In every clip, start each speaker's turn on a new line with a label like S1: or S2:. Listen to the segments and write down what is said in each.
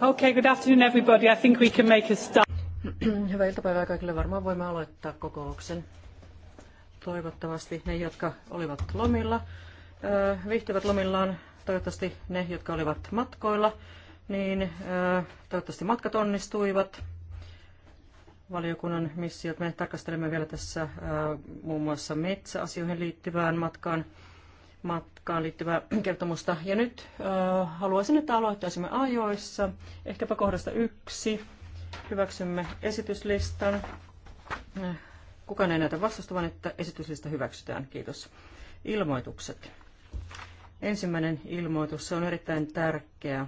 S1: Okay, good afternoon everybody. I think we can make a start.
S2: Hyvää iltapäivää kaikille. Varmaan voimme aloittaa kokouksen. Toivottavasti ne, jotka olivat lomilla, viihtyvät lomillaan. Toivottavasti ne, jotka olivat matkoilla, niin toivottavasti matkat onnistuivat. Valiokunnan missiot me tarkastelemme vielä tässä muun muassa metsäasioihin liittyvään matkaan matkaan liittyvää kertomusta. Ja nyt äh, haluaisin, että aloittaisimme ajoissa. Ehkäpä kohdasta yksi. Hyväksymme esityslistan. Äh, kukaan ei näytä vastustavan, että esityslista hyväksytään. Kiitos. Ilmoitukset. Ensimmäinen ilmoitus, se on erittäin tärkeä.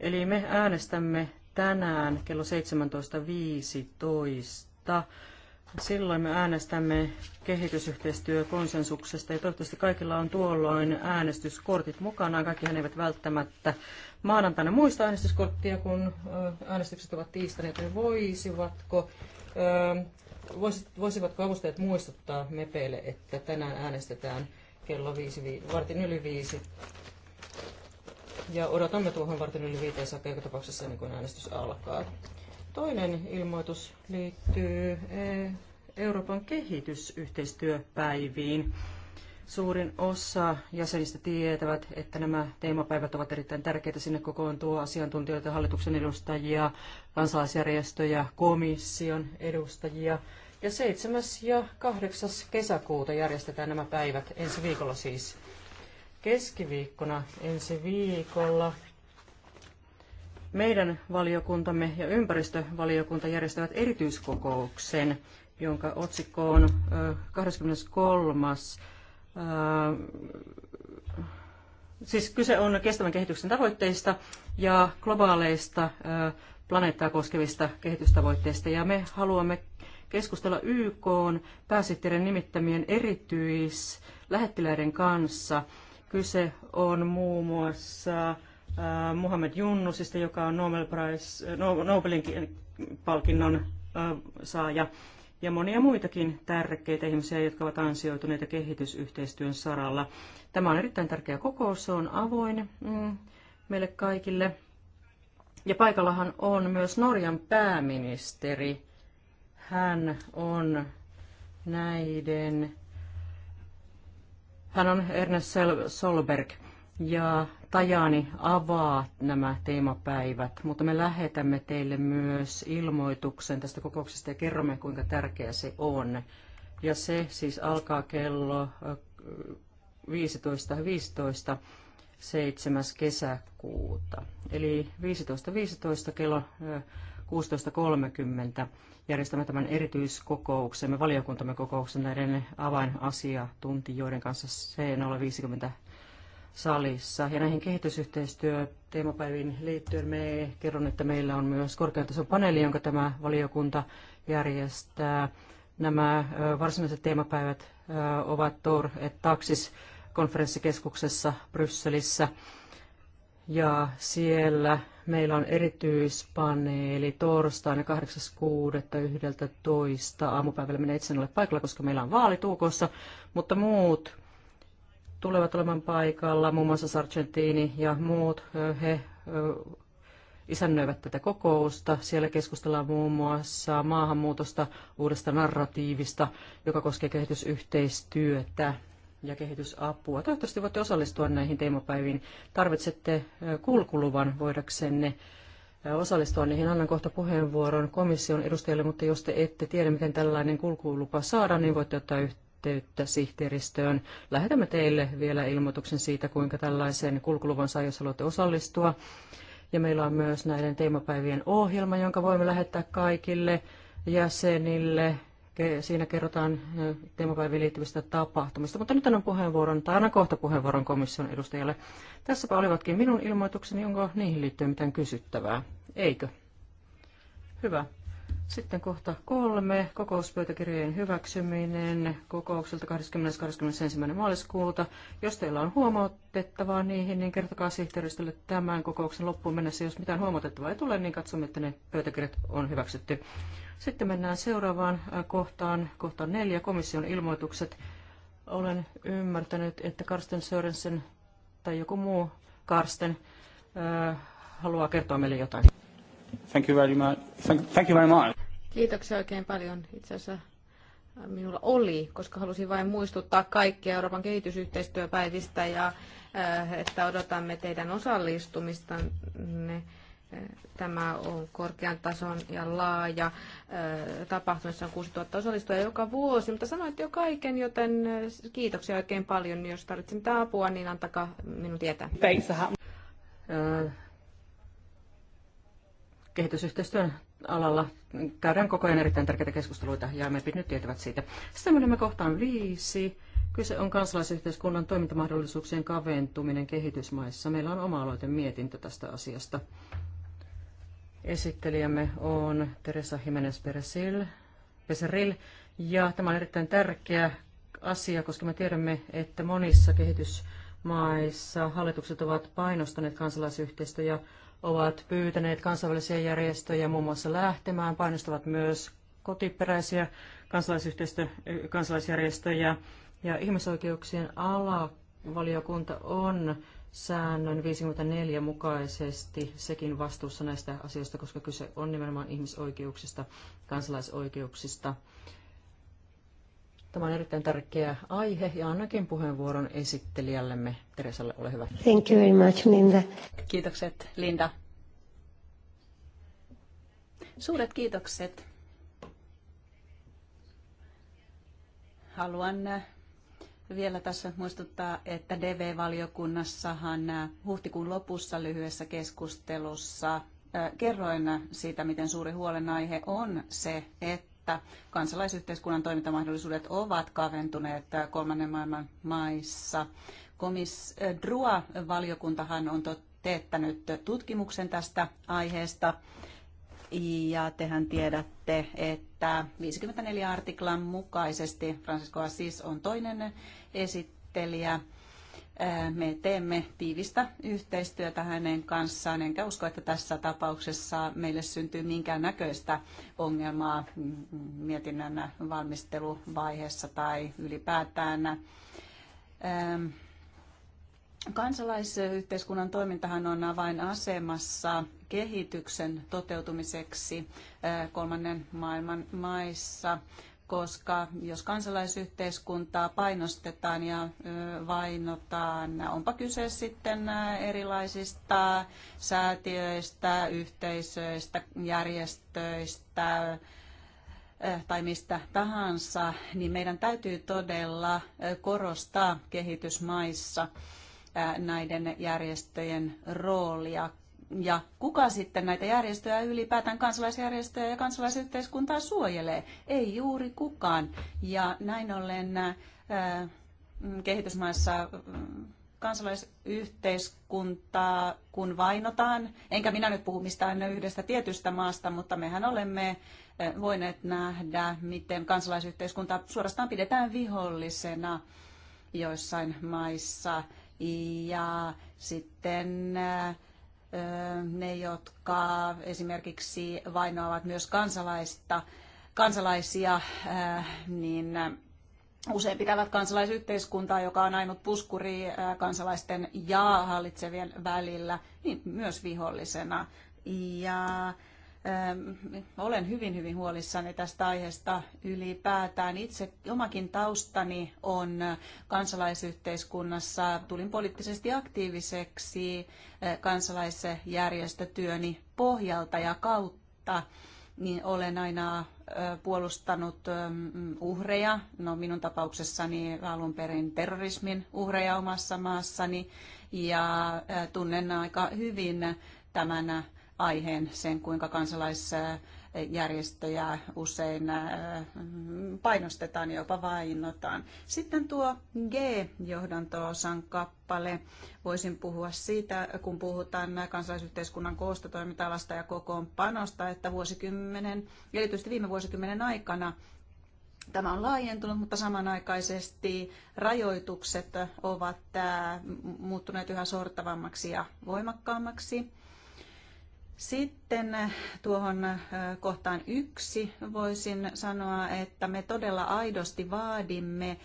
S2: Eli me äänestämme tänään kello 17.15 Silloin me äänestämme kehitysyhteistyökonsensuksesta ja toivottavasti kaikilla on tuolloin äänestyskortit mukanaan. Kaikkihan eivät välttämättä maanantaina muista äänestyskorttia, kun äänestykset ovat tiistaina, niin voisivatko, voisivatko avustajat muistuttaa mepeille, että tänään äänestetään kello viisi, vartin yli viisi. Ja odotamme tuohon vartin yli viiteen saakka joka tapauksessa niin kuin äänestys alkaa. Toinen ilmoitus liittyy e, Euroopan kehitysyhteistyöpäiviin. Suurin osa jäsenistä tietävät, että nämä teemapäivät ovat erittäin tärkeitä. Sinne kokoontua asiantuntijoita, hallituksen edustajia, kansalaisjärjestöjä, komission edustajia. Ja 7. ja 8. kesäkuuta järjestetään nämä päivät, ensi viikolla siis. Keskiviikkona ensi viikolla meidän valiokuntamme ja ympäristövaliokunta järjestävät erityiskokouksen, jonka otsikko on 23. Siis kyse on kestävän kehityksen tavoitteista ja globaaleista planeettaa koskevista kehitystavoitteista. Ja me haluamme keskustella YK pääsihteerin nimittämien erityislähettiläiden kanssa. Kyse on muun muassa Äh, Muhammed Junnusista, joka on Nobel Prize, äh, no-, Nobelin palkinnon äh, saaja, ja monia muitakin tärkeitä ihmisiä, jotka ovat ansioituneita kehitysyhteistyön saralla. Tämä on erittäin tärkeä kokous, se on avoin mm, meille kaikille. Ja paikallahan on myös Norjan pääministeri. Hän on näiden... Hän on Ernest Solberg ja Tajani avaa nämä teemapäivät, mutta me lähetämme teille myös ilmoituksen tästä kokouksesta ja kerromme, kuinka tärkeä se on. Ja se siis alkaa kello 15.15. 15. 7. kesäkuuta. Eli 15.15 .15 kello 16.30 äh, järjestämme tämän erityiskokouksemme, valiokuntamme kokouksen näiden avainasiantuntijoiden kanssa C050 salissa. Ja näihin kehitysyhteistyöteemapäiviin liittyen me kerron, että meillä on myös korkeatason paneeli, jonka tämä valiokunta järjestää. Nämä varsinaiset teemapäivät ovat TOR et Taxis konferenssikeskuksessa Brysselissä. Ja siellä meillä on erityispaneeli torstaina 8.6.11. aamupäivällä. Minä itse en ole paikalla, koska meillä on vaalituukossa, mutta muut tulevat olemaan paikalla, muun muassa Sargentini ja muut. He isännöivät tätä kokousta. Siellä keskustellaan muun muassa maahanmuutosta, uudesta narratiivista, joka koskee kehitysyhteistyötä ja kehitysapua. Toivottavasti voitte osallistua näihin teemapäiviin. Tarvitsette kulkuluvan voidaksenne osallistua niihin. Annan kohta puheenvuoron komission edustajille, mutta jos te ette tiedä, miten tällainen kulkulupa saadaan, niin voitte ottaa yhteyttä yhteyttä sihteeristöön. Lähetämme teille vielä ilmoituksen siitä, kuinka tällaiseen kulkuluvan saa, jos haluatte osallistua. Ja meillä on myös näiden teemapäivien ohjelma, jonka voimme lähettää kaikille jäsenille. Siinä kerrotaan teemapäiviin liittyvistä tapahtumista, mutta nyt annan puheenvuoron, tai annan kohta puheenvuoron komission edustajalle. Tässäpä olivatkin minun ilmoitukseni, onko niihin liittyen mitään kysyttävää, eikö? Hyvä. Sitten kohta kolme, kokouspöytäkirjojen hyväksyminen kokoukselta 20.21. maaliskuuta. Jos teillä on huomautettavaa niihin, niin kertokaa sihteeristölle tämän kokouksen loppuun mennessä. Jos mitään huomautettavaa ei tule, niin katsomme, että ne pöytäkirjat on hyväksytty. Sitten mennään seuraavaan äh, kohtaan, kohtaan neljä, komission ilmoitukset. Olen ymmärtänyt, että Karsten Sörensen tai joku muu Karsten
S3: äh, haluaa kertoa meille jotain.
S1: Thank you very much. Thank, thank you very much.
S3: Kiitoksia oikein paljon. Itse asiassa minulla oli, koska halusin vain muistuttaa kaikkia Euroopan kehitysyhteistyöpäivistä ja eh, että odotamme teidän osallistumistanne. Eh, tämä on korkean tason ja laaja eh, tapahtuma, jossa on 6000 osallistujaa joka vuosi, mutta sanoitte jo kaiken, joten kiitoksia oikein paljon. Jos tarvitsette apua, niin antakaa minun tietää. Thanks
S2: kehitysyhteistyön alalla käydään koko ajan erittäin tärkeitä keskusteluita ja me nyt tietävät siitä. Sitten menemme kohtaan viisi. Kyse on kansalaisyhteiskunnan toimintamahdollisuuksien kaventuminen kehitysmaissa. Meillä on oma mietintö tästä asiasta. Esittelijämme on Teresa Jimenez Peseril, ja tämä on erittäin tärkeä asia, koska me tiedämme, että monissa kehitysmaissa hallitukset ovat painostaneet kansalaisyhteistyötä ovat pyytäneet kansainvälisiä järjestöjä muun muassa lähtemään, painostavat myös kotiperäisiä kansalaisjärjestöjä. Ja ihmisoikeuksien alavaliokunta on säännön 54 mukaisesti sekin vastuussa näistä asioista, koska kyse on nimenomaan ihmisoikeuksista, kansalaisoikeuksista. Tämä on erittäin tärkeä aihe ja annakin puheenvuoron esittelijällemme. Teresalle, ole hyvä. Thank you very much, Linda.
S1: Kiitokset, Linda. Suuret kiitokset. Haluan äh, vielä tässä muistuttaa, että DV-valiokunnassahan äh, huhtikuun lopussa lyhyessä keskustelussa äh, kerroin siitä, miten suuri huolenaihe on se, että että kansalaisyhteiskunnan toimintamahdollisuudet ovat kaventuneet kolmannen maailman maissa. Komis eh, DRUA-valiokuntahan on teettänyt tutkimuksen tästä aiheesta. Ja tehän tiedätte, että 54 artiklan mukaisesti Francisco Assis on toinen esittelijä me teemme tiivistä yhteistyötä hänen kanssaan, enkä usko, että tässä tapauksessa meille syntyy minkään näköistä ongelmaa mietinnön valmisteluvaiheessa tai ylipäätään. Kansalaisyhteiskunnan toimintahan on avainasemassa kehityksen toteutumiseksi kolmannen maailman maissa koska jos kansalaisyhteiskuntaa painostetaan ja vainotaan, onpa kyse sitten erilaisista säätiöistä, yhteisöistä, järjestöistä tai mistä tahansa, niin meidän täytyy todella korostaa kehitysmaissa näiden järjestöjen roolia, ja kuka sitten näitä järjestöjä ylipäätään kansalaisjärjestöjä ja kansalaisyhteiskuntaa suojelee? Ei juuri kukaan. Ja näin ollen ää, äh, mm, kehitysmaissa mm, kansalaisyhteiskuntaa kun vainotaan, enkä minä nyt puhu mistään yhdestä tietystä maasta, mutta mehän olemme äh, voineet nähdä, miten kansalaisyhteiskunta suorastaan pidetään vihollisena joissain maissa. Ja sitten äh, ne, jotka esimerkiksi vainoavat myös kansalaista, kansalaisia, niin usein pitävät kansalaisyhteiskuntaa, joka on ainut puskuri kansalaisten ja hallitsevien välillä, niin myös vihollisena. Ja olen hyvin, hyvin huolissani tästä aiheesta ylipäätään. Itse omakin taustani on kansalaisyhteiskunnassa. Tulin poliittisesti aktiiviseksi kansalaisjärjestötyöni pohjalta ja kautta. Niin olen aina puolustanut uhreja, no minun tapauksessani alun perin terrorismin uhreja omassa maassani ja tunnen aika hyvin tämän aiheen sen, kuinka kansalaisjärjestöjä usein painostetaan ja jopa vainotaan. Sitten tuo G-johdanto-osan kappale. Voisin puhua siitä, kun puhutaan kansalaisyhteiskunnan koosta, toimintalasta ja kokoonpanosta, että vuosikymmenen, erityisesti viime vuosikymmenen aikana Tämä on laajentunut, mutta samanaikaisesti rajoitukset ovat muuttuneet yhä sortavammaksi ja voimakkaammaksi. Sitten eh, tuohon eh, kohtaan yksi voisin sanoa, että me todella aidosti vaadimme eh,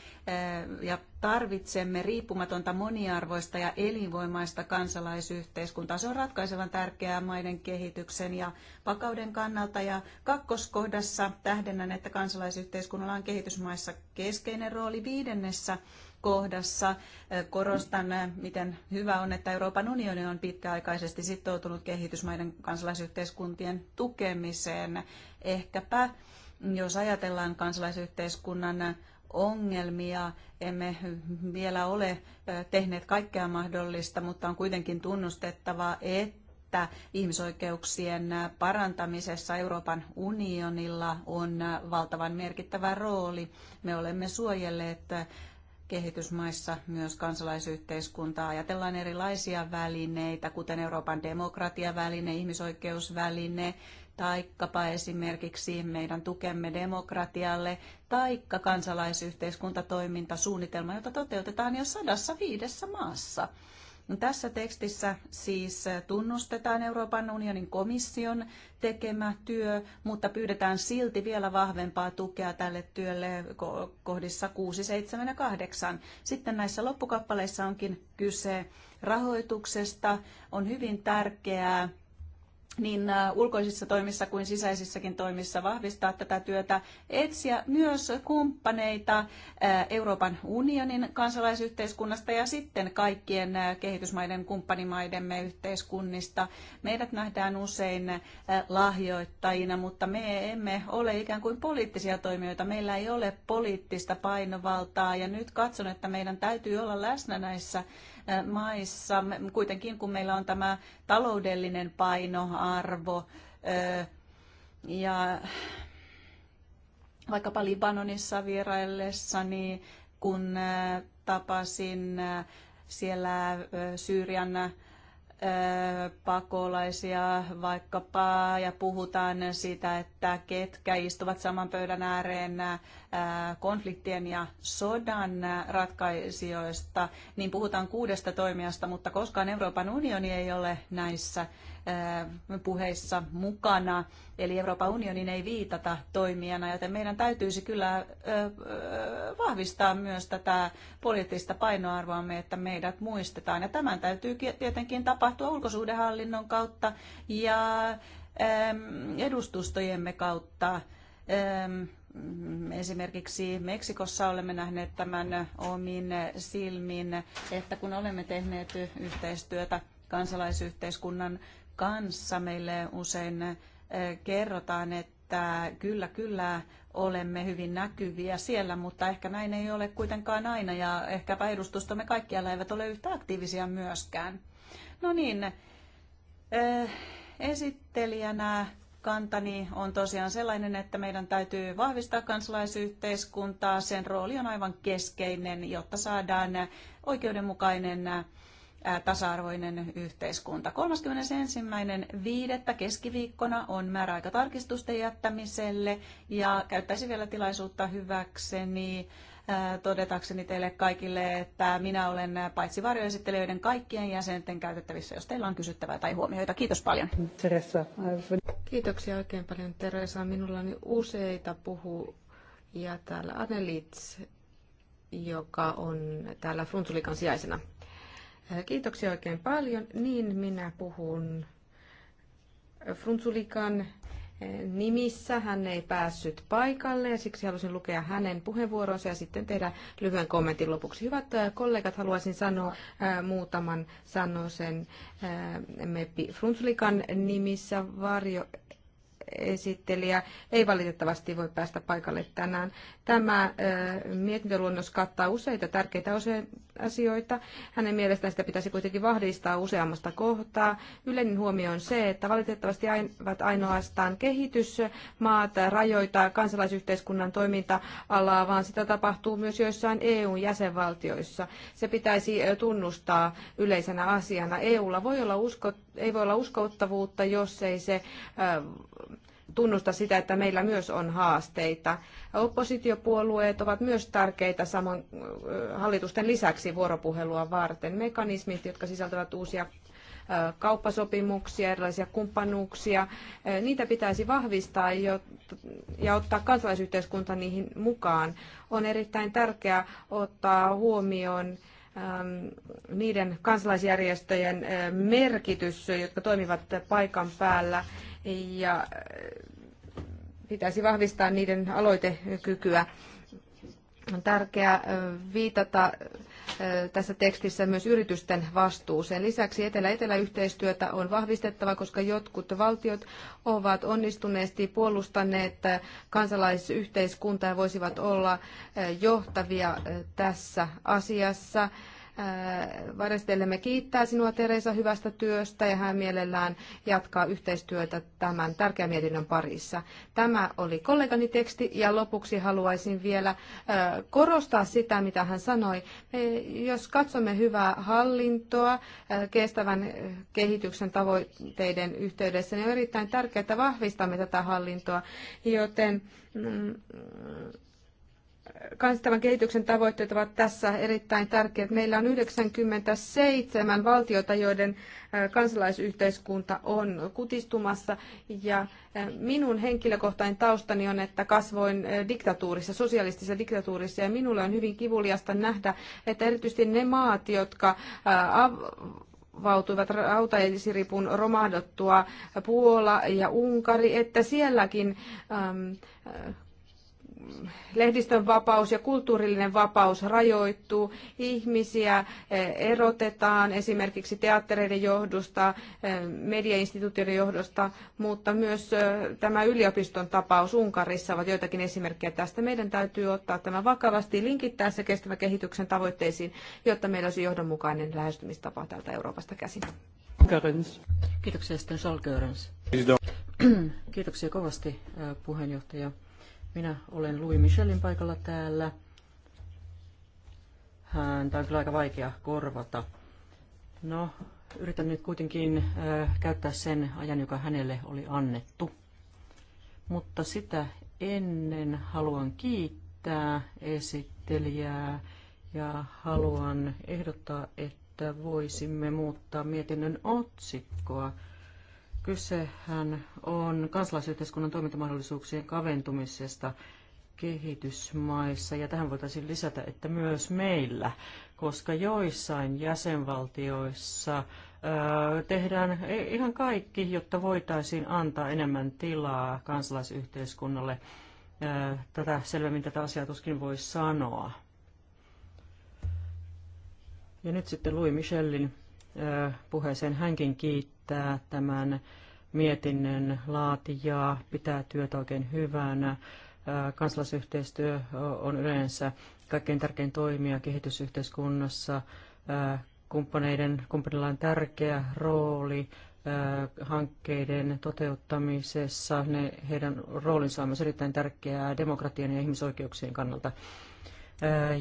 S1: ja tarvitsemme riippumatonta moniarvoista ja elinvoimaista kansalaisyhteiskuntaa. Se on ratkaisevan tärkeää maiden kehityksen ja vakauden kannalta. Ja kakkoskohdassa tähdennän, että kansalaisyhteiskunnalla on kehitysmaissa keskeinen rooli viidennessä kohdassa korostan, miten hyvä on, että Euroopan unioni on pitkäaikaisesti sitoutunut kehitysmaiden kansalaisyhteiskuntien tukemiseen. Ehkäpä jos ajatellaan kansalaisyhteiskunnan ongelmia, emme vielä ole tehneet kaikkea mahdollista, mutta on kuitenkin tunnustettava, että että ihmisoikeuksien parantamisessa Euroopan unionilla on valtavan merkittävä rooli. Me olemme suojelleet kehitysmaissa myös kansalaisyhteiskuntaa. Ajatellaan erilaisia välineitä, kuten Euroopan demokratiaväline, ihmisoikeusväline, taikkapa esimerkiksi meidän tukemme demokratialle, taikka kansalaisyhteiskuntatoimintasuunnitelma, jota toteutetaan jo 105 maassa – No, tässä tekstissä siis eh, tunnustetaan Euroopan unionin komission tekemä työ, mutta pyydetään silti vielä vahvempaa tukea tälle työlle kohdissa 6, 7 ja 8. Sitten näissä loppukappaleissa onkin kyse rahoituksesta. On hyvin tärkeää, niin äh, ulkoisissa toimissa kuin sisäisissäkin toimissa vahvistaa tätä työtä, etsiä myös kumppaneita äh, Euroopan unionin kansalaisyhteiskunnasta ja sitten kaikkien äh, kehitysmaiden kumppanimaidemme yhteiskunnista. Meidät nähdään usein lahjoittajina, mutta me emme ole ikään kuin poliittisia toimijoita. Meillä ei ole poliittista painovaltaa ja nyt katson, että meidän täytyy olla läsnä näissä maissa. Kuitenkin kun meillä on tämä taloudellinen painoarvo ja vaikkapa Libanonissa niin kun tapasin siellä Syyrian pakolaisia vaikkapa ja puhutaan siitä, että ketkä istuvat saman pöydän ääreen konfliktien ja sodan ratkaisijoista, niin puhutaan kuudesta toimijasta, mutta koskaan Euroopan unioni ei ole näissä puheissa mukana. Eli Euroopan unionin ei viitata toimijana, joten meidän täytyisi kyllä vahvistaa myös tätä poliittista painoarvoamme, että meidät muistetaan. Ja tämän täytyy tietenkin tapahtua ulkosuhdehallinnon kautta ja edustustojemme kautta. Esimerkiksi Meksikossa olemme nähneet tämän omin silmin, että kun olemme tehneet yhteistyötä kansalaisyhteiskunnan kanssa. Meille usein eh, kerrotaan, että kyllä, kyllä olemme hyvin näkyviä siellä, mutta ehkä näin ei ole kuitenkaan aina ja ehkäpä edustustamme kaikkialla eivät ole yhtä aktiivisia myöskään. No niin, eh, esittelijänä kantani on tosiaan sellainen, että meidän täytyy vahvistaa kansalaisyhteiskuntaa. Sen rooli on aivan keskeinen, jotta saadaan oikeudenmukainen tasa-arvoinen yhteiskunta. 31.5. keskiviikkona on määräaika tarkistusten jättämiselle ja käyttäisin vielä tilaisuutta hyväkseni todetakseni teille kaikille, että minä olen paitsi varjoesittelijöiden kaikkien jäsenten käytettävissä, jos teillä on kysyttävää tai huomioita. Kiitos paljon.
S3: Teresa. Kiitoksia oikein paljon Teresa. Minulla on useita puhujia ja täällä Annelits, joka on täällä Frunzulikan sijaisena. Äh, kiitoksia oikein paljon. Niin minä puhun Frunzulikan äh, nimissä. Hän ei päässyt paikalle ja siksi halusin lukea hänen puheenvuoronsa ja sitten tehdä lyhyen kommentin lopuksi. Hyvät äh, kollegat, haluaisin sanoa muutaman sanoisen Meppi Frunzulikan nimissä. Varjo esittelijä ei valitettavasti voi päästä paikalle tänään. Tämä äh, mietintöluonnos kattaa useita tärkeitä asioita. Hänen mielestään sitä pitäisi kuitenkin vahvistaa useammasta kohtaa. Yleinen huomio on se, että valitettavasti aivat ainoastaan kehitysmaat rajoittaa kansalaisyhteiskunnan toiminta-alaa, vaan sitä tapahtuu myös joissain EU-jäsenvaltioissa. Se pitäisi äh, tunnustaa yleisenä asiana. EUlla voi olla usko, ei voi olla uskottavuutta, jos ei se äh, tunnusta sitä, että meillä myös on haasteita. Oppositiopuolueet ovat myös tärkeitä saman hallitusten lisäksi vuoropuhelua varten. Mekanismit, jotka sisältävät uusia kauppasopimuksia, erilaisia kumppanuuksia. Niitä pitäisi vahvistaa ja ottaa kansalaisyhteiskunta niihin mukaan. On erittäin tärkeää ottaa huomioon niiden kansalaisjärjestöjen merkitys, jotka toimivat paikan päällä ja äh, pitäisi vahvistaa niiden aloitekykyä. On tärkeää äh, viitata äh, tässä tekstissä myös yritysten vastuuseen. Lisäksi etelä-etelä-yhteistyötä on vahvistettava, koska jotkut valtiot ovat onnistuneesti puolustaneet kansalaisyhteiskuntaa ja voisivat olla johtavia tässä asiassa. Varestellemme kiittää sinua Teresa hyvästä työstä ja hän mielellään jatkaa yhteistyötä tämän tärkeän mietinnön parissa. Tämä oli kollegani teksti ja lopuksi haluaisin vielä korostaa sitä, mitä hän sanoi. Jos katsomme hyvää hallintoa kestävän kehityksen tavoitteiden yhteydessä, niin on erittäin tärkeää, että vahvistamme tätä hallintoa, joten mm, Kansainvälisen kehityksen tavoitteet ovat tässä erittäin tärkeät. Meillä on 97 valtiota, joiden kansalaisyhteiskunta on kutistumassa. Ja minun henkilökohtainen taustani on, että kasvoin diktatuurissa, sosialistisessa diktatuurissa, ja minulle on hyvin kivuliasta nähdä, että erityisesti ne maat, jotka vautuivat rautaesiripun romahdottua Puola ja Unkari, että sielläkin lehdistön vapaus ja kulttuurillinen vapaus rajoittuu. Ihmisiä eh, erotetaan esimerkiksi teattereiden johdosta, eh, mediainstituutioiden johdosta, mutta myös eh, tämä yliopiston tapaus Unkarissa ovat joitakin esimerkkejä tästä. Meidän täytyy ottaa tämä vakavasti, linkittää se kestävän kehityksen tavoitteisiin, jotta meillä olisi johdonmukainen lähestymistapa täältä Euroopasta käsin. Kiitoksia sitten Kiitoksia kovasti
S2: puheenjohtaja. Minä olen Louis Michelin paikalla täällä. Tämä on kyllä aika vaikea korvata. No, yritän nyt kuitenkin äh, käyttää sen ajan, joka hänelle oli annettu. Mutta sitä ennen haluan kiittää esittelijää ja haluan ehdottaa, että voisimme muuttaa mietinnön otsikkoa Kysehän on kansalaisyhteiskunnan toimintamahdollisuuksien kaventumisesta kehitysmaissa, ja tähän voitaisiin lisätä, että myös meillä, koska joissain jäsenvaltioissa tehdään e, ihan kaikki, jotta voitaisiin antaa enemmän tilaa kansalaisyhteiskunnalle. Tätä selvemmin tätä asiaa tuskin voi sanoa. Ja nyt sitten Louis Michelin puheeseen hänkin kiittää kiittää tämän mietinnön laatijaa, pitää työtä oikein hyvänä. Kansalaisyhteistyö on yleensä kaikkein tärkein toimija kehitysyhteiskunnassa. Kumppaneiden, kumppanilla on tärkeä rooli hankkeiden toteuttamisessa. Ne, heidän roolinsa on myös erittäin tärkeää demokratian ja ihmisoikeuksien kannalta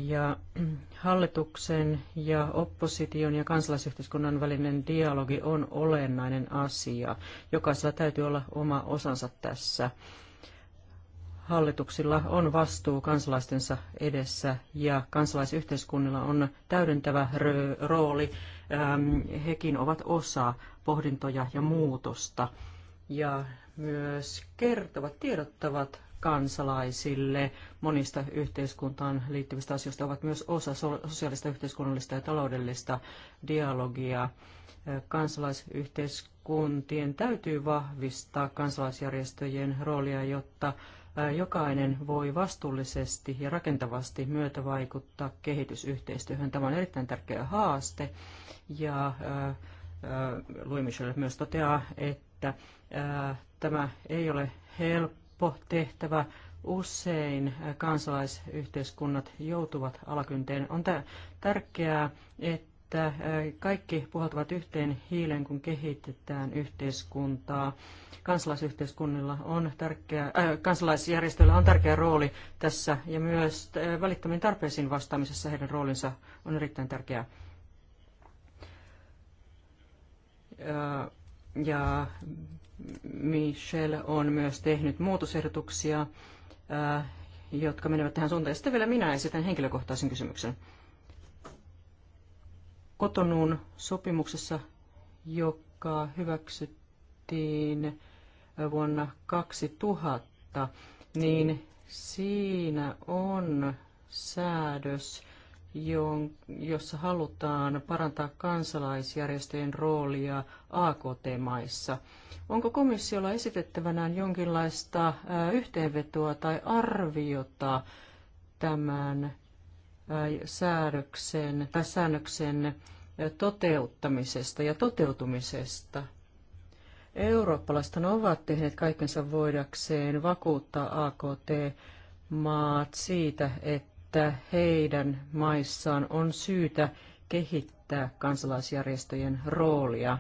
S2: ja hallituksen ja opposition ja kansalaisyhteiskunnan välinen dialogi on olennainen asia. Jokaisella täytyy olla oma osansa tässä. Hallituksilla on vastuu kansalaistensa edessä ja kansalaisyhteiskunnilla on täydentävä rooli. hekin ovat osa pohdintoja ja muutosta ja myös kertovat, tiedottavat kansalaisille monista yhteiskuntaan liittyvistä asioista ovat myös osa sosiaalista, yhteiskunnallista ja taloudellista dialogia. Kansalaisyhteiskuntien täytyy vahvistaa kansalaisjärjestöjen roolia, jotta jokainen voi vastuullisesti ja rakentavasti myötävaikuttaa kehitysyhteistyöhön. Tämä on erittäin tärkeä haaste ja Louis Michel myös toteaa, että tämä ei ole helppo helppo-tehtävä. Usein kansalaisyhteiskunnat joutuvat alakynteen. On tärkeää, että kaikki puhaltavat yhteen hiilen kun kehitetään yhteiskuntaa. Kansalaisyhteiskunnilla on tärkeä, äh, kansalaisjärjestöillä on tärkeä rooli tässä ja myös välittömiin tarpeisiin vastaamisessa heidän roolinsa on erittäin tärkeää. ja Michel on myös tehnyt muutosehdotuksia, äh, jotka menevät tähän suuntaan. Ja sitten vielä minä esitän henkilökohtaisen kysymyksen. Kotonuun sopimuksessa, joka hyväksyttiin vuonna 2000, niin siinä on säädös jossa halutaan parantaa kansalaisjärjestöjen roolia AKT-maissa. Onko komissiolla esitettävänään jonkinlaista yhteenvetoa tai arviota tämän säädöksen tai säännöksen toteuttamisesta ja toteutumisesta? Eurooppalaiset ovat tehneet kaikensa voidakseen vakuuttaa AKT-maat siitä, että että heidän maissaan on syytä kehittää kansalaisjärjestöjen roolia.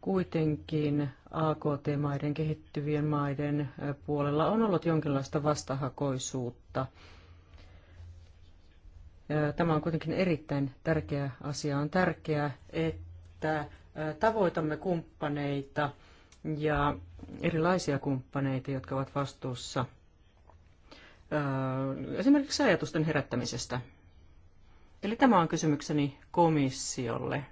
S2: Kuitenkin AKT-maiden kehittyvien maiden puolella on ollut jonkinlaista vastahakoisuutta. Tämä on kuitenkin erittäin tärkeä asia. On tärkeää, että tavoitamme kumppaneita ja erilaisia kumppaneita, jotka ovat vastuussa – Äh, esimerkiksi ajatusten herättämisestä. Eli tämä on kysymykseni komissiolle.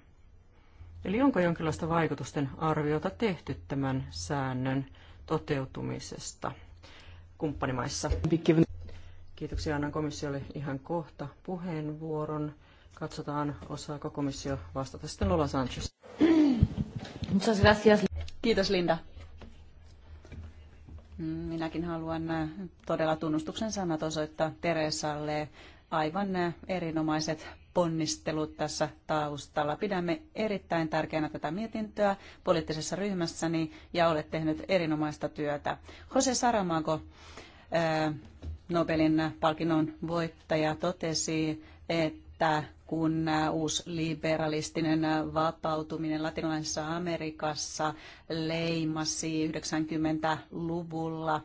S2: Eli onko jonkinlaista vaikutusten arviota tehty tämän säännön toteutumisesta kumppanimaissa? Kiitoksia, annan komissiolle ihan kohta puheenvuoron. Katsotaan, osaako komissio vastata sitten Lola Sanchez.
S1: Kiitos Linda. Minäkin haluan äh, todella tunnustuksen sanat osoittaa Teresalle aivan äh, erinomaiset ponnistelut tässä taustalla. Pidämme erittäin tärkeänä tätä mietintöä poliittisessa ryhmässäni ja olet tehnyt erinomaista työtä. Jose Saramago, äh, Nobelin palkinnon voittaja, totesi, että kun liberalistinen vapautuminen latinalaisessa Amerikassa leimasi 90-luvulla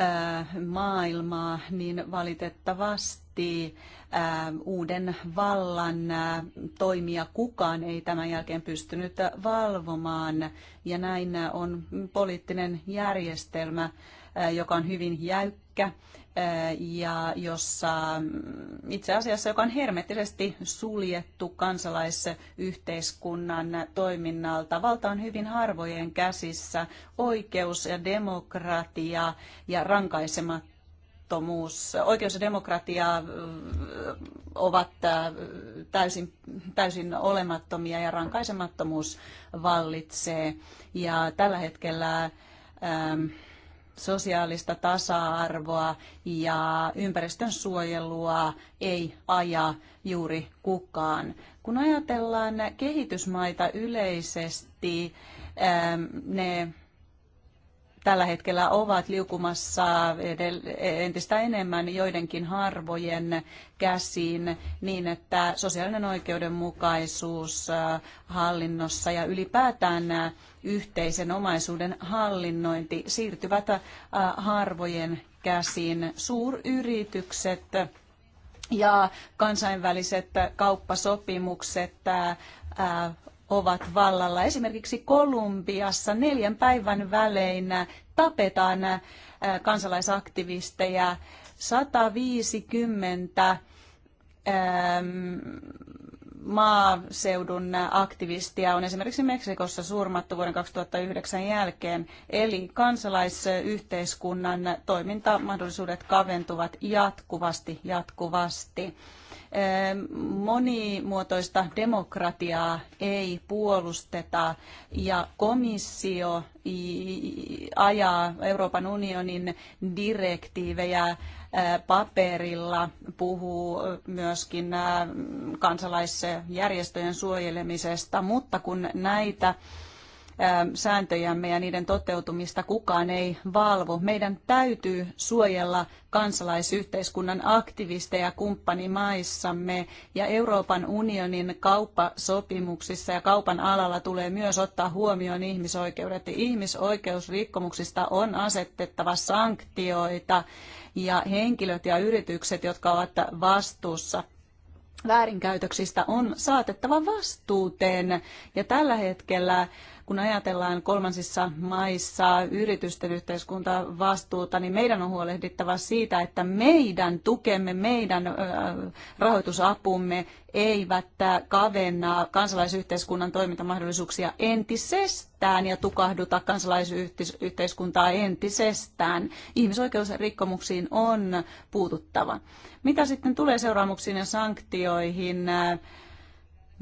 S1: äh, maailmaa, niin valitettavasti äh, uuden vallan äh, toimia kukaan ei tämän jälkeen pystynyt valvomaan. Ja näin on poliittinen järjestelmä joka on hyvin jäykkä ja jossa mm, itse asiassa, joka on hermettisesti suljettu kansalaisyhteiskunnan toiminnalta. Valta on hyvin harvojen käsissä. Oikeus ja demokratia ja rankaisemat oikeus ja demokratia mm, ovat täysin, täysin olemattomia ja rankaisemattomuus vallitsee. Ja tällä hetkellä ähm, sosiaalista tasa-arvoa ja ympäristön suojelua ei aja juuri kukaan. Kun ajatellaan kehitysmaita yleisesti, ne tällä hetkellä ovat liukumassa entistä enemmän joidenkin harvojen käsiin niin, että sosiaalinen oikeudenmukaisuus äh, hallinnossa ja ylipäätään äh, yhteisen omaisuuden hallinnointi siirtyvät äh, harvojen käsiin. Suuryritykset ja kansainväliset kauppasopimukset ovat vallalla. Esimerkiksi Kolumbiassa neljän päivän välein tapetaan kansalaisaktivisteja 150 maaseudun aktivistia on esimerkiksi Meksikossa surmattu vuoden 2009 jälkeen, eli kansalaisyhteiskunnan toimintamahdollisuudet kaventuvat jatkuvasti, jatkuvasti monimuotoista demokratiaa ei puolusteta ja komissio ajaa Euroopan unionin direktiivejä paperilla, puhuu myöskin kansalaisjärjestöjen suojelemisesta, mutta kun näitä sääntöjämme ja niiden toteutumista kukaan ei valvo. Meidän täytyy suojella kansalaisyhteiskunnan aktivisteja kumppanimaissamme ja Euroopan unionin kauppasopimuksissa ja kaupan alalla tulee myös ottaa huomioon ihmisoikeudet. Ihmisoikeusrikkomuksista on asetettava sanktioita ja henkilöt ja yritykset, jotka ovat vastuussa väärinkäytöksistä on saatettava vastuuteen. Ja tällä hetkellä kun ajatellaan kolmansissa maissa yritysten yhteiskuntavastuuta, niin meidän on huolehdittava siitä, että meidän tukemme, meidän rahoitusapumme eivät kavenna kansalaisyhteiskunnan toimintamahdollisuuksia entisestään ja tukahduta kansalaisyhteiskuntaa entisestään. Ihmisoikeusrikkomuksiin on puututtava. Mitä sitten tulee seuraamuksiin ja sanktioihin?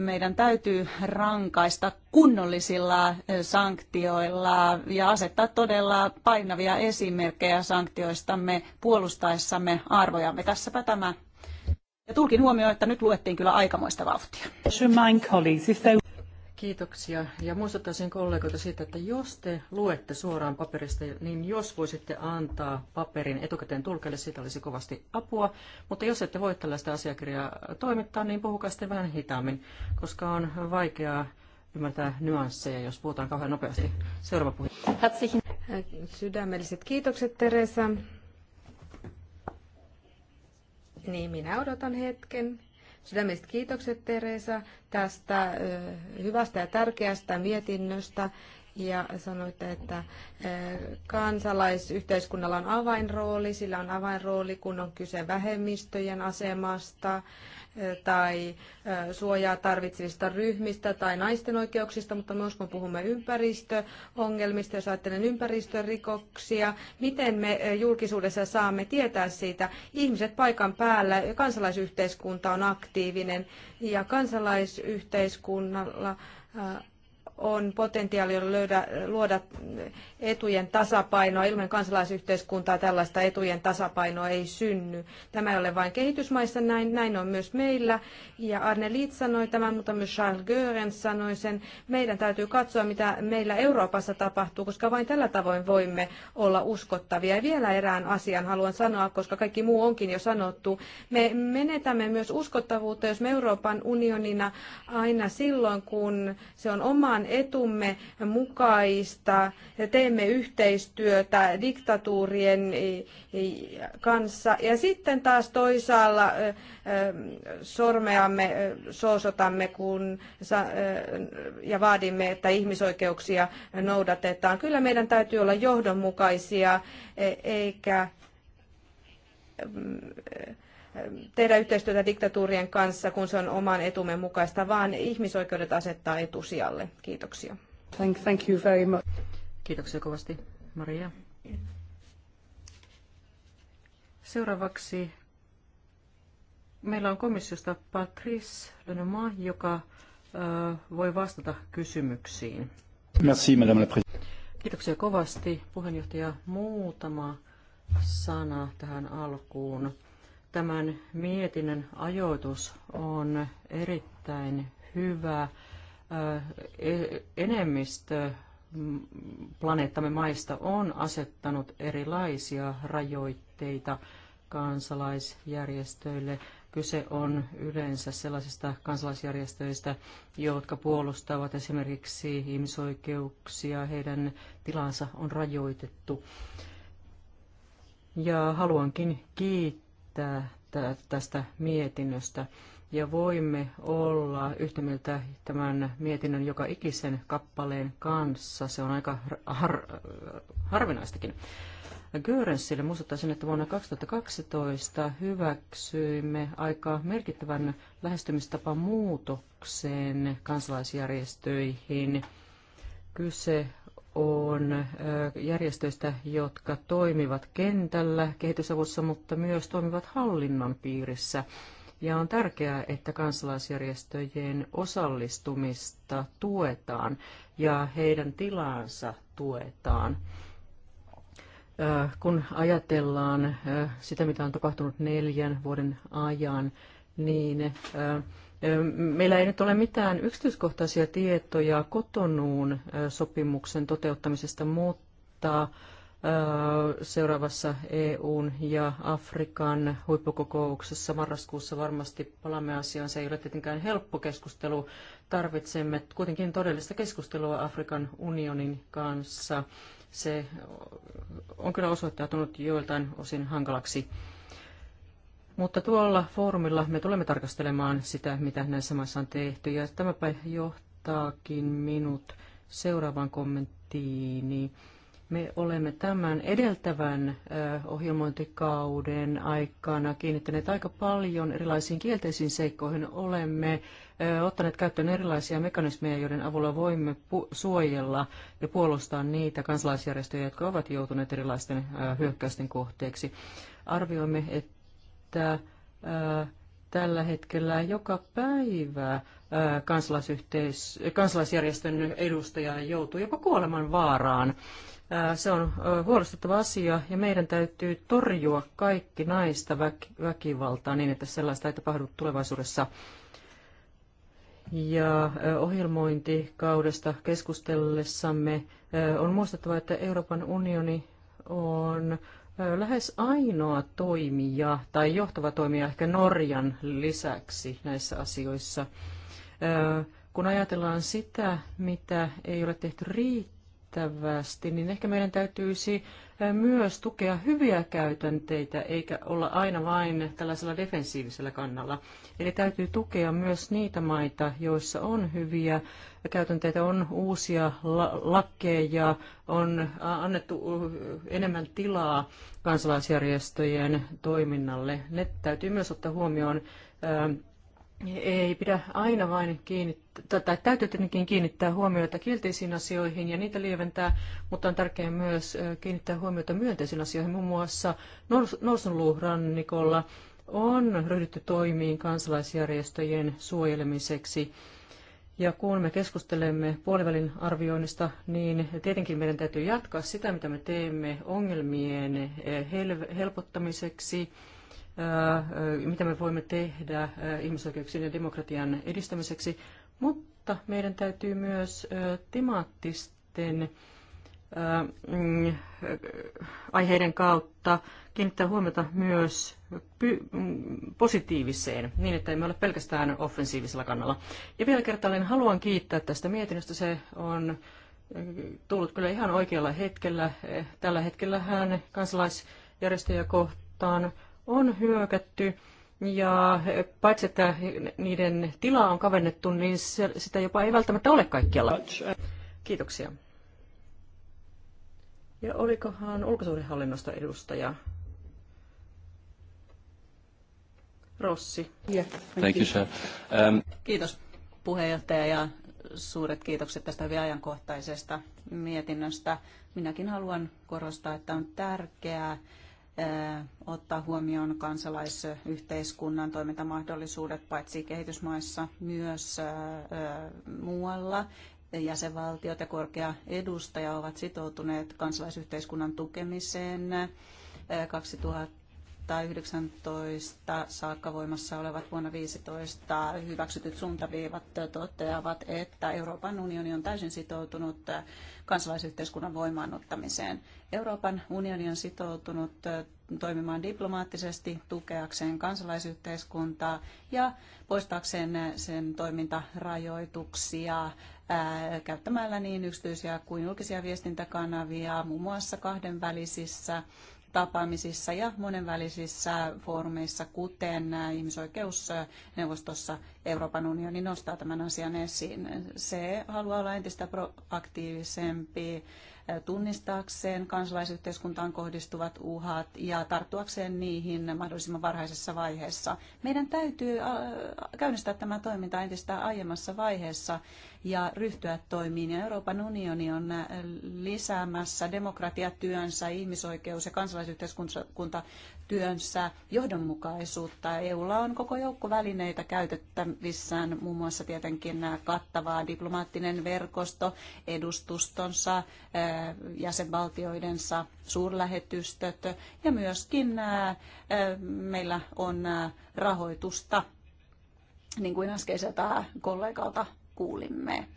S1: meidän täytyy rankaista kunnollisilla sanktioilla ja asettaa todella painavia esimerkkejä sanktioistamme puolustaessamme arvojamme. Tässäpä tämä. Ja tulkin huomioon, että nyt luettiin kyllä aikamoista vauhtia. Kiitoksia.
S2: Ja muistuttaisin kollegoita siitä, että jos te luette suoraan paperista, niin jos voisitte antaa paperin etukäteen tulkelle, siitä olisi kovasti apua. Mutta jos ette voi tällaista asiakirjaa toimittaa, niin puhukaa sitten vähän hitaammin, koska on vaikeaa ymmärtää nyansseja, jos puhutaan kauhean nopeasti. Seuraava puhe.
S3: Sydämelliset kiitokset, Teresa. Niin, minä odotan hetken. Sydämiset kiitokset Teresa tästä hyvästä ja tärkeästä mietinnöstä ja sanoitte, että kansalaisyhteiskunnalla on avainrooli, sillä on avainrooli, kun on kyse vähemmistöjen asemasta, tai suojaa tarvitsevista ryhmistä tai naisten oikeuksista, mutta myös kun puhumme ympäristöongelmista, jos ajattelen ympäristörikoksia, miten me julkisuudessa saamme tietää siitä. Ihmiset paikan päällä, kansalaisyhteiskunta on aktiivinen ja kansalaisyhteiskunnalla on potentiaali löydä, luoda etujen tasapainoa. Ilman kansalaisyhteiskuntaa tällaista etujen tasapainoa ei synny. Tämä ei ole vain kehitysmaissa, näin, näin on myös meillä. Ja Arne Liit sanoi tämän, mutta myös Charles Görens sanoi sen. Meidän täytyy katsoa, mitä meillä Euroopassa tapahtuu, koska vain tällä tavoin voimme olla uskottavia. Ja vielä erään asian haluan sanoa, koska kaikki muu onkin jo sanottu. Me menetämme myös uskottavuutta, jos me Euroopan unionina aina silloin, kun se on oman etumme mukaista. Teemme yhteistyötä diktatuurien eh, eh, kanssa ja sitten taas toisaalla eh, sormeamme soosotamme kun, ja vaadimme, että ihmisoikeuksia noudatetaan. Kyllä meidän täytyy olla johdonmukaisia e, eikä mm, tehdä yhteistyötä diktatuurien kanssa, kun se on oman etumme mukaista, vaan ihmisoikeudet asettaa etusijalle. Kiitoksia.
S2: Thank, thank you very much. Kiitoksia kovasti, Maria. Seuraavaksi meillä on komissiosta Patrice Lenoma, joka voi vastata kysymyksiin.
S1: Merci, Madame la
S2: Kiitoksia kovasti, puheenjohtaja. Muutama sana tähän alkuun Tämän mietinnön ajoitus on erittäin hyvä. E, enemmistö planeettamme maista on asettanut erilaisia rajoitteita kansalaisjärjestöille. Kyse on yleensä sellaisista kansalaisjärjestöistä, jotka puolustavat esimerkiksi ihmisoikeuksia, heidän tilansa on rajoitettu. Ja haluankin kiittää tästä mietinnöstä ja voimme olla yhtä mieltä tämän mietinnön joka ikisen kappaleen kanssa. Se on aika har- harvinaistakin. Görensille muistuttaisin, että vuonna 2012 hyväksyimme aika merkittävän lähestymistapamuutoksen kansalaisjärjestöihin. Kyse on järjestöistä, jotka toimivat kentällä kehitysavussa, mutta myös toimivat hallinnon piirissä. Ja on tärkeää, että kansalaisjärjestöjen osallistumista tuetaan ja heidän tilaansa tuetaan. Kun ajatellaan sitä, mitä on tapahtunut neljän vuoden ajan, niin Meillä ei nyt ole mitään yksityiskohtaisia tietoja kotonuun sopimuksen toteuttamisesta, mutta seuraavassa EUn ja Afrikan huippukokouksessa marraskuussa varmasti palaamme asiaan. Se ei ole tietenkään helppo keskustelu. Tarvitsemme kuitenkin todellista keskustelua Afrikan unionin kanssa. Se on kyllä osoittautunut joiltain osin hankalaksi mutta tuolla foorumilla me tulemme tarkastelemaan sitä, mitä näissä maissa on tehty. Ja tämäpä johtaakin minut seuraavaan kommenttiini. Me olemme tämän edeltävän ohjelmointikauden aikana kiinnittäneet aika paljon erilaisiin kielteisiin seikkoihin. Olemme ottaneet käyttöön erilaisia mekanismeja, joiden avulla voimme suojella ja puolustaa niitä kansalaisjärjestöjä, jotka ovat joutuneet erilaisten hyökkäysten kohteeksi. Arvioimme, että että tällä hetkellä joka päivä kansalaisyhteis- kansalaisjärjestön edustaja joutuu jopa kuoleman vaaraan. Se on huolestuttava asia ja meidän täytyy torjua kaikki naista väk- väkivaltaa niin, että sellaista ei tapahdu tulevaisuudessa. Ja ohjelmointikaudesta keskustellessamme on muistettava, että Euroopan unioni on lähes ainoa toimija tai johtava toimija ehkä Norjan lisäksi näissä asioissa. Kun ajatellaan sitä, mitä ei ole tehty riittävästi, niin ehkä meidän täytyisi myös tukea hyviä käytänteitä, eikä olla aina vain tällaisella defensiivisellä kannalla. Eli täytyy tukea myös niitä maita, joissa on hyviä käytänteitä, on uusia lakkeja, on annettu enemmän tilaa kansalaisjärjestöjen toiminnalle. Ne täytyy myös ottaa huomioon ei pidä aina vain kiinnittää, tai täytyy tietenkin kiinnittää huomiota kielteisiin asioihin ja niitä lieventää, mutta on tärkeää myös kiinnittää huomiota myönteisiin asioihin. Muun muassa Norsunluurannikolla on ryhdytty toimiin kansalaisjärjestöjen suojelemiseksi. Ja kun me keskustelemme puolivälin arvioinnista, niin tietenkin meidän täytyy jatkaa sitä, mitä me teemme ongelmien helpottamiseksi – mitä me voimme tehdä ihmisoikeuksien ja demokratian edistämiseksi, mutta meidän täytyy myös temaattisten mm, aiheiden kautta kiinnittää huomiota myös mm, positiiviseen, niin että emme ole pelkästään offensiivisella kannalla. Ja vielä kertaalleen haluan kiittää tästä mietinnöstä. Se on tullut kyllä ihan oikealla hetkellä. Tällä hetkellä hän kansalaisjärjestöjä kohtaan on hyökätty ja paitsi että niiden tilaa on kavennettu, niin se, sitä jopa ei välttämättä ole kaikkialla. Kiitoksia. Ja olikohan ulkosuhdehallinnosta
S1: edustaja Rossi? Yeah, thank you. Thank you, um... Kiitos puheenjohtaja ja suuret kiitokset tästä hyvin ajankohtaisesta mietinnöstä. Minäkin haluan korostaa, että on tärkeää, ottaa huomioon kansalaisyhteiskunnan toimintamahdollisuudet paitsi kehitysmaissa myös muualla. Jäsenvaltiot ja korkea edustaja ovat sitoutuneet kansalaisyhteiskunnan tukemiseen. 2000 2019 saakka voimassa olevat vuonna 2015 hyväksytyt suuntaviivat toteavat, että Euroopan unioni on täysin sitoutunut kansalaisyhteiskunnan voimaannuttamiseen. Euroopan unioni on sitoutunut toimimaan diplomaattisesti tukeakseen kansalaisyhteiskuntaa ja poistaakseen sen toimintarajoituksia käyttämällä niin yksityisiä kuin julkisia viestintäkanavia muun muassa kahdenvälisissä tapaamisissa ja monenvälisissä foorumeissa, kuten äh, ihmisoikeusneuvostossa Euroopan unioni nostaa tämän asian esiin. Se haluaa olla entistä proaktiivisempi tunnistaakseen kansalaisyhteiskuntaan kohdistuvat uhat ja tarttuakseen niihin mahdollisimman varhaisessa vaiheessa. Meidän täytyy äh, käynnistää tämä toiminta entistä aiemmassa vaiheessa ja ryhtyä toimiin. Ja Euroopan unioni on äh, lisäämässä demokratiatyönsä, ihmisoikeus- ja kansalaisyhteiskunta työnsä johdonmukaisuutta. EUlla on koko joukko välineitä käytettävissään, muun muassa tietenkin kattavaa diplomaattinen verkosto, edustustonsa, jäsenvaltioidensa suurlähetystöt ja myöskin meillä on rahoitusta, niin kuin äskeiseltä kollegalta kuulimme.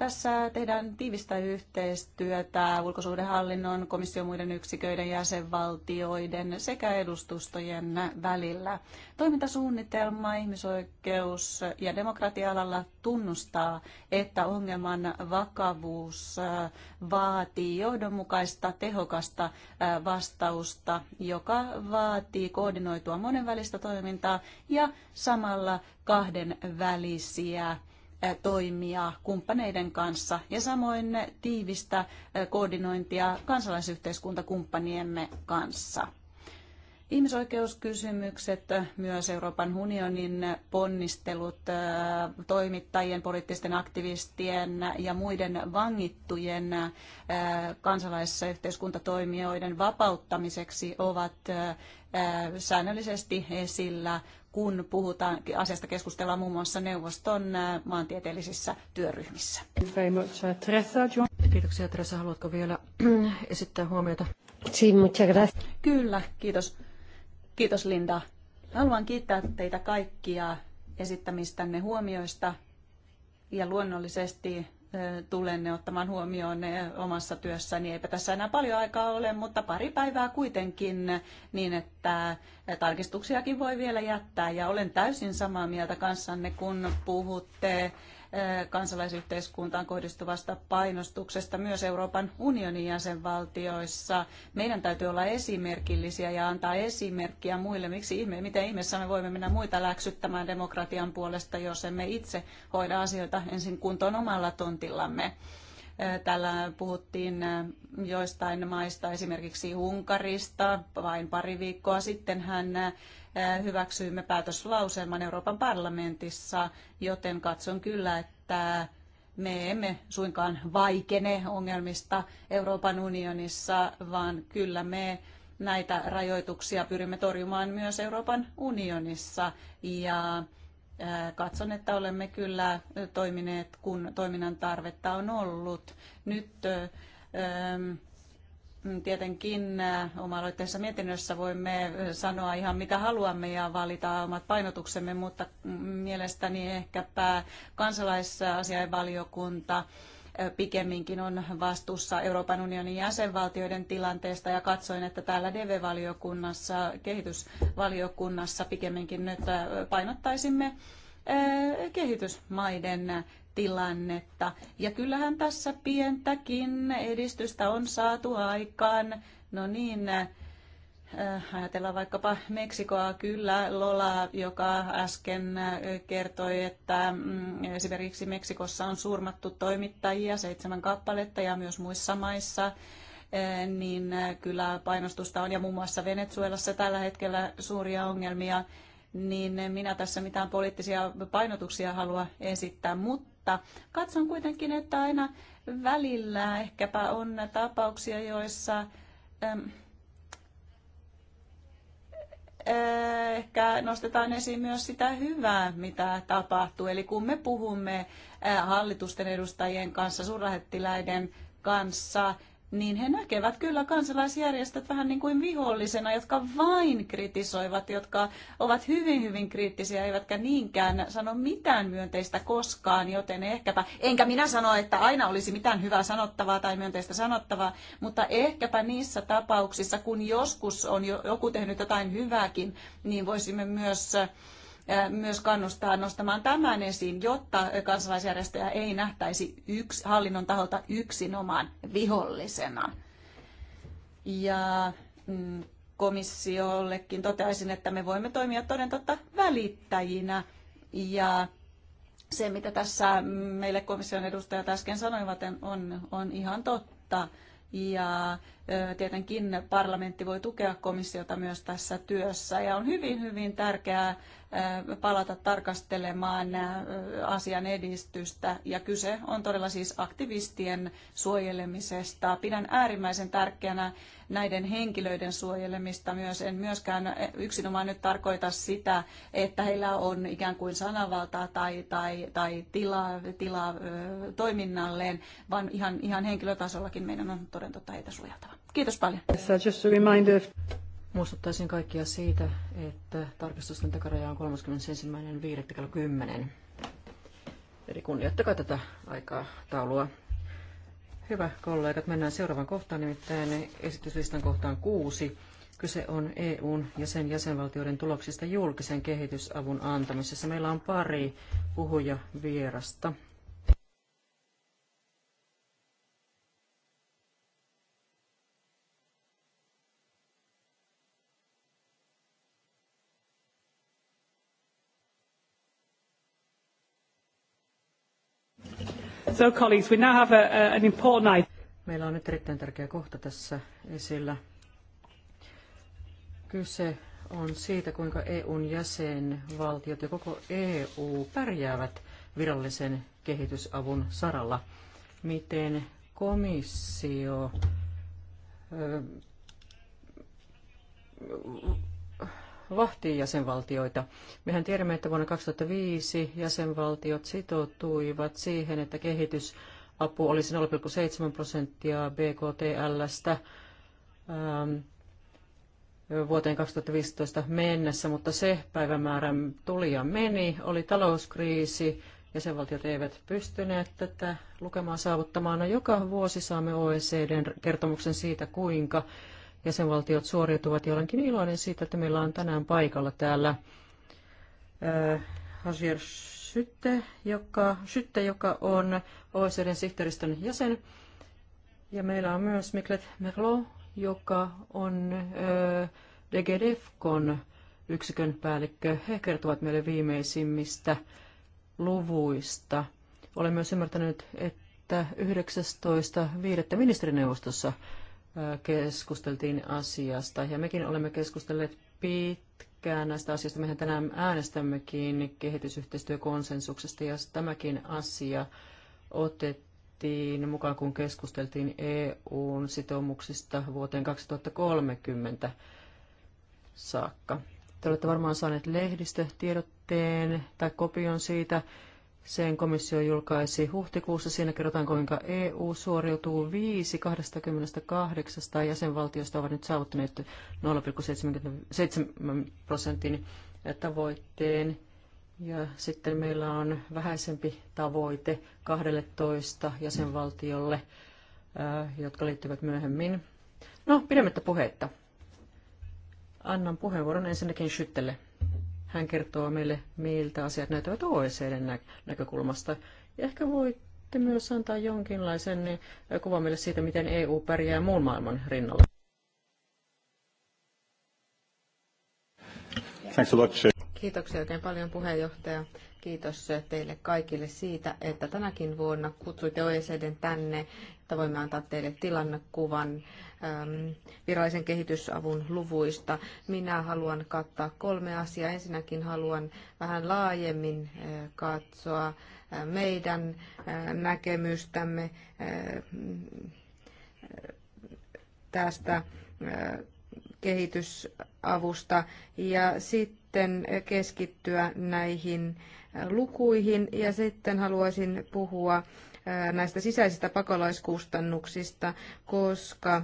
S1: Tässä tehdään tiivistä yhteistyötä ulkosuhdehallinnon, komission muiden yksiköiden, jäsenvaltioiden sekä edustustojen välillä. Toimintasuunnitelma ihmisoikeus- ja demokratia-alalla tunnustaa, että ongelman vakavuus äh, vaatii johdonmukaista, tehokasta äh, vastausta, joka vaatii koordinoitua monenvälistä toimintaa ja samalla kahden välisiä toimia kumppaneiden kanssa ja samoin tiivistä koordinointia kansalaisyhteiskuntakumppaniemme kanssa. Ihmisoikeuskysymykset, myös Euroopan unionin ponnistelut toimittajien, poliittisten aktivistien ja muiden vangittujen kansalais- yhteiskuntatoimijoiden vapauttamiseksi ovat säännöllisesti esillä kun puhutaan, asiasta keskustellaan muun muassa neuvoston äh, maantieteellisissä työryhmissä. Uh, Kiitoksia Teresa. Haluatko vielä esittää huomiota? Sí, muchas gracias. Kyllä, kiitos. Kiitos Linda. Haluan kiittää teitä kaikkia esittämistänne huomioista ja luonnollisesti tulenne ottamaan huomioon omassa työssäni. Eipä tässä enää paljon aikaa ole, mutta pari päivää kuitenkin niin, että tarkistuksiakin voi vielä jättää. Ja olen täysin samaa mieltä kanssanne, kun puhutte Eh, kansalaisyhteiskuntaan kohdistuvasta painostuksesta myös Euroopan unionin jäsenvaltioissa. Meidän täytyy olla esimerkillisiä ja antaa esimerkkiä muille. Miksi ihme, miten ihmeessä me voimme mennä muita läksyttämään demokratian puolesta, jos emme itse hoida asioita ensin kuntoon omalla tontillamme? Eh, täällä puhuttiin eh, joistain maista, esimerkiksi Unkarista. Vain pari viikkoa sitten hän Äh, hyväksyimme päätöslauselman Euroopan parlamentissa, joten katson kyllä, että me emme suinkaan vaikene ongelmista Euroopan unionissa, vaan kyllä me näitä rajoituksia pyrimme torjumaan myös Euroopan unionissa. Ja äh, katson, että olemme kyllä toimineet, kun toiminnan tarvetta on ollut. Nyt äh, Mm, tietenkin äh, oma-aloitteessa mietinnössä voimme äh, sanoa ihan mitä haluamme ja valita omat painotuksemme, mutta mm, mielestäni ehkäpä kansalaisasiainvaliokunta äh, pikemminkin on vastuussa Euroopan unionin jäsenvaltioiden tilanteesta ja katsoin, että täällä DV-valiokunnassa, kehitysvaliokunnassa pikemminkin nyt painottaisimme kehitysmaiden tilannetta. Ja kyllähän tässä pientäkin edistystä on saatu aikaan. No niin, äh, Ajatellaan vaikkapa Meksikoa kyllä, Lola, joka äsken kertoi, että mm, esimerkiksi Meksikossa on surmattu toimittajia seitsemän kappaletta ja myös muissa maissa, äh, niin äh, kyllä painostusta on ja muun muassa Venezuelassa tällä hetkellä suuria ongelmia niin en minä tässä mitään poliittisia painotuksia halua esittää, mutta katson kuitenkin, että aina välillä ehkäpä on tapauksia, joissa ähm, ehkä nostetaan esiin myös sitä hyvää, mitä tapahtuu. Eli kun me puhumme äh, hallitusten edustajien kanssa, suurlähettiläiden kanssa, niin he näkevät kyllä kansalaisjärjestöt vähän niin kuin vihollisena, jotka vain kritisoivat, jotka ovat hyvin, hyvin kriittisiä, eivätkä niinkään sano mitään myönteistä koskaan, joten ehkäpä, enkä minä sano, että aina olisi mitään hyvää sanottavaa tai myönteistä sanottavaa, mutta ehkäpä niissä tapauksissa, kun joskus on joku tehnyt jotain hyvääkin, niin voisimme myös myös kannustaa nostamaan tämän esiin, jotta kansalaisjärjestöjä ei nähtäisi yksi, hallinnon taholta yksinomaan vihollisena. Ja mm, komissiollekin toteaisin, että me voimme toimia toden totta välittäjinä ja se, mitä tässä meille komission edustajat äsken sanoivat, on, on ihan totta. Ja tietenkin parlamentti voi tukea komissiota myös tässä työssä. Ja on hyvin, hyvin tärkeää palata tarkastelemaan asian edistystä. Ja kyse on todella siis aktivistien suojelemisesta. Pidän äärimmäisen tärkeänä näiden henkilöiden suojelemista myös. En myöskään yksinomaan nyt tarkoita sitä, että heillä on ikään kuin sananvaltaa tai, tai, tai tilaa, tila, toiminnalleen, vaan ihan, ihan henkilötasollakin meidän on toden totta heitä suojeltava. Kiitos paljon. Yes, just a reminder.
S2: Muistuttaisin kaikkia siitä, että tarkistusten takaraja on 31.5.10. Eli kunnioittakaa tätä aikaa taulua. Hyvä kollegat, mennään seuraavaan kohtaan, nimittäin esityslistan kohtaan kuusi. Kyse on EUn ja sen jäsenvaltioiden tuloksista julkisen kehitysavun antamisessa. Meillä on pari puhuja vierasta.
S1: So colleagues, we now have a, a,
S2: an important item. Meillä on nyt erittäin tärkeä kohta tässä esillä. Kyse on siitä, kuinka EUn jäsenvaltiot ja koko EU pärjäävät virallisen kehitysavun saralla. Miten komissio vahtii jäsenvaltioita. Mehän tiedämme, että vuonna 2005 jäsenvaltiot sitoutuivat siihen, että kehitysapu olisi 0,7 prosenttia BKTLstä ähm, vuoteen 2015 mennessä, mutta se päivämäärä tuli ja meni, oli talouskriisi, jäsenvaltiot eivät pystyneet tätä lukemaan saavuttamaan. No, joka vuosi saamme OECDn kertomuksen siitä, kuinka jäsenvaltiot suoriutuvat. Ja olenkin iloinen siitä, että meillä on tänään paikalla täällä Hasier äh, Sytte, joka, Sytte, joka on OECDn sihteeristön jäsen. Ja meillä on myös Miklet Merlo, joka on äh, DGDFkon yksikön päällikkö. He kertovat meille viimeisimmistä luvuista. Olen myös ymmärtänyt, että 19.5. ministerineuvostossa keskusteltiin asiasta. Ja mekin olemme keskustelleet pitkään näistä asioista. Mehän tänään äänestämmekin kehitysyhteistyökonsensuksesta ja tämäkin asia otettiin mukaan, kun keskusteltiin EUn sitoumuksista vuoteen 2030 saakka. Te olette varmaan saaneet lehdistötiedotteen tai kopion siitä. Sen komissio julkaisi huhtikuussa. Siinä kerrotaan, kuinka EU suoriutuu 5 28 jäsenvaltiosta ovat nyt saavuttaneet 0,77 prosentin tavoitteen. Ja sitten meillä on vähäisempi tavoite 12 jäsenvaltiolle, äh, jotka liittyvät myöhemmin. No, pidemmättä puheitta. Annan puheenvuoron ensinnäkin Skyttelle. Hän kertoo meille, miltä asiat näyttävät OECDn näkökulmasta. Ja ehkä voitte myös antaa jonkinlaisen niin, kuvan meille siitä, miten EU pärjää muun maailman rinnalla.
S3: Kiitoksia oikein paljon puheenjohtaja. Kiitos teille kaikille siitä, että tänäkin vuonna kutsuitte OECDn tänne että voimme antaa teille tilannekuvan ähm, virallisen kehitysavun luvuista. Minä haluan kattaa kolme asiaa. Ensinnäkin haluan vähän laajemmin äh, katsoa äh, meidän äh, näkemystämme tästä kehitysavusta ja sitten keskittyä näihin lukuihin ja sitten haluaisin puhua näistä sisäisistä pakolaiskustannuksista, koska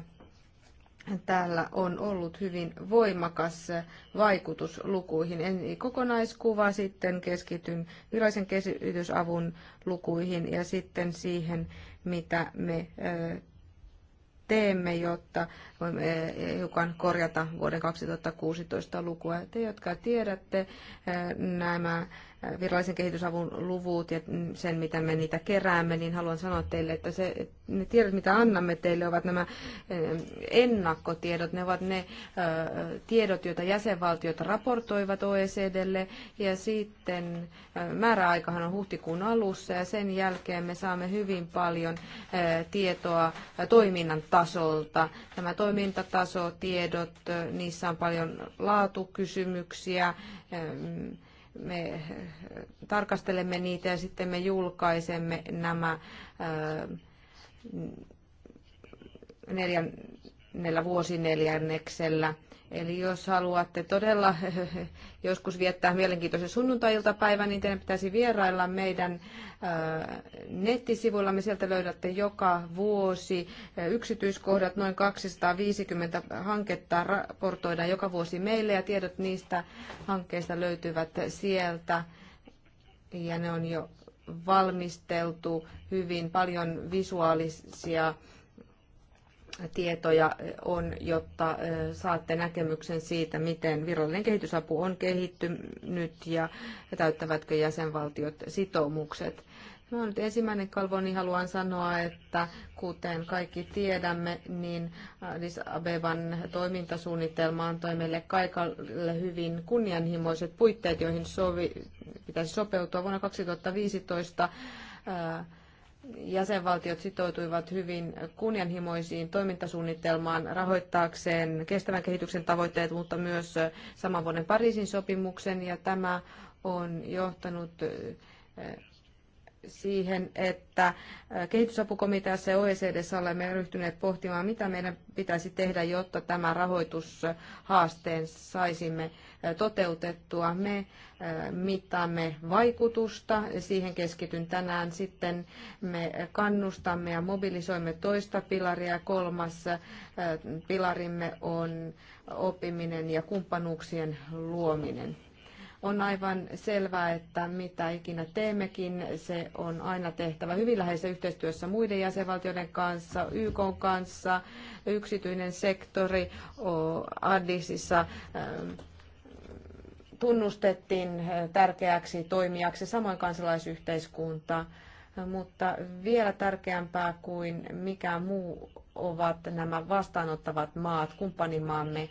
S3: täällä on ollut hyvin voimakas vaikutus lukuihin. En kokonaiskuva, sitten keskityn virallisen kehitysavun lukuihin ja sitten siihen, mitä me teemme, jotta voimme hiukan korjata vuoden 2016 lukua. Te, jotka tiedätte nämä virallisen kehitysavun luvut ja sen, miten me niitä keräämme, niin haluan sanoa teille, että se, ne tiedot, mitä annamme teille, ovat nämä eh, ennakkotiedot. Ne ovat ne eh, tiedot, joita jäsenvaltiot raportoivat OECDlle ja sitten eh, määräaikahan on huhtikuun alussa ja sen jälkeen me saamme hyvin paljon tietoa toiminnan tasolta. Tämä toimintataso, tiedot, niissä on paljon laatukysymyksiä, me eh, tarkastelemme niitä ja sitten me julkaisemme nämä eh, neljännellä vuosineljänneksellä Eli jos haluatte todella joskus viettää mielenkiintoisen sunnuntai-iltapäivän, niin teidän pitäisi vierailla meidän äh, me Sieltä löydätte joka vuosi äh, yksityiskohdat, noin 250 hanketta raportoidaan joka vuosi meille ja tiedot niistä hankkeista löytyvät sieltä. Ja ne on jo valmisteltu hyvin paljon visuaalisia tietoja on, jotta saatte näkemyksen siitä, miten virallinen kehitysapu on kehittynyt ja täyttävätkö jäsenvaltiot sitoumukset. No nyt ensimmäinen kalvo, niin haluan sanoa, että kuten kaikki tiedämme, niin Addis Abeban toimintasuunnitelma antoi meille kaikalle hyvin kunnianhimoiset puitteet, joihin sovi, pitäisi sopeutua vuonna 2015. Ää, jäsenvaltiot sitoutuivat hyvin kunnianhimoisiin toimintasuunnitelmaan rahoittaakseen kestävän kehityksen tavoitteet, mutta myös saman vuoden Pariisin sopimuksen, ja tämä on johtanut eh, siihen, että eh, kehitysapukomiteassa ja OECDssä olemme ryhtyneet pohtimaan, mitä meidän pitäisi tehdä, jotta tämä rahoitushaasteen saisimme toteutettua. Me mittaamme vaikutusta, siihen keskityn tänään sitten. Me kannustamme ja mobilisoimme toista pilaria. Kolmas pilarimme on oppiminen ja kumppanuuksien luominen on aivan selvää, että mitä ikinä teemmekin, se on aina tehtävä hyvin läheisessä yhteistyössä muiden jäsenvaltioiden kanssa, YK kanssa, yksityinen sektori, Addisissa tunnustettiin eh, tärkeäksi toimijaksi, samoin kansalaisyhteiskunta. Mutta vielä tärkeämpää kuin mikä muu ovat nämä vastaanottavat maat, kumppanimaamme eh,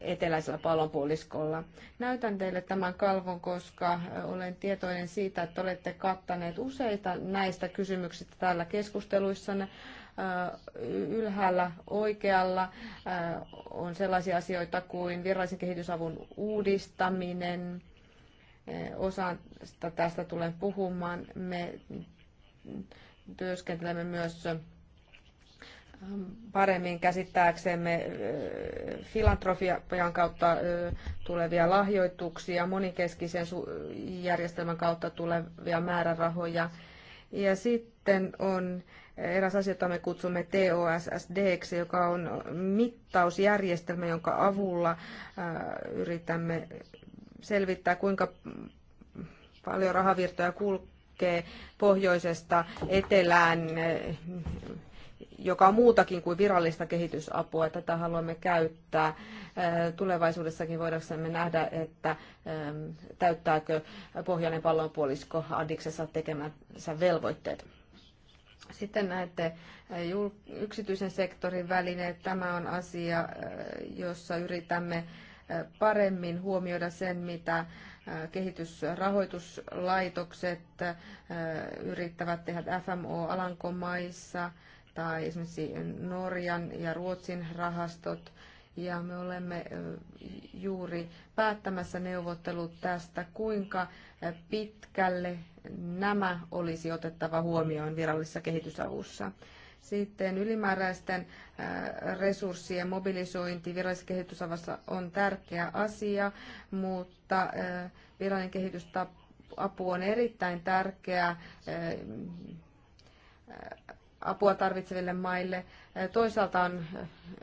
S3: eteläisellä pallonpuoliskolla. Näytän teille tämän kalvon, koska eh, olen tietoinen siitä, että olette kattaneet useita näistä kysymyksistä täällä keskusteluissanne ylhäällä oikealla on sellaisia asioita kuin virallisen kehitysavun uudistaminen. Osasta tästä tulen puhumaan. Me työskentelemme myös paremmin käsittääksemme filantrofian kautta tulevia lahjoituksia, monikeskisen järjestelmän kautta tulevia määrärahoja. Ja sitten on eräs asia, jota me kutsumme TOSSD, joka on mittausjärjestelmä, jonka avulla äh, yritämme selvittää, kuinka paljon rahavirtoja kulkee pohjoisesta etelään, äh, joka on muutakin kuin virallista kehitysapua. Tätä haluamme käyttää. Äh, tulevaisuudessakin voidaksemme nähdä, että ähm, täyttääkö pohjoinen pallonpuolisko Adiksessa tekemänsä velvoitteet. Sitten näette yksityisen sektorin välineet. Tämä on asia, jossa yritämme paremmin huomioida sen, mitä kehitysrahoituslaitokset yrittävät tehdä FMO-alankomaissa tai esimerkiksi Norjan ja Ruotsin rahastot. Ja me olemme juuri päättämässä neuvottelut tästä, kuinka pitkälle nämä olisi otettava huomioon virallisessa kehitysavussa. Sitten ylimääräisten resurssien mobilisointi virallisessa kehitysavassa on tärkeä asia, mutta virallinen kehitysapu on erittäin tärkeä apua tarvitseville maille. Toisaalta on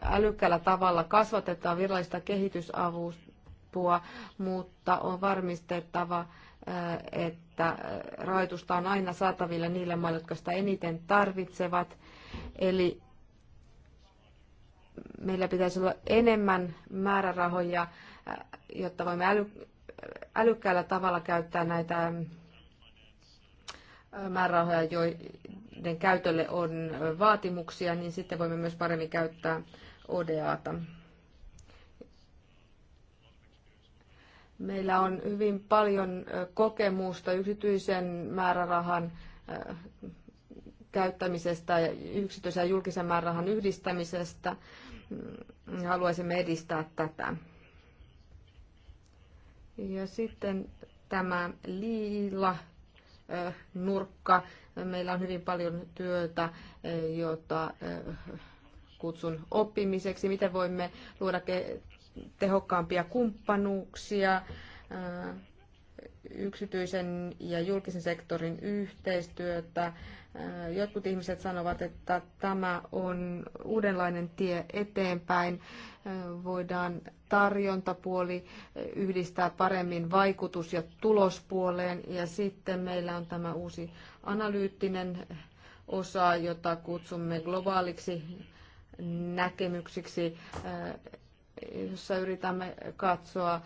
S3: älykkäällä tavalla kasvatettava virallista kehitysavustua, mutta on varmistettava, että rahoitusta on aina saatavilla niille maille, jotka sitä eniten tarvitsevat. Eli meillä pitäisi olla enemmän määrärahoja, jotta voimme äly, älykkäällä tavalla käyttää näitä määrärahoja, joiden käytölle on vaatimuksia, niin sitten voimme myös paremmin käyttää ODAta. Meillä on hyvin paljon kokemusta yksityisen määrärahan käyttämisestä ja yksityisen ja julkisen määrärahan yhdistämisestä. Mm, haluaisimme edistää tätä. Ja sitten tämä liila nurkka. Meillä on hyvin paljon työtä, jota kutsun oppimiseksi, miten voimme luoda tehokkaampia kumppanuuksia, äh, yksityisen ja julkisen sektorin yhteistyötä. Äh, jotkut ihmiset sanovat, että tämä on uudenlainen tie eteenpäin. Äh, voidaan tarjontapuoli yhdistää paremmin vaikutus- ja tulospuoleen. Ja sitten meillä on tämä uusi analyyttinen osa, jota kutsumme globaaliksi näkemyksiksi jossa yritämme katsoa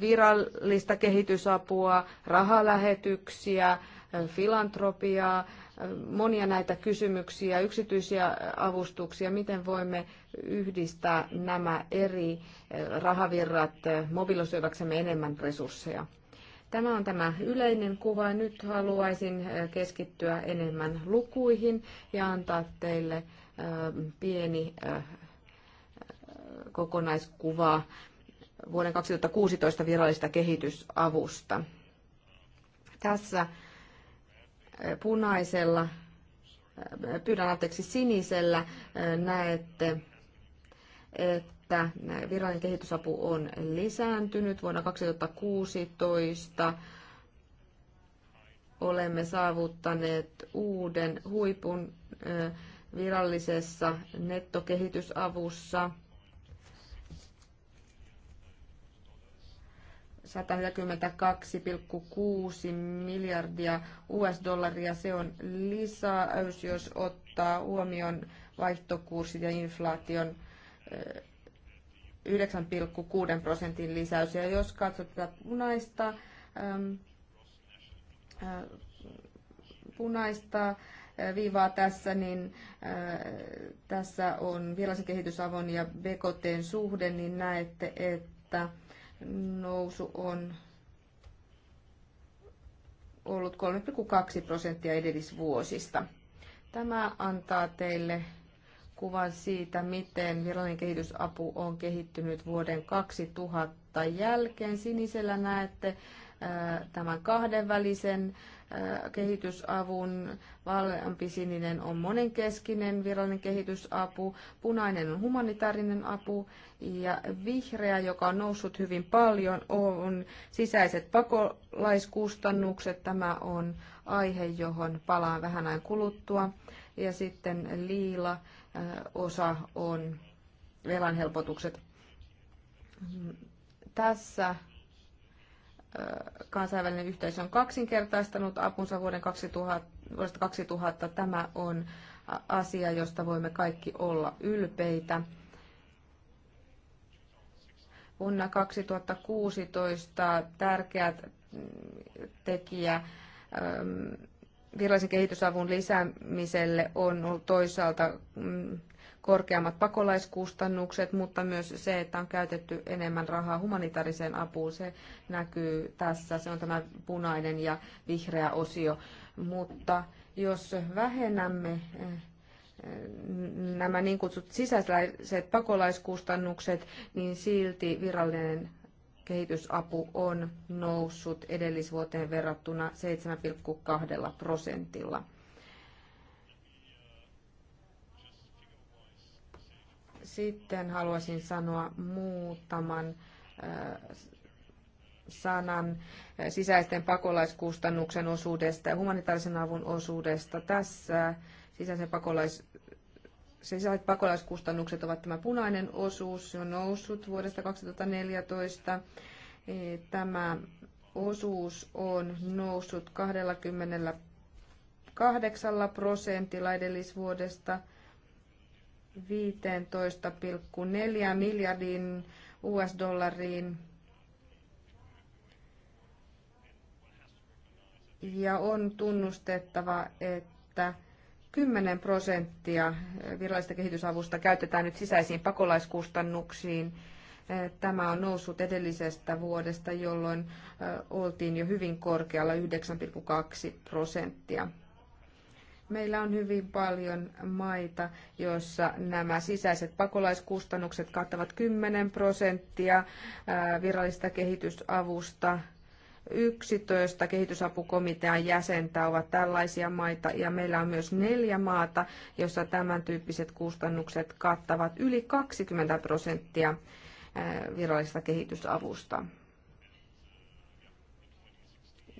S3: virallista kehitysapua, rahalähetyksiä, filantropiaa, monia näitä kysymyksiä, yksityisiä avustuksia, miten voimme yhdistää nämä eri rahavirrat mobilisoidaksemme enemmän resursseja. Tämä on tämä yleinen kuva. Nyt haluaisin keskittyä enemmän lukuihin ja antaa teille pieni kokonaiskuvaa vuoden 2016 virallista kehitysavusta. Tässä punaisella, pyydän anteeksi sinisellä, näette, että virallinen kehitysapu on lisääntynyt vuonna 2016 olemme saavuttaneet uuden huipun virallisessa nettokehitysavussa – 142,6 miljardia US-dollaria. Se on lisäys, jos ottaa huomioon vaihtokurssit ja inflaation 9,6 eh, prosentin lisäys. Ja jos katsot tätä punaista, punaista viivaa tässä, niin tässä on vielä se kehitysavun ja BKTn suhde, niin näette, että nousu on ollut 3,2 prosenttia edellisvuosista. Tämä antaa teille kuvan siitä, miten virallinen kehitysapu on kehittynyt vuoden 2000 jälkeen. Sinisellä näette tämän kahdenvälisen kehitysavun, vaaleampi sininen on monenkeskinen virallinen kehitysapu, punainen on humanitaarinen apu ja vihreä, joka on noussut hyvin paljon, on sisäiset pakolaiskustannukset. Tämä on aihe, johon palaan vähän ajan kuluttua. Ja sitten liila osa on velan helpotukset. Tässä kansainvälinen yhteisö on kaksinkertaistanut apunsa vuoden 2000, vuodesta 2000. Tämä on asia, josta voimme kaikki olla ylpeitä. Vuonna 2016 tärkeä tekijä ähm, virallisen kehitysavun lisäämiselle on ollut toisaalta mm, korkeammat pakolaiskustannukset, mutta myös se, että on käytetty enemmän rahaa humanitaariseen apuun, se näkyy tässä. Se on tämä punainen ja vihreä osio. Mutta jos vähennämme eh, nämä niin kutsut sisäiset pakolaiskustannukset, niin silti virallinen kehitysapu on noussut edellisvuoteen verrattuna 7,2 prosentilla. Sitten haluaisin sanoa muutaman sanan sisäisten pakolaiskustannuksen osuudesta ja humanitaarisen avun osuudesta. Tässä sisäisen pakolais, sisäiset pakolaiskustannukset ovat tämä punainen osuus, se on noussut vuodesta 2014. E, tämä osuus on noussut 28 prosentilla edellisvuodesta – 15,4 miljardin US-dollariin. Ja on tunnustettava, että 10 prosenttia virallista kehitysavusta käytetään nyt sisäisiin pakolaiskustannuksiin. Tämä on noussut edellisestä vuodesta, jolloin oltiin jo hyvin korkealla 9,2 prosenttia. Meillä on hyvin paljon maita, joissa nämä sisäiset pakolaiskustannukset kattavat 10 prosenttia virallista kehitysavusta. 11 kehitysapukomitean jäsentä ovat tällaisia maita ja meillä on myös neljä maata, jossa tämän tyyppiset kustannukset kattavat yli 20 prosenttia virallista kehitysavusta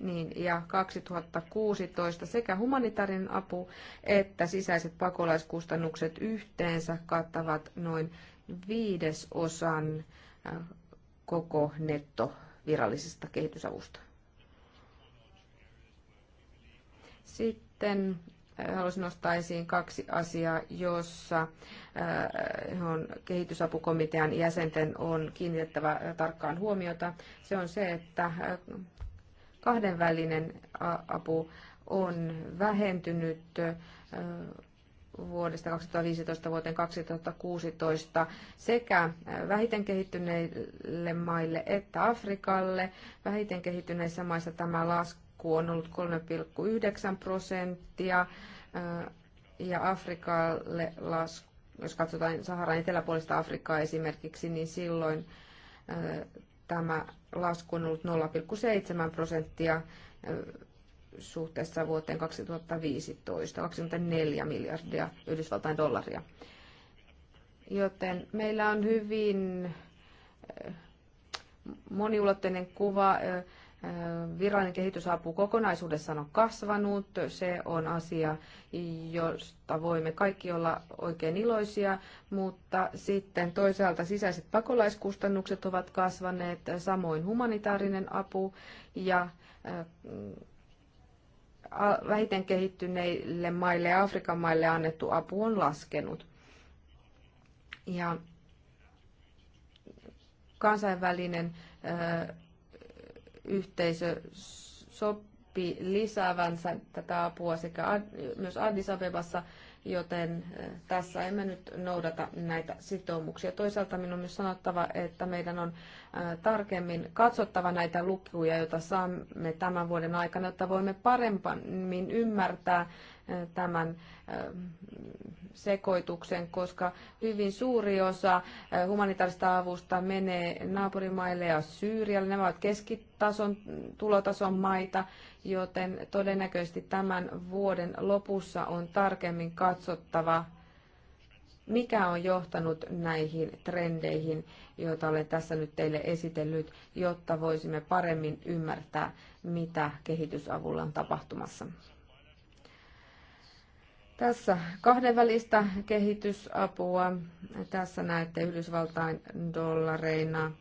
S3: niin, ja 2016 sekä humanitaarinen apu että sisäiset pakolaiskustannukset yhteensä kattavat noin viidesosan äh, koko netto kehitysavusta. Sitten äh, haluaisin nostaa esiin kaksi asiaa, jossa johon äh, kehitysapukomitean jäsenten on kiinnitettävä tarkkaan huomiota. Se on se, että kahdenvälinen apu on vähentynyt vuodesta 2015 vuoteen 2016 sekä vähiten kehittyneille maille että Afrikalle. Vähiten kehittyneissä maissa tämä lasku on ollut 3,9 prosenttia ja Afrikalle lasku, jos katsotaan Saharan eteläpuolista Afrikkaa esimerkiksi, niin silloin tämä lasku on ollut 0,7 prosenttia suhteessa vuoteen 2015, 24 miljardia Yhdysvaltain dollaria. Joten meillä on hyvin moniulotteinen kuva Virallinen kehitysapu kokonaisuudessaan on kasvanut. Se on asia, josta voimme kaikki olla oikein iloisia, mutta sitten toisaalta sisäiset pakolaiskustannukset ovat kasvaneet, samoin humanitaarinen apu ja vähiten kehittyneille maille ja Afrikan maille annettu apu on laskenut. Ja kansainvälinen yhteisö sopi lisäävänsä tätä apua sekä myös Addis Abebassa, joten eh, tässä emme nyt noudata näitä sitoumuksia. Toisaalta minun on myös sanottava, että meidän on eh, tarkemmin katsottava näitä lukuja, joita saamme tämän vuoden aikana, jotta voimme paremmin ymmärtää, tämän sekoituksen, koska hyvin suuri osa humanitaarista avusta menee naapurimaille ja Syyrialle. Nämä ovat keskitason, tulotason maita, joten todennäköisesti tämän vuoden lopussa on tarkemmin katsottava, mikä on johtanut näihin trendeihin, joita olen tässä nyt teille esitellyt, jotta voisimme paremmin ymmärtää, mitä kehitysavulla on tapahtumassa. Tässä kahdenvälistä kehitysapua. Tässä näette Yhdysvaltain dollareina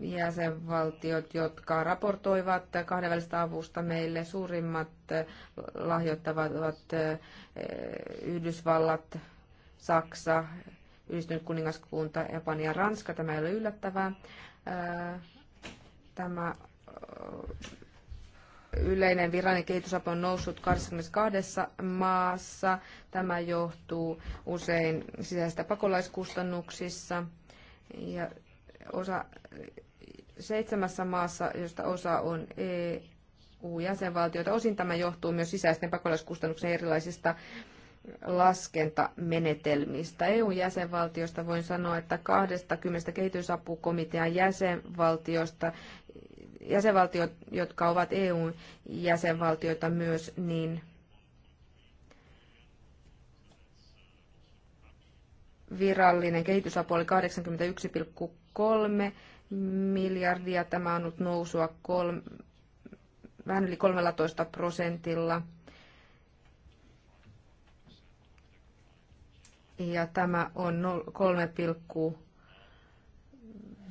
S3: jäsenvaltiot, jotka raportoivat kahdenvälistä avusta meille. Suurimmat lahjoittavat ovat eh, Yhdysvallat, Saksa, Yhdistynyt kuningaskunta, Japani ja Ranska. Tämä ei ole yllättävää. Eh, tämä yleinen virallinen kehitysapu on noussut 22 maassa. Tämä johtuu usein sisäisistä pakolaiskustannuksissa. Ja osa, seitsemässä maassa, josta osa on EU-jäsenvaltioita. Osin tämä johtuu myös sisäisten pakolaiskustannuksien erilaisista laskentamenetelmistä. EU-jäsenvaltiosta voin sanoa, että 20 kehitysapukomitean jäsenvaltiosta jäsenvaltiot, jotka ovat EU-jäsenvaltioita myös, niin virallinen kehitysapu oli 81,3 miljardia. Tämä on ollut nousua kolme, vähän yli 13 prosentilla. Ja tämä on 3,5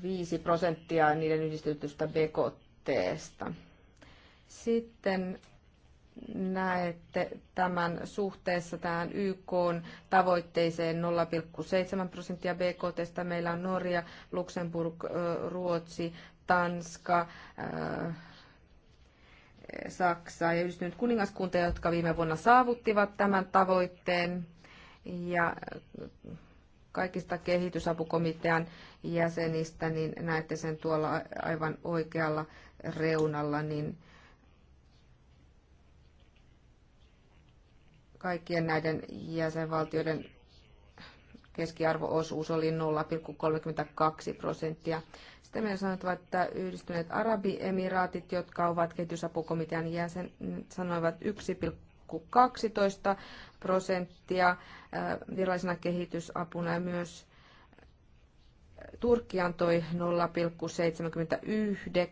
S3: 5 prosenttia niiden yhdistetystä BKTstä. Sitten näette tämän suhteessa tähän YK tavoitteeseen 0,7 prosenttia BKTstä. Meillä on Norja, Luxemburg, Ruotsi, Tanska, Saksa ja yhdistynyt kuningaskunta, jotka viime vuonna saavuttivat tämän tavoitteen. Ja kaikista kehitysapukomitean jäsenistä, niin näette sen tuolla aivan oikealla reunalla, niin kaikkien näiden jäsenvaltioiden keskiarvoosuus oli 0,32 prosenttia. Sitten meillä sanotaan, että yhdistyneet Arabiemiraatit, jotka ovat kehitysapukomitean jäsen, sanoivat 0,12 prosenttia äh, virallisena kehitysapuna ja myös Turkki antoi 0,79 äh,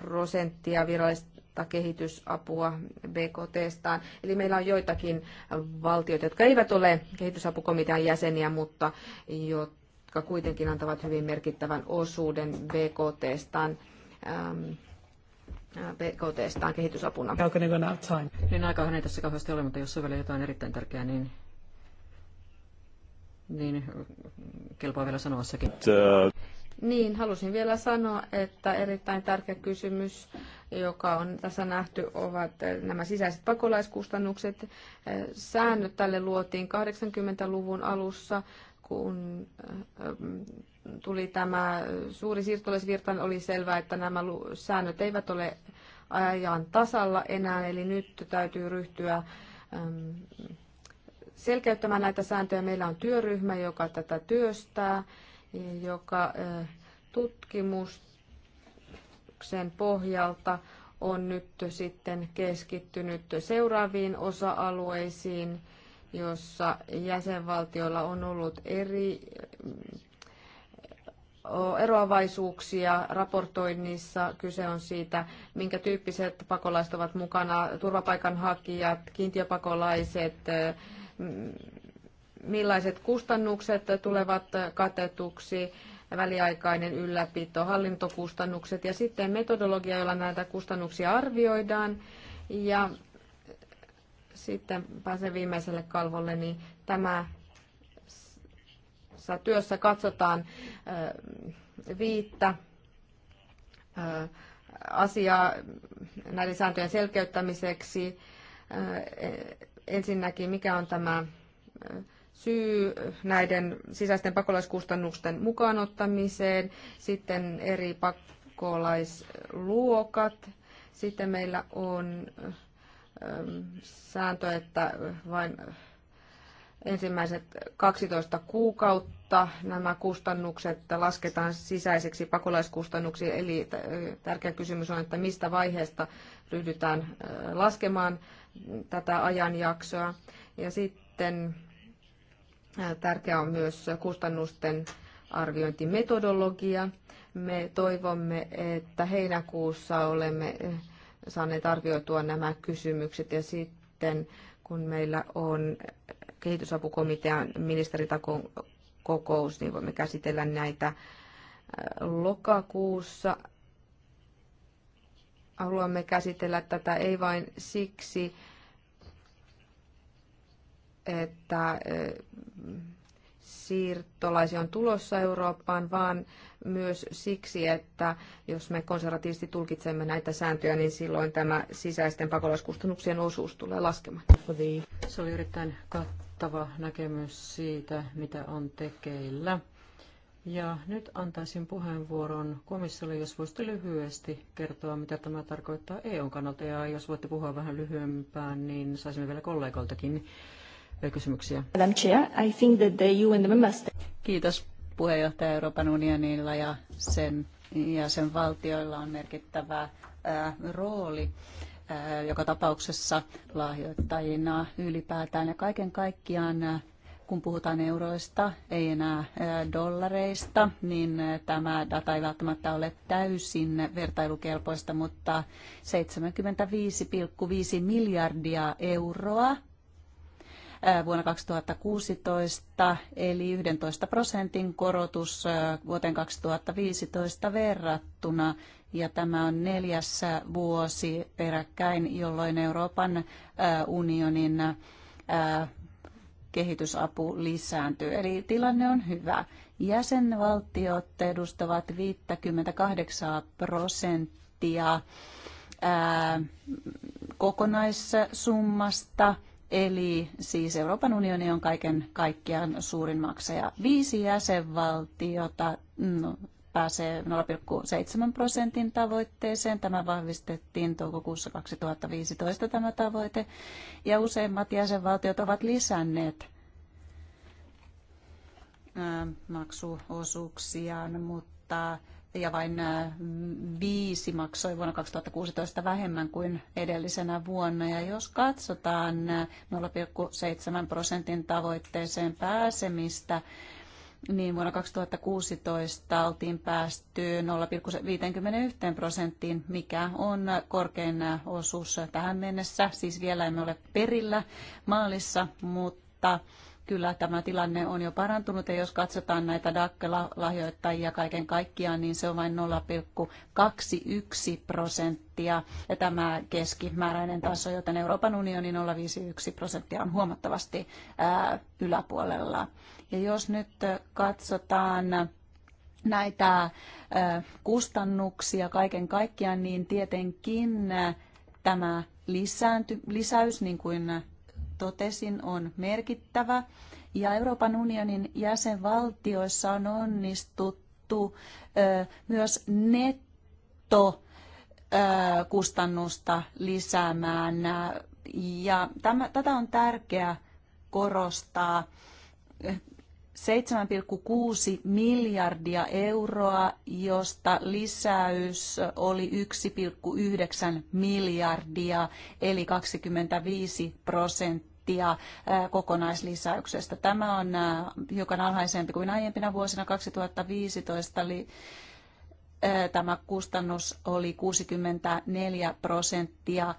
S3: prosenttia virallista kehitysapua BKTstaan. Eli meillä on joitakin valtioita, jotka eivät ole kehitysapukomitean jäseniä, mutta jotka kuitenkin antavat hyvin merkittävän osuuden BKTstaan. Ähm, BKTstaan kehitysapuna. Niin aikahan
S2: ei tässä kauheasti ole, mutta jos on vielä jotain erittäin tärkeää, niin, niin kelpaa vielä sanoa sekin. Äh,
S3: niin, halusin vielä sanoa, että erittäin tärkeä kysymys, joka on tässä nähty, ovat nämä sisäiset pakolaiskustannukset. Äh, säännöt tälle luotiin 80-luvun alussa kun ähm, tuli tämä suuri siirtolaisvirta, oli selvää, että nämä säännöt eivät ole ajan tasalla enää, eli nyt täytyy ryhtyä ähm, selkeyttämään näitä sääntöjä. Meillä on työryhmä, joka tätä työstää, joka äh, tutkimuksen pohjalta on nyt sitten keskittynyt seuraaviin osa-alueisiin – jossa jäsenvaltioilla on ollut eri eroavaisuuksia raportoinnissa. Kyse on siitä, minkä tyyppiset pakolaiset ovat mukana, turvapaikanhakijat, kiintiöpakolaiset, millaiset kustannukset tulevat katetuksi, väliaikainen ylläpito, hallintokustannukset ja sitten metodologia, jolla näitä kustannuksia arvioidaan. Ja sitten pääsen viimeiselle kalvolle, niin tämä työssä katsotaan viittä asiaa näiden sääntöjen selkeyttämiseksi. E, ensinnäkin, mikä on tämä syy näiden sisäisten pakolaiskustannusten mukaanottamiseen, sitten eri pakolaisluokat, sitten meillä on Ähm, sääntö, että vain äh, ensimmäiset 12 kuukautta nämä kustannukset lasketaan sisäiseksi pakolaiskustannuksiin. Eli tärkeä kysymys on, että mistä vaiheesta ryhdytään äh, laskemaan tätä ajanjaksoa. Ja sitten äh, tärkeää on myös kustannusten arviointimetodologia. Me toivomme, että heinäkuussa olemme saaneet arvioitua nämä kysymykset ja sitten kun meillä on kehitysapukomitean ministeritakon kokous, niin voimme käsitellä näitä äh, lokakuussa. Haluamme käsitellä tätä ei vain siksi, että äh, siirtolaisia on tulossa Eurooppaan, vaan myös siksi, että jos me konservatiivisesti tulkitsemme näitä sääntöjä, niin silloin tämä sisäisten pakolaiskustannuksien osuus tulee laskemaan. Se oli erittäin kattava näkemys siitä, mitä on
S2: tekeillä. Ja nyt antaisin puheenvuoron komissiolle, jos voisitte lyhyesti kertoa, mitä tämä tarkoittaa EUn kannalta. Ja jos voitte puhua vähän lyhyempään, niin
S1: saisimme vielä kollegoiltakin kysymyksiä. Madam
S3: I think that the EU and the member
S1: Kiitos puheenjohtaja Euroopan unionilla ja sen jäsenvaltioilla on merkittävä rooli joka tapauksessa lahjoittajina ylipäätään ja kaiken kaikkiaan kun puhutaan euroista, ei enää dollareista, niin tämä data ei välttämättä ole täysin vertailukelpoista, mutta 75,5 miljardia euroa vuonna 2016, eli 11 prosentin korotus vuoteen 2015 verrattuna. Ja tämä on neljäs vuosi peräkkäin, jolloin Euroopan unionin kehitysapu lisääntyy. Eli tilanne on hyvä. Jäsenvaltiot edustavat 58 prosenttia kokonaissummasta Eli siis Euroopan unioni on kaiken kaikkiaan suurin maksaja. Viisi jäsenvaltiota mm, no, pääsee 0,7 prosentin tavoitteeseen. Tämä vahvistettiin toukokuussa 2015 tämä tavoite. Ja useimmat jäsenvaltiot ovat lisänneet maksuosuuksiaan, mutta ja vain äh, viisi maksoi vuonna 2016 vähemmän kuin edellisenä vuonna. Ja jos katsotaan 0,7 äh, prosentin tavoitteeseen pääsemistä, niin vuonna 2016 oltiin päästy 0,51 prosenttiin, mikä on korkein äh, osuus tähän mennessä. Siis vielä emme ole perillä maalissa, mutta kyllä tämä tilanne on jo parantunut ja jos katsotaan näitä DAC-lahjoittajia kaiken kaikkiaan, niin se on vain 0,21 prosenttia ja tämä keskimääräinen taso, joten Euroopan unionin 0,51 prosenttia on huomattavasti yläpuolella. Ja jos nyt katsotaan näitä kustannuksia kaiken kaikkiaan, niin tietenkin tämä lisäänty, lisäys, niin kuin totesin, on merkittävä. Ja Euroopan unionin jäsenvaltioissa on onnistuttu myös netto kustannusta lisäämään. Ja tämä, tätä on tärkeää korostaa 7,6 miljardia euroa, josta lisäys oli 1,9 miljardia, eli 25 prosenttia kokonaislisäyksestä. Tämä on hiukan alhaisempi kuin aiempina vuosina 2015, eli tämä kustannus oli 64 prosenttia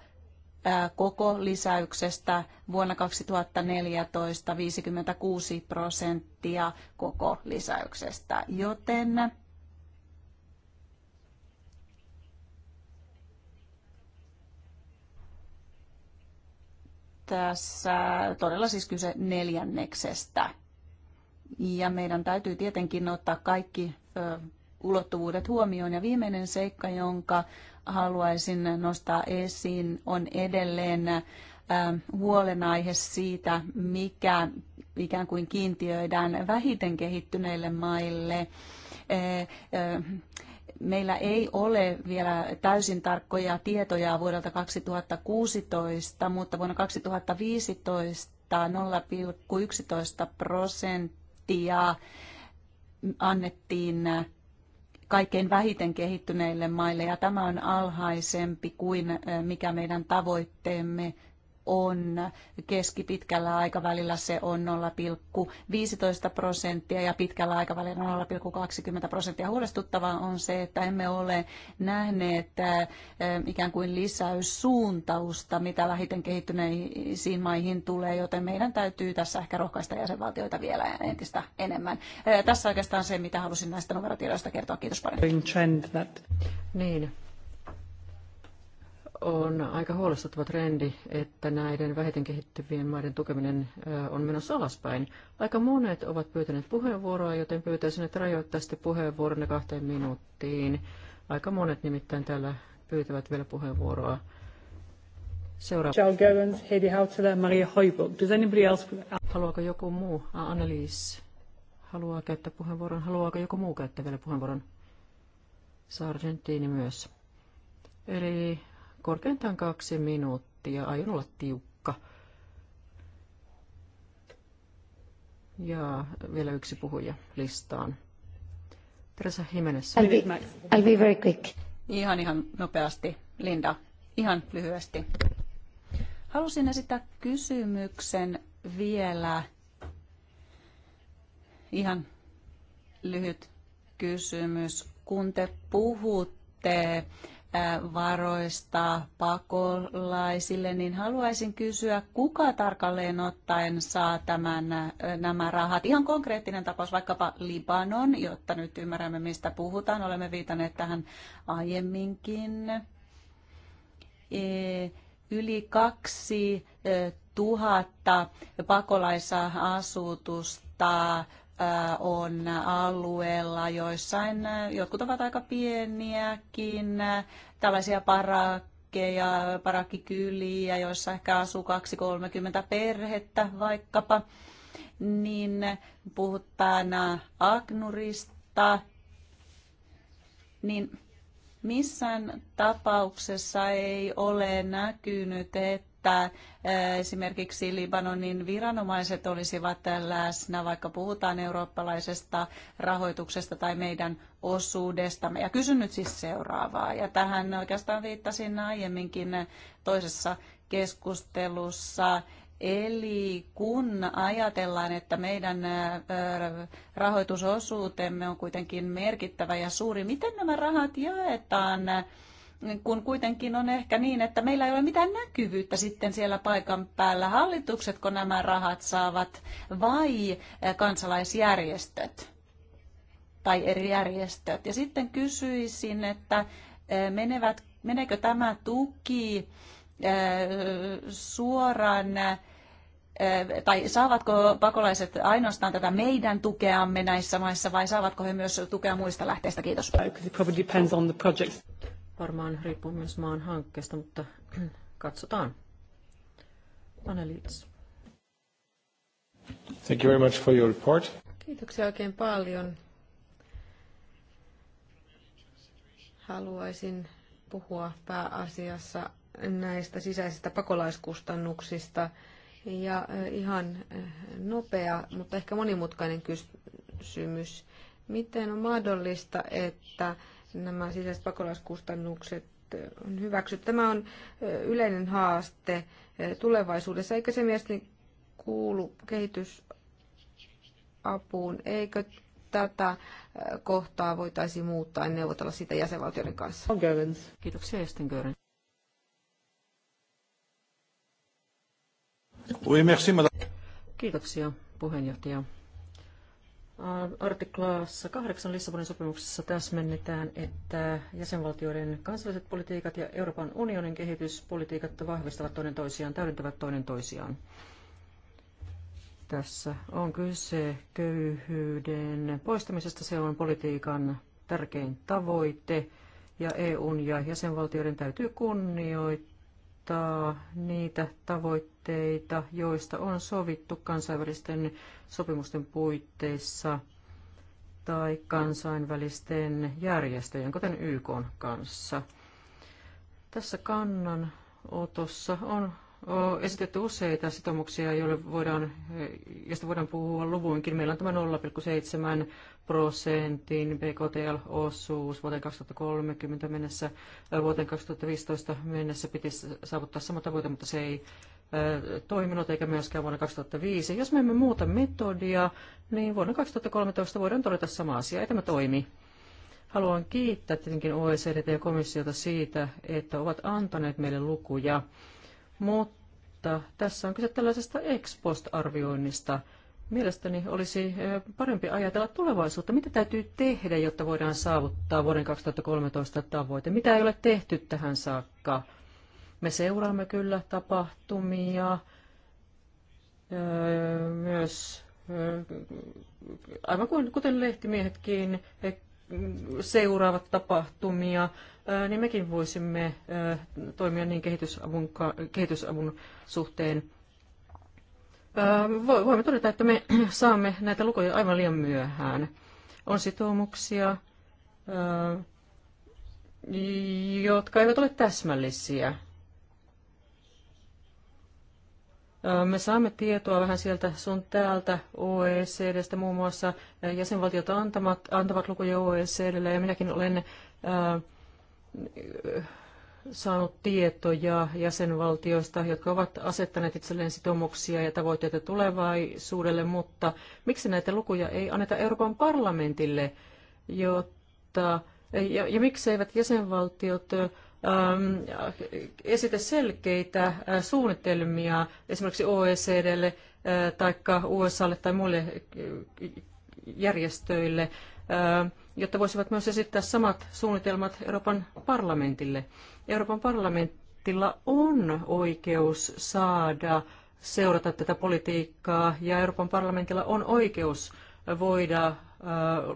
S1: koko lisäyksestä vuonna 2014 56 prosenttia koko lisäyksestä, joten tässä todella siis kyse neljänneksestä. Ja meidän täytyy tietenkin ottaa kaikki ulottuvuudet huomioon. Ja viimeinen seikka, jonka haluaisin nostaa esiin, on edelleen ähm, huolenaihe siitä, mikä ikään kuin kiintiöidään vähiten kehittyneille maille. Ähm, meillä ei ole vielä täysin tarkkoja tietoja vuodelta 2016, mutta vuonna 2015 0,11 prosenttia annettiin kaikkein vähiten kehittyneille maille ja tämä on alhaisempi kuin mikä meidän tavoitteemme on. Keskipitkällä aikavälillä se on 0,15 prosenttia ja pitkällä aikavälillä 0,20 prosenttia. Huolestuttavaa on se, että emme ole nähneet ikään kuin lisäyssuuntausta, mitä vähiten kehittyneisiin maihin tulee, joten meidän täytyy tässä ehkä rohkaista jäsenvaltioita vielä entistä enemmän. Tässä oikeastaan se, mitä halusin näistä numerotiedoista kertoa. Kiitos
S2: paljon. Niin, on aika huolestuttava trendi, että näiden vähiten kehittyvien maiden tukeminen on menossa alaspäin. Aika monet ovat pyytäneet puheenvuoroa, joten pyytäisin, että rajoittaisitte puheenvuoronne kahteen minuuttiin. Aika monet nimittäin täällä pyytävät vielä puheenvuoroa. Seuraava. Charles Gerens, Heidi Hautala, Maria Hoiburg. Does anybody else... Haluaako joku muu? Annelies haluaa käyttää puheenvuoron. Haluaako joku muu käyttää vielä puheenvuoron? Sargentini myös. Eli korkeintaan kaksi minuuttia. Aion olla tiukka. Ja vielä yksi puhuja
S1: listaan. Teresa Jimenez. I'll be, I'll be very quick. Ihan ihan nopeasti. Linda, ihan lyhyesti. Halusin esittää kysymyksen vielä. Ihan lyhyt kysymys. Kun te puhutte varoista pakolaisille, niin haluaisin kysyä, kuka tarkalleen ottaen saa tämän, nämä rahat? Ihan konkreettinen tapaus, vaikkapa Libanon, jotta nyt ymmärrämme, mistä puhutaan. Olemme viitanneet tähän aiemminkin. E, yli kaksi tuhatta pakolaisasutusta on alueella, joissain jotkut ovat aika pieniäkin, tällaisia parakkeja, parakkikyliä, joissa ehkä asuu 2-30 perhettä vaikkapa, niin puhutaan agnurista, niin missään tapauksessa ei ole näkynyt, että että esimerkiksi Libanonin viranomaiset olisivat läsnä, vaikka puhutaan eurooppalaisesta rahoituksesta tai meidän osuudesta. Ja kysyn nyt siis seuraavaa, ja tähän oikeastaan viittasin aiemminkin toisessa keskustelussa. Eli kun ajatellaan, että meidän rahoitusosuutemme on kuitenkin merkittävä ja suuri, miten nämä rahat jaetaan kun kuitenkin on ehkä niin, että meillä ei ole mitään näkyvyyttä sitten siellä paikan päällä. Hallituksetko nämä rahat saavat vai eh, kansalaisjärjestöt tai eri järjestöt? Ja sitten kysyisin, että eh, menevät, meneekö tämä tuki eh, suoraan tai saavatko pakolaiset ainoastaan tätä meidän tukeamme näissä maissa vai saavatko he myös tukea muista lähteistä? Kiitos
S2: varmaan riippuu myös maan hankkeesta, mutta katsotaan.
S3: Anneliits.
S2: Thank you very much for your report.
S3: Kiitoksia oikein paljon. Haluaisin puhua pääasiassa näistä sisäisistä pakolaiskustannuksista. Ja eh, ihan eh, nopea, mutta ehkä monimutkainen kysymys. Miten on mahdollista, että nämä sisäiset pakolaiskustannukset on hyväksytty. Tämä on yleinen haaste tulevaisuudessa, eikä se mielestäni kuulu kehitysapuun, eikö tätä kohtaa voitaisiin muuttaa ja neuvotella sitä jäsenvaltioiden kanssa. Kiitoksia, Esten Gören.
S2: Kiitoksia, puheenjohtaja. Artiklaassa 8 Lissabonin sopimuksessa täsmennetään, että jäsenvaltioiden kansalliset politiikat ja Euroopan unionin kehityspolitiikat vahvistavat toinen toisiaan, täydentävät toinen toisiaan. Tässä on kyse köyhyyden poistamisesta. Se on politiikan tärkein tavoite ja EUn ja jäsenvaltioiden täytyy kunnioittaa noudattaa niitä tavoitteita, joista on sovittu kansainvälisten sopimusten puitteissa tai kansainvälisten järjestöjen, kuten YK kanssa. Tässä kannanotossa on esitetty useita sitoumuksia, joille voidaan, joista voidaan puhua luvuinkin. Meillä on tämä 0,7 prosentin BKTL-osuus vuoteen 2030 mennessä. Vuoteen 2015 mennessä piti saavuttaa sama tavoite, mutta se ei toiminut eikä myöskään vuonna 2005. Jos me emme muuta metodia, niin vuonna 2013 voidaan todeta sama asia. Ei tämä toimi. Haluan kiittää tietenkin OECD ja komissiota siitä, että ovat antaneet meille lukuja mutta tässä on kyse tällaisesta ex post-arvioinnista. Mielestäni olisi parempi ajatella tulevaisuutta. Mitä täytyy tehdä, jotta voidaan saavuttaa vuoden 2013 tavoite? Mitä ei ole tehty tähän saakka? Me seuraamme kyllä tapahtumia, myös aivan kuten lehtimiehetkin seuraavat tapahtumia, niin mekin voisimme toimia niin kehitysavun, kehitysavun suhteen. Voimme todeta, että me saamme näitä lukuja aivan liian myöhään. On sitoumuksia, jotka eivät ole täsmällisiä. Me saamme tietoa vähän sieltä sun täältä OECDstä, muun muassa jäsenvaltiot antavat, antavat lukuja OECDlle ja minäkin olen saanut tietoja jäsenvaltioista, jotka ovat asettaneet itselleen sitoumuksia ja tavoitteita tulevaisuudelle, mutta miksi näitä lukuja ei anneta Euroopan parlamentille, jotta, ja, ja miksi eivät jäsenvaltiot Ähm, esitä selkeitä äh, suunnitelmia esimerkiksi OECDlle äh, tai USAlle tai muille äh, järjestöille, jotta voisivat myös esittää samat suunnitelmat Euroopan parlamentille. Euroopan parlamentilla on oikeus saada seurata tätä politiikkaa ja Euroopan parlamentilla on oikeus voida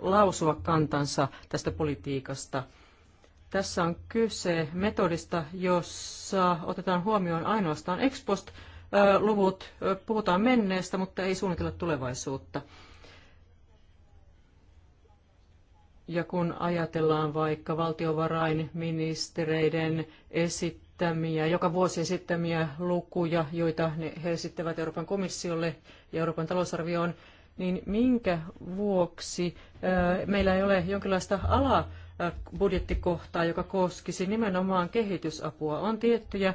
S2: lausua kantansa tästä politiikasta – tässä on kyse metodista, jossa otetaan huomioon ainoastaan ex post luvut, puhutaan menneestä, mutta ei suunnitella tulevaisuutta. Ja kun ajatellaan vaikka valtiovarainministereiden esittämiä, joka vuosi esittämiä lukuja, joita ne, he esittävät Euroopan komissiolle ja Euroopan talousarvioon, niin minkä vuoksi meillä ei ole jonkinlaista ala budjettikohtaa, joka koskisi nimenomaan kehitysapua. On tiettyjä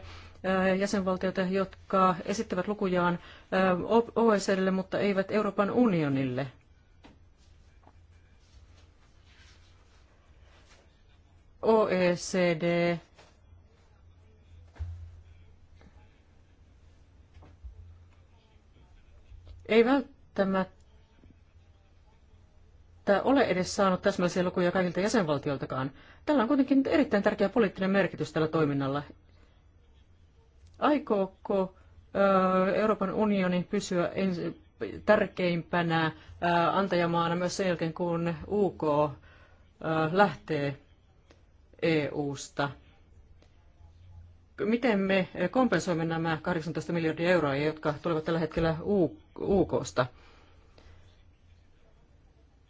S2: jäsenvaltioita, jotka esittävät lukujaan OECDlle, mutta eivät Euroopan unionille. OECD ei välttämättä että ole edes saanut täsmällisiä lukuja kaikilta jäsenvaltioiltakaan. Tällä on kuitenkin erittäin tärkeä poliittinen merkitys tällä toiminnalla. Aikooko Euroopan unioni pysyä tärkeimpänä antajamaana myös sen jälkeen, kun UK lähtee EU-sta? Miten me kompensoimme nämä 18 miljardia euroa, jotka tulevat tällä hetkellä UKsta?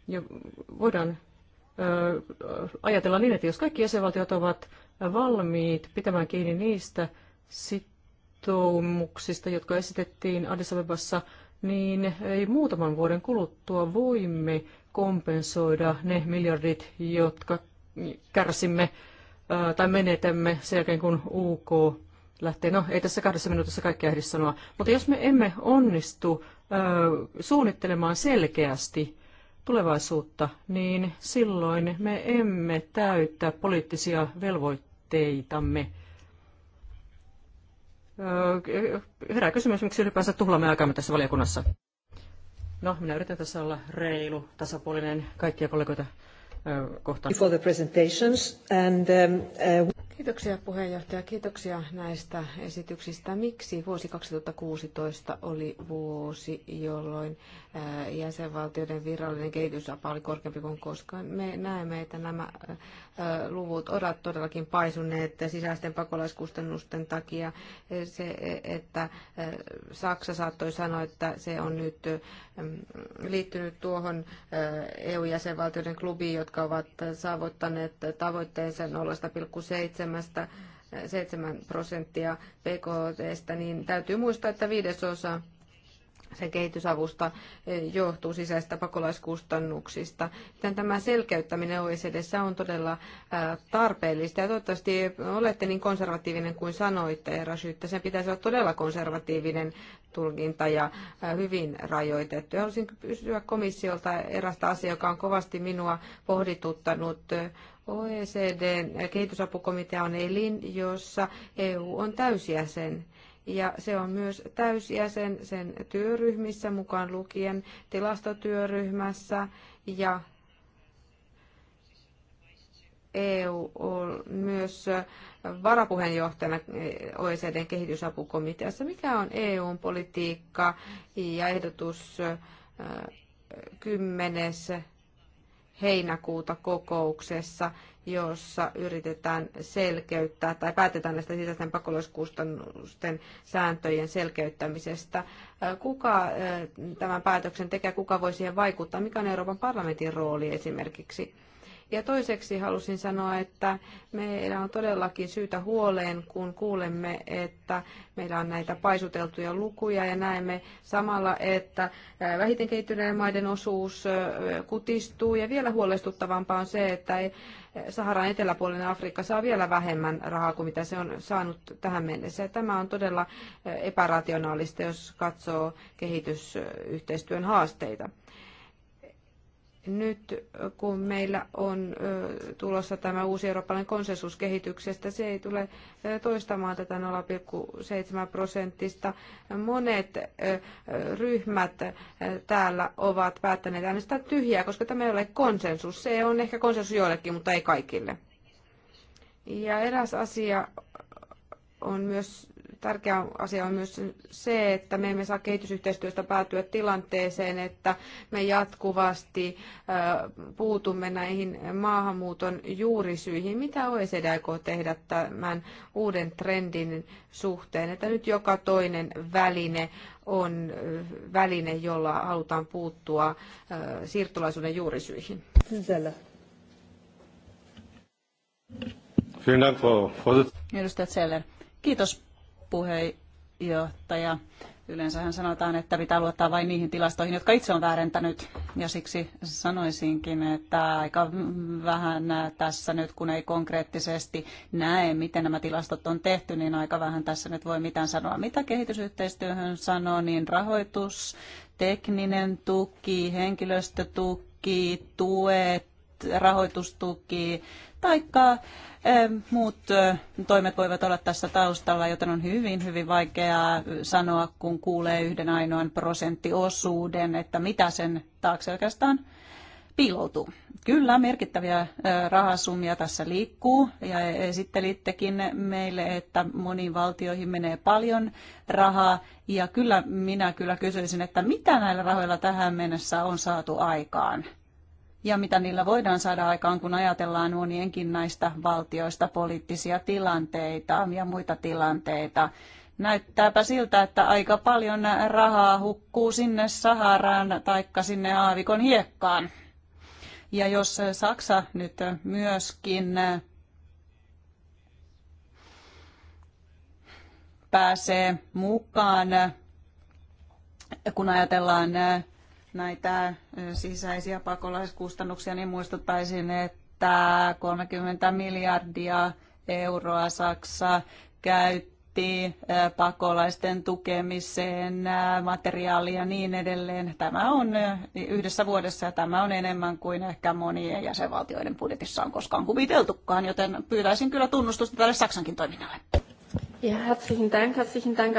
S2: Ja voidaan ajatella niin, että jos kaikki jäsenvaltiot ovat valmiit pitämään kiinni niistä sitoumuksista, jotka esitettiin Addis Abebassa, niin ei muutaman vuoden kuluttua voimme kompensoida ne miljardit, jotka kärsimme tai menetämme sen jälkeen, kun UK lähtee. No, ei tässä kahdessa minuutissa kaikkea ehdi sanoa. Mutta jos me emme onnistu suunnittelemaan selkeästi tulevaisuutta, niin silloin me emme täyttä poliittisia velvoitteitamme. Herää kysymys, miksi ylipäänsä tuhlaamme aikaamme tässä valiokunnassa. No, minä yritän tässä olla reilu, tasapuolinen
S3: kaikkia kollegoita kohtaan. For the presentations and, um, uh... Kiitoksia puheenjohtaja. Kiitoksia näistä esityksistä. Miksi vuosi 2016 oli vuosi, jolloin jäsenvaltioiden virallinen kehitysapa oli korkeampi kuin koskaan? Me näemme, että nämä luvut ovat todellakin paisuneet sisäisten pakolaiskustannusten takia. Se, että Saksa saattoi sanoa, että se on nyt liittynyt tuohon EU-jäsenvaltioiden klubiin, jotka ovat saavuttaneet tavoitteensa 0,7 7 eh, prosenttia PKTstä, niin täytyy muistaa, että viidesosa sen kehitysavusta eh, johtuu sisäistä pakolaiskustannuksista. Joten tämä selkeyttäminen OECDssä on todella eh, tarpeellista ja toivottavasti olette niin konservatiivinen kuin sanoitte, Rasyyttä. Sen pitäisi olla todella konservatiivinen tulkinta ja hyvin rajoitettu. Ja haluaisin kysyä komissiolta erästä asiaa, joka on kovasti minua pohdituttanut OECDn kehitysapukomitea on elin, jossa EU on täysjäsen. Ja se on myös täysjäsen sen työryhmissä, mukaan lukien tilastotyöryhmässä. Ja EU on myös varapuheenjohtajana OECDn kehitysapukomiteassa. Mikä on EUn politiikka ja ehdotus äh, kymmenes heinäkuuta kokouksessa, jossa yritetään selkeyttää tai päätetään näistä sisäisten pakolaiskustannusten sääntöjen selkeyttämisestä. Kuka tämän päätöksen tekee, kuka voi siihen vaikuttaa, mikä on Euroopan parlamentin rooli esimerkiksi? Ja toiseksi halusin sanoa, että meillä on todellakin syytä huoleen, kun kuulemme, että meillä on näitä paisuteltuja lukuja ja näemme samalla, että vähiten kehittyneiden maiden osuus kutistuu. Ja vielä huolestuttavampaa on se, että Saharan eteläpuolinen Afrikka saa vielä vähemmän rahaa kuin mitä se on saanut tähän mennessä. Ja tämä on todella epärationaalista, jos katsoo kehitysyhteistyön haasteita nyt kun meillä on tulossa tämä uusi eurooppalainen konsensus kehityksestä, se ei tule toistamaan tätä 0,7 prosenttista. Monet ryhmät täällä ovat päättäneet äänestää tyhjää, koska tämä ei ole konsensus. Se on ehkä konsensus joillekin, mutta ei kaikille. Ja eräs asia on myös Tärkeä asia on myös se, että me emme saa kehitysyhteistyöstä päätyä tilanteeseen, että me jatkuvasti puutumme näihin maahanmuuton juurisyihin. Mitä OECD aikoo tehdä tämän uuden trendin suhteen, että nyt joka toinen väline on väline, jolla halutaan puuttua siirtolaisuuden juurisyihin?
S1: Sisällä. Kiitos puheenjohtaja. Yleensähän sanotaan, että pitää luottaa vain niihin tilastoihin, jotka itse on väärentänyt. Ja siksi sanoisinkin, että aika vähän tässä nyt, kun ei konkreettisesti näe, miten nämä tilastot on tehty, niin aika vähän tässä nyt voi mitään sanoa. Mitä kehitysyhteistyöhön sanoo, niin rahoitus, tekninen tuki, henkilöstötuki, tuet, rahoitustuki, paikkaa. muut toimet voivat olla tässä taustalla, joten on hyvin, hyvin vaikeaa sanoa, kun kuulee yhden ainoan prosenttiosuuden, että mitä sen taakse oikeastaan piiloutuu. Kyllä, merkittäviä rahasummia tässä liikkuu ja esittelittekin meille, että moniin valtioihin menee paljon rahaa ja kyllä minä kyllä kysyisin, että mitä näillä rahoilla tähän mennessä on saatu aikaan? ja mitä niillä voidaan saada aikaan, kun ajatellaan monienkin näistä valtioista poliittisia tilanteita ja muita tilanteita. Näyttääpä siltä, että aika paljon rahaa hukkuu sinne Saharaan tai sinne aavikon hiekkaan. Ja jos Saksa nyt myöskin pääsee mukaan, kun ajatellaan näitä sisäisiä pakolaiskustannuksia, niin muistuttaisin, että 30 miljardia euroa Saksa käytti pakolaisten tukemiseen, materiaalia ja niin edelleen. Tämä on yhdessä vuodessa ja tämä on enemmän kuin ehkä monien jäsenvaltioiden budjetissa on koskaan kuviteltukaan, joten pyytäisin kyllä tunnustusta tälle Saksankin toiminnalle. Ja herzlichen Dank, herzlichen Dank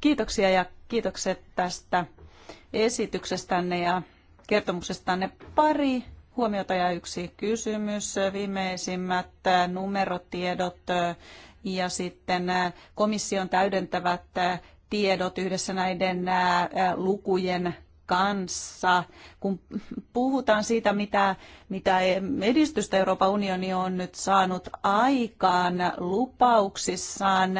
S1: Kiitoksia ja kiitokset tästä esityksestänne ja kertomuksestanne pari huomiota ja yksi kysymys. Viimeisimmät äh, numerotiedot äh, ja sitten äh, komission täydentävät tiedot yhdessä näiden lukujen kanssa. Kun puhutaan siitä, mitä, mitä edistystä Euroopan unioni on nyt saanut aikaan lupauksissaan,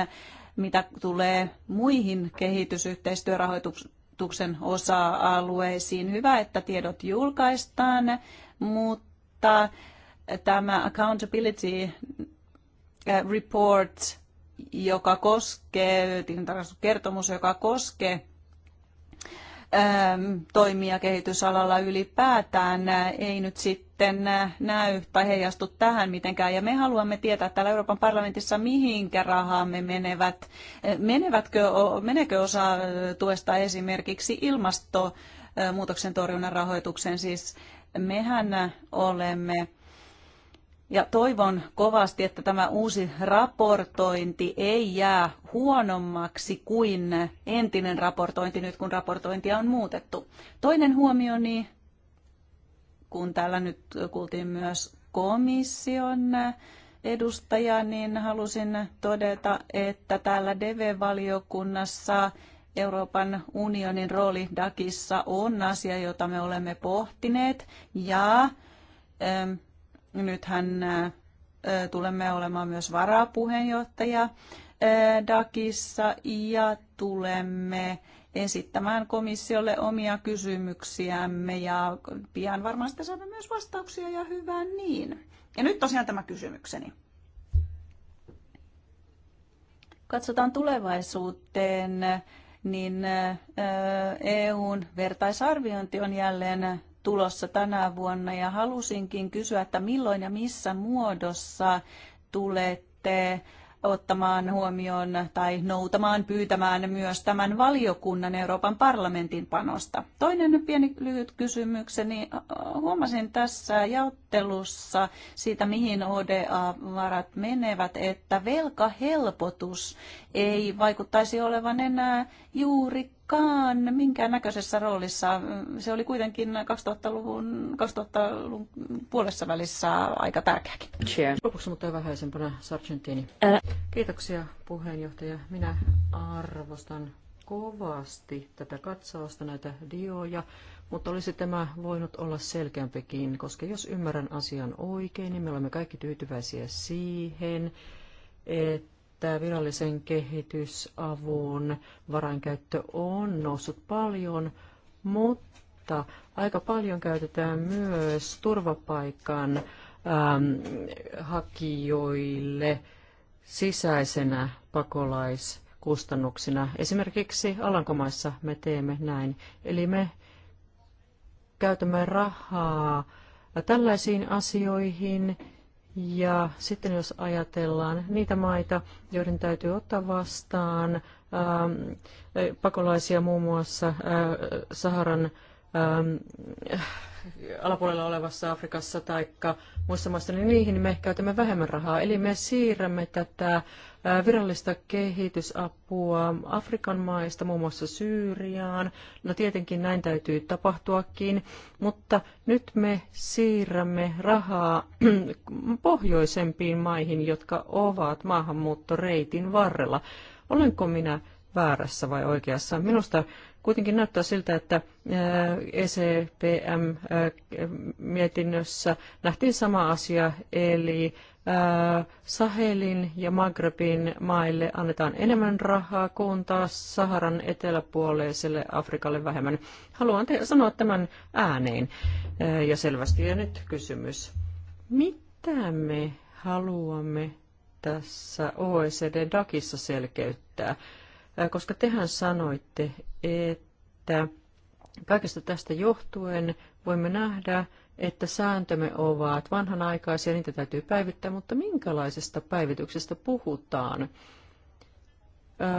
S1: mitä tulee muihin kehitysyhteistyörahoituksiin, koulutuksen osa-alueisiin. Hyvä, että tiedot julkaistaan, mutta tämä accountability eh, report, joka koskee, kertomus, joka koskee toimia kehitysalalla ylipäätään ei nyt sitten äh, näy tai heijastu tähän mitenkään. Ja me haluamme tietää täällä Euroopan parlamentissa, mihinkä rahaamme menevät. Äh, menevätkö, menekö osa äh, tuesta esimerkiksi ilmastonmuutoksen torjunnan rahoitukseen? Siis mehän olemme ja toivon kovasti, että tämä uusi raportointi ei jää huonommaksi kuin entinen raportointi nyt, kun raportointia on muutettu. Toinen huomioni, kun täällä nyt kuultiin myös komission edustaja, niin halusin todeta, että täällä DV-valiokunnassa Euroopan unionin rooli DAKissa on asia, jota me olemme pohtineet ja Nythän tulemme olemaan myös varapuheenjohtaja DAKissa ja tulemme esittämään komissiolle omia kysymyksiämme ja pian varmaan sitten saamme myös vastauksia ja hyvää niin. Ja nyt tosiaan tämä kysymykseni. Katsotaan tulevaisuuteen, niin EUn vertaisarviointi on jälleen tulossa tänä vuonna ja halusinkin kysyä, että milloin ja missä muodossa tulette ottamaan huomioon tai noutamaan, pyytämään myös tämän valiokunnan Euroopan parlamentin panosta. Toinen pieni lyhyt kysymykseni. Huomasin tässä jaottelussa siitä, mihin ODA-varat menevät, että velkahelpotus ei vaikuttaisi olevan enää juuri minkään näköisessä roolissa. Se oli kuitenkin 2000-luvun, 2000-luvun puolessa välissä aika tärkeäkin.
S2: Cheer. Lopuksi mutta vähäisempänä Sargentini. Kiitoksia puheenjohtaja. Minä arvostan kovasti tätä katsausta, näitä dioja, mutta olisi tämä voinut olla selkeämpikin, koska jos ymmärrän asian oikein, niin me olemme kaikki tyytyväisiä siihen, että että virallisen kehitysavun varankäyttö on noussut paljon, mutta aika paljon käytetään myös turvapaikan äm, hakijoille sisäisenä pakolaiskustannuksina. Esimerkiksi Alankomaissa me teemme näin. Eli me käytämme rahaa tällaisiin asioihin, ja sitten jos ajatellaan niitä maita, joiden täytyy ottaa vastaan ähm, äh, pakolaisia muun muassa äh, Saharan ähm, alapuolella olevassa Afrikassa tai muissa maissa, niin niihin me käytämme vähemmän rahaa. Eli me siirrämme tätä virallista kehitysapua Afrikan maista, muun muassa Syyriaan. No tietenkin näin täytyy tapahtuakin, mutta nyt me siirrämme rahaa pohjoisempiin maihin, jotka ovat maahanmuuttoreitin varrella. Olenko minä väärässä vai oikeassa? Minusta Kuitenkin näyttää siltä, että ECPM-mietinnössä nähtiin sama asia, eli Sahelin ja Magrebin maille annetaan enemmän rahaa, kun taas Saharan eteläpuoleiselle Afrikalle vähemmän. Haluan te- sanoa tämän ääneen ja selvästi. Ja nyt kysymys. Mitä me haluamme tässä OECD DAKissa selkeyttää? koska tehän sanoitte, että kaikesta tästä johtuen voimme nähdä, että sääntömme ovat vanhanaikaisia, niitä täytyy päivittää, mutta minkälaisesta päivityksestä puhutaan?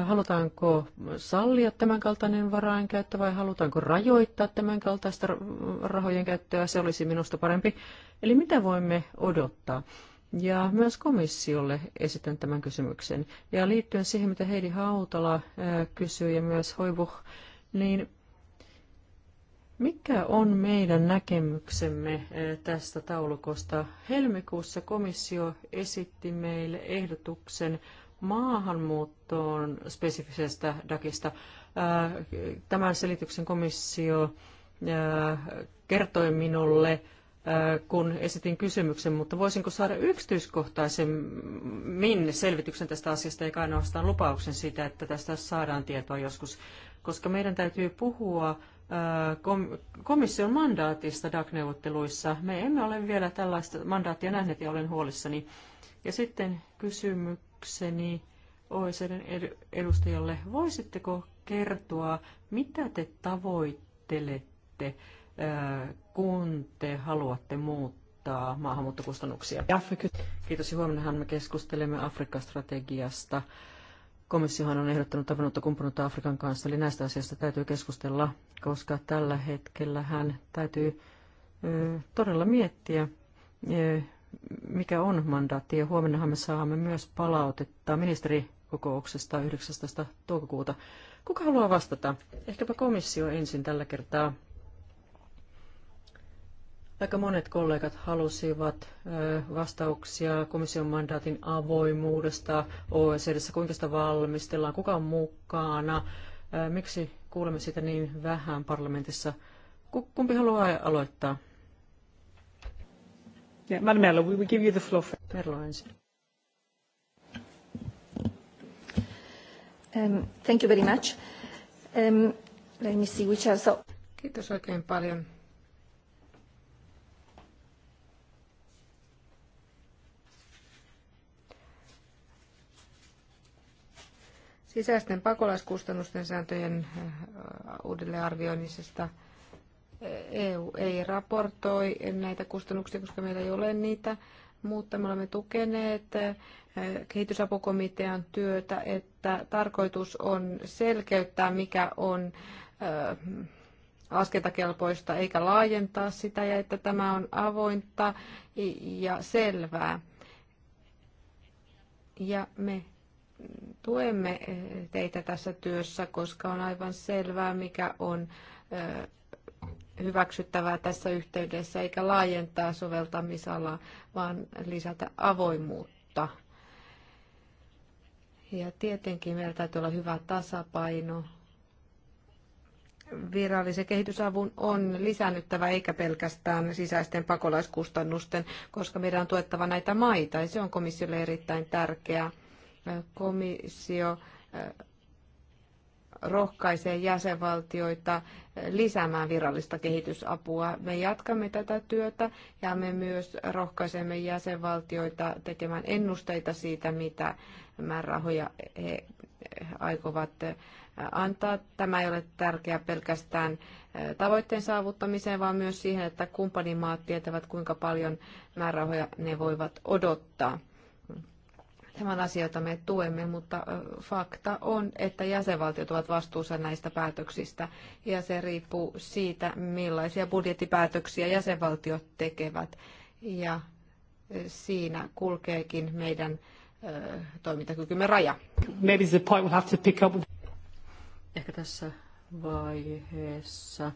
S2: Halutaanko sallia tämänkaltainen varainkäyttö vai halutaanko rajoittaa tämänkaltaista rahojen käyttöä? Se olisi minusta parempi. Eli mitä voimme odottaa? Ja myös komissiolle esitän tämän kysymyksen. Ja liittyen siihen, mitä Heidi Hautala kysyi ja myös Hoivuh, niin mikä on meidän näkemyksemme tästä taulukosta? Helmikuussa komissio esitti meille ehdotuksen maahanmuuttoon spesifisestä DAKista. Tämän selityksen komissio kertoi minulle kun esitin kysymyksen, mutta voisinko saada yksityiskohtaisemmin selvityksen tästä asiasta, eikä ainoastaan lupauksen siitä, että tästä saadaan tietoa joskus, koska meidän täytyy puhua komission mandaatista DAC-neuvotteluissa. Me emme ole vielä tällaista mandaattia nähneet ja olen huolissani. Ja sitten kysymykseni OECD edustajalle, voisitteko kertoa, mitä te tavoittelette? kun te haluatte muuttaa maahanmuuttokustannuksia. Kiitos ja huomennahan me keskustelemme Afrikka-strategiasta. Komissiohan on ehdottanut avannutta kumppanuutta Afrikan kanssa, eli näistä asioista täytyy keskustella, koska tällä hetkellä hän täytyy todella miettiä, mikä on mandaatti. Ja huomennahan me saamme myös palautetta ministerikokouksesta 19. toukokuuta. Kuka haluaa vastata? Ehkäpä komissio ensin tällä kertaa. Aika monet kollegat halusivat vastauksia komission mandaatin avoimuudesta, OECDssä, kuinka sitä valmistellaan, kuka on mukana, miksi kuulemme sitä niin vähän parlamentissa. Kumpi haluaa aloittaa? Yeah, Madam Merlo, we will give you the floor. Merlo ensin.
S3: Um, thank you very much. Um, let me see which are so... Kiitos oikein paljon. Sisäisten pakolaiskustannusten sääntöjen äh, uudelleenarvioinnisesta e-, EU ei raportoi näitä kustannuksia, koska meillä ei ole niitä, mutta me olemme tukeneet äh, kehitysapukomitean työtä, että tarkoitus on selkeyttää, mikä on äh, askentakelpoista, eikä laajentaa sitä ja että tämä on avointa ja selvää. Ja me tuemme eh, teitä tässä työssä, koska on aivan selvää, mikä on eh, hyväksyttävää tässä yhteydessä, eikä laajentaa soveltamisalaa, vaan lisätä avoimuutta. Ja tietenkin meillä täytyy olla hyvä tasapaino. Virallisen kehitysavun on lisännyttävä eikä pelkästään sisäisten pakolaiskustannusten, koska meidän on tuettava näitä maita ja se on komissiolle erittäin tärkeää komissio eh, rohkaisee jäsenvaltioita eh, lisäämään virallista kehitysapua. Me jatkamme tätä työtä ja me myös rohkaisemme jäsenvaltioita tekemään ennusteita siitä, mitä määrärahoja he eh, aikovat antaa. Tämä ei ole tärkeää pelkästään tavoitteen saavuttamiseen, vaan myös siihen, että kumppanimaat tietävät, kuinka paljon määrärahoja ne voivat odottaa. Tämä asioita asia, me tuemme, mutta fakta on, että jäsenvaltiot ovat vastuussa näistä päätöksistä ja se riippuu siitä, millaisia budjettipäätöksiä jäsenvaltiot tekevät. Ja siinä kulkeekin meidän toimintakykymme raja. Maybe the point we'll have to pick up. Ehkä tässä
S2: vaiheessa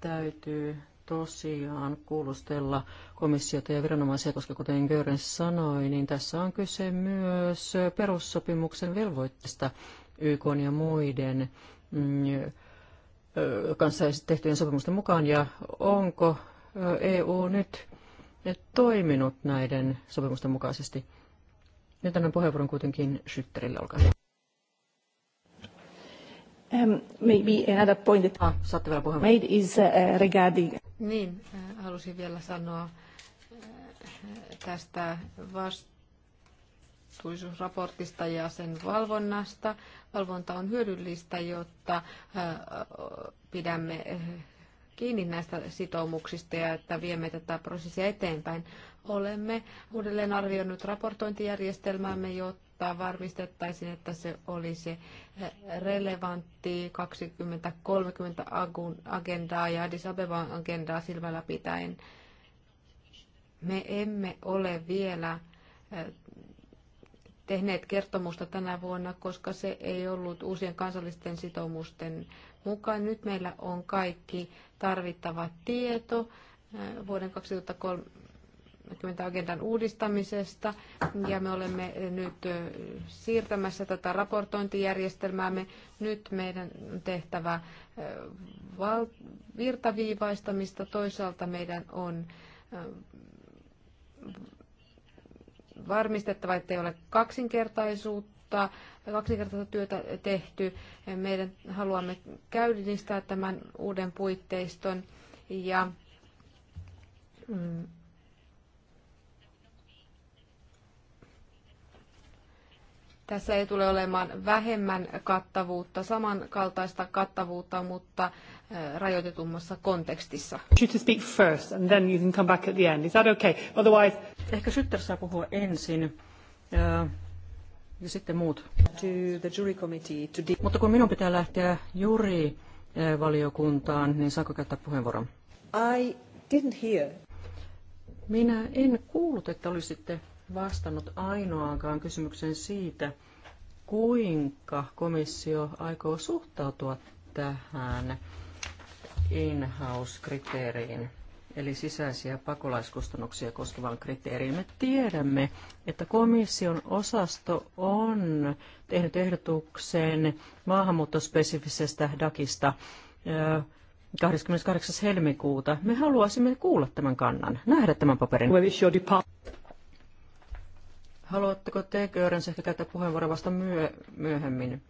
S2: täytyy tosiaan kuulustella komissiota ja viranomaisia, koska kuten Görens sanoi, niin tässä on kyse myös perussopimuksen velvoitteesta YK ja muiden mm, kanssa tehtyjen sopimusten mukaan, ja onko EU nyt toiminut näiden sopimusten mukaisesti? Nyt annan puheenvuoron kuitenkin Schütterille, olkaa hyvä. Um, maybe another point that ah, saatte vielä Made is uh, regarding...
S3: Niin, äh, halusin vielä sanoa äh, tästä vastuullisuusraportista ja sen valvonnasta. Valvonta on hyödyllistä, jotta äh, pidämme kiinni näistä sitoumuksista ja että viemme tätä prosessia eteenpäin. Olemme uudelleen arvioinut raportointijärjestelmäämme, jotta kohtaa varmistettaisiin, että se olisi relevantti 2030 agendaa ja Addis Abebaan agendaa silmällä pitäen. Me emme ole vielä eh, tehneet kertomusta tänä vuonna, koska se ei ollut uusien kansallisten sitoumusten mukaan. Nyt meillä on kaikki tarvittava tieto eh, vuoden 2030 agendan uudistamisesta ja me olemme nyt siirtämässä tätä raportointijärjestelmäämme. Nyt meidän on tehtävä virtaviivaistamista, toisaalta meidän on varmistettava, että ei ole kaksinkertaisuutta, kaksinkertaista työtä tehty. Meidän haluamme käynnistää tämän uuden puitteiston ja mm, Tässä ei tule olemaan vähemmän kattavuutta, samankaltaista kattavuutta, mutta äh, rajoitetummassa kontekstissa.
S2: Ehkä Sytter saa puhua ensin. Äh, ja sitten muut. To the jury committee to Mutta kun minun pitää lähteä juuri äh, valiokuntaan, niin saako käyttää puheenvuoron? I didn't hear. Minä en kuullut, että olisitte vastannut ainoaankaan kysymykseen siitä, kuinka komissio aikoo suhtautua tähän in-house-kriteeriin, eli sisäisiä pakolaiskustannuksia koskevaan kriteeriin. Me tiedämme, että komission osasto on tehnyt ehdotuksen maahanmuuttospesifisestä DAKista 28. helmikuuta. Me haluaisimme kuulla tämän kannan, nähdä tämän paperin. Haluatteko te, Görens, ehkä käyttää puheenvuoron vasta myö- myöhemmin?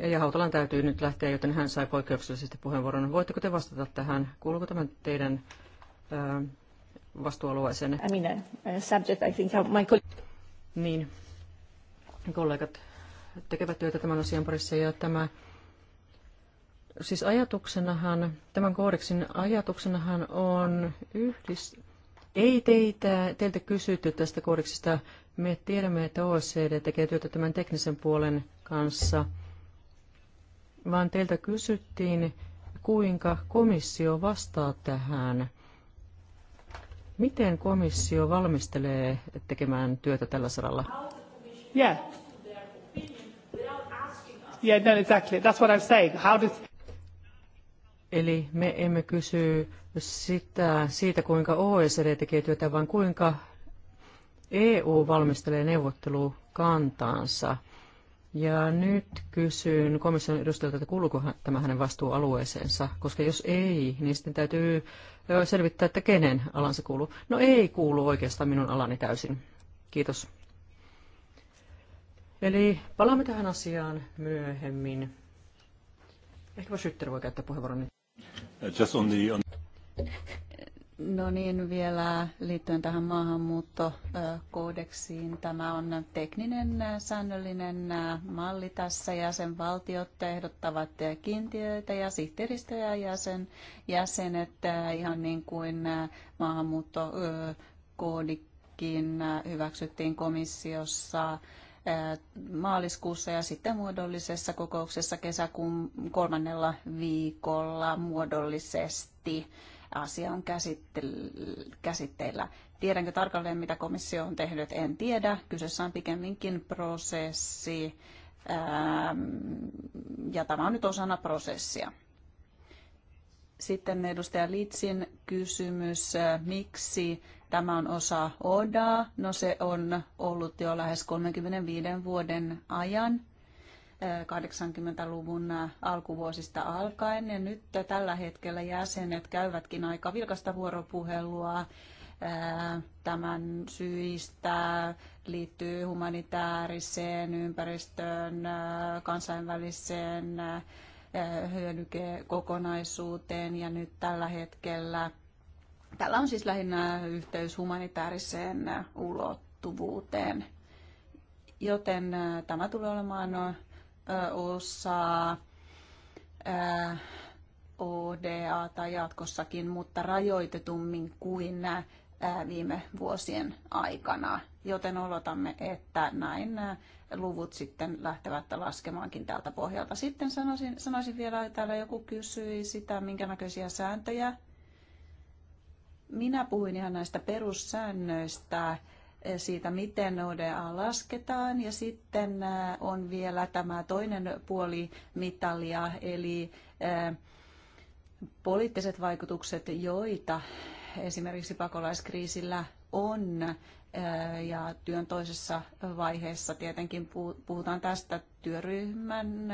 S2: Ja Hautalan täytyy nyt lähteä, joten hän sai poikkeuksellisesti puheenvuoron. Voitteko te vastata tähän? Kuuluuko tämä teidän ää, I mean, subject I think my Niin, kollegat tekevät työtä tämän asian parissa ja tämä siis ajatuksenahan, tämän koodeksin ajatuksenahan on yhdist... Ei teitä, teiltä kysytty tästä koodeksista me tiedämme, että OECD tekee työtä tämän teknisen puolen kanssa, vaan teiltä kysyttiin, kuinka komissio vastaa tähän. Miten komissio valmistelee tekemään työtä tällä saralla? Yeah. Yeah, no, exactly. That's what I'm saying. How Eli me emme kysy sitä, siitä, kuinka OECD tekee työtä, vaan kuinka EU valmistelee neuvottelukantaansa. Ja nyt kysyn komission edustajalta, että kuuluuko tämä hänen vastuualueeseensa, koska jos ei, niin sitten täytyy selvittää, että kenen alansa kuuluu. No ei kuulu oikeastaan minun alani täysin. Kiitos. Eli palaamme tähän asiaan myöhemmin. Ehkä
S1: voi käyttää puheenvuoron
S2: nyt. Just on the, on...
S1: No niin, vielä liittyen tähän maahanmuuttokoodeksiin. Tämä on tekninen säännöllinen äh, malli tässä. Jäsenvaltiot ehdottavat kiintiöitä ja sihteeristö ja jäsen, jäsenet äh, ihan niin kuin äh, maahanmuuttokoodikin hyväksyttiin komissiossa maaliskuussa ja sitten muodollisessa kokouksessa kesäkuun kolmannella viikolla muodollisesti asia on käsitteillä. Tiedänkö tarkalleen, mitä komissio on tehnyt? En tiedä. Kyseessä on pikemminkin prosessi, ähm, ja tämä on nyt osana prosessia. Sitten edustaja Litsin kysymys, miksi tämä on osa ODA? No se on ollut jo lähes 35 vuoden ajan 80-luvun alkuvuosista alkaen. Ja nyt tällä hetkellä jäsenet käyvätkin aika vilkasta vuoropuhelua tämän syistä liittyy humanitaariseen ympäristöön, kansainväliseen hyödykekokonaisuuteen ja nyt tällä hetkellä Tällä on siis lähinnä yhteys humanitaariseen ulottuvuuteen, joten tämä tulee olemaan osaa ODA tai jatkossakin, mutta rajoitetummin kuin viime vuosien aikana. Joten odotamme, että näin luvut sitten lähtevät laskemaankin tältä pohjalta. Sitten sanoisin, sanoisin vielä, että täällä joku kysyi sitä, minkä näköisiä sääntöjä. Minä puhuin ihan näistä perussäännöistä Eh, siitä, miten ODA lasketaan. Ja sitten eh, on vielä tämä toinen puoli mitalia, eli eh, poliittiset vaikutukset, joita esimerkiksi pakolaiskriisillä on. Ja työn toisessa vaiheessa tietenkin puhutaan tästä työryhmän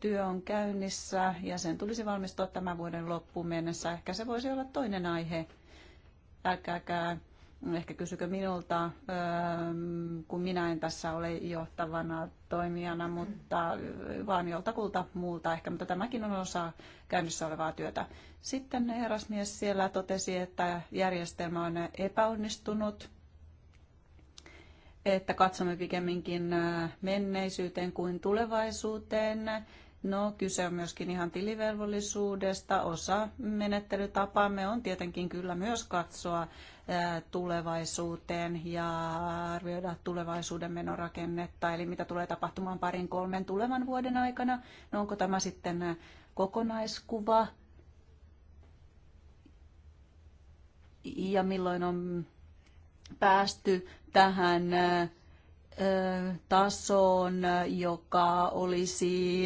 S1: työ on käynnissä ja sen tulisi valmistua tämän vuoden loppuun mennessä. Ehkä se voisi olla toinen aihe. Älkääkää ehkä kysykö minulta, ähm, kun minä en tässä ole johtavana toimijana, mutta äh, vaan joltakulta muulta ehkä, mutta tämäkin on osa käynnissä olevaa työtä. Sitten herrasmies siellä totesi, että järjestelmä on epäonnistunut, että katsomme pikemminkin äh, menneisyyteen kuin tulevaisuuteen No, kyse on myöskin ihan tilivelvollisuudesta. Osa menettelytapaamme on tietenkin kyllä myös katsoa tulevaisuuteen ja arvioida tulevaisuuden menorakennetta, eli mitä tulee tapahtumaan parin kolmen tulevan vuoden aikana. No, onko tämä sitten kokonaiskuva ja milloin on päästy tähän tasoon, joka olisi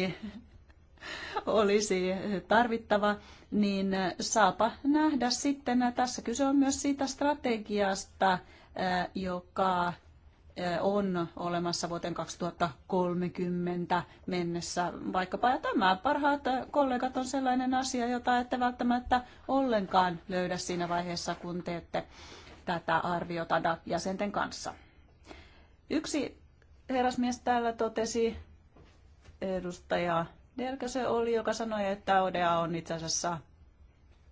S1: olisi tarvittava, niin saapa nähdä sitten. Tässä kyse on myös siitä strategiasta, eh, joka eh, on olemassa vuoteen 2030 mennessä vaikkapa. Ja tämä parhaat kollegat on sellainen asia, jota ette välttämättä ollenkaan löydä siinä vaiheessa, kun teette tätä arviota jäsenten kanssa. Yksi herrasmies täällä totesi, edustaja Delkä se oli, joka sanoi, että ODA on itse asiassa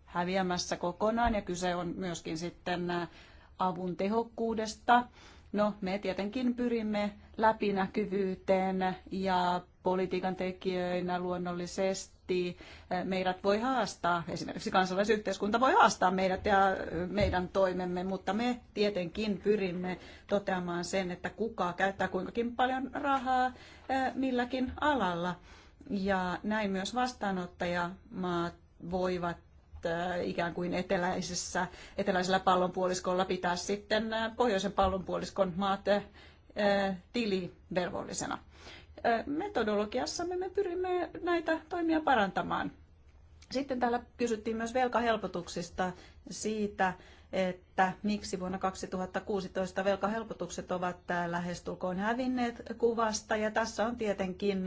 S1: häviämässä kokonaan ja kyse on myöskin sitten avun tehokkuudesta. No, me tietenkin pyrimme läpinäkyvyyteen ja politiikan tekijöinä luonnollisesti meidät voi haastaa, esimerkiksi kansalaisyhteiskunta voi haastaa meidät ja meidän toimemme, mutta me tietenkin pyrimme toteamaan sen, että kuka käyttää kuinkakin paljon rahaa milläkin alalla. Ja näin myös vastaanottajamaat voivat äh, ikään kuin eteläisessä, eteläisellä pallonpuoliskolla pitää sitten äh, pohjoisen pallonpuoliskon maat äh, tilivelvollisena. Metodologiassamme me pyrimme näitä toimia parantamaan. Sitten täällä kysyttiin myös velkahelpotuksista siitä, että miksi vuonna 2016 velkahelpotukset ovat lähestulkoon hävinneet kuvasta. Ja tässä on tietenkin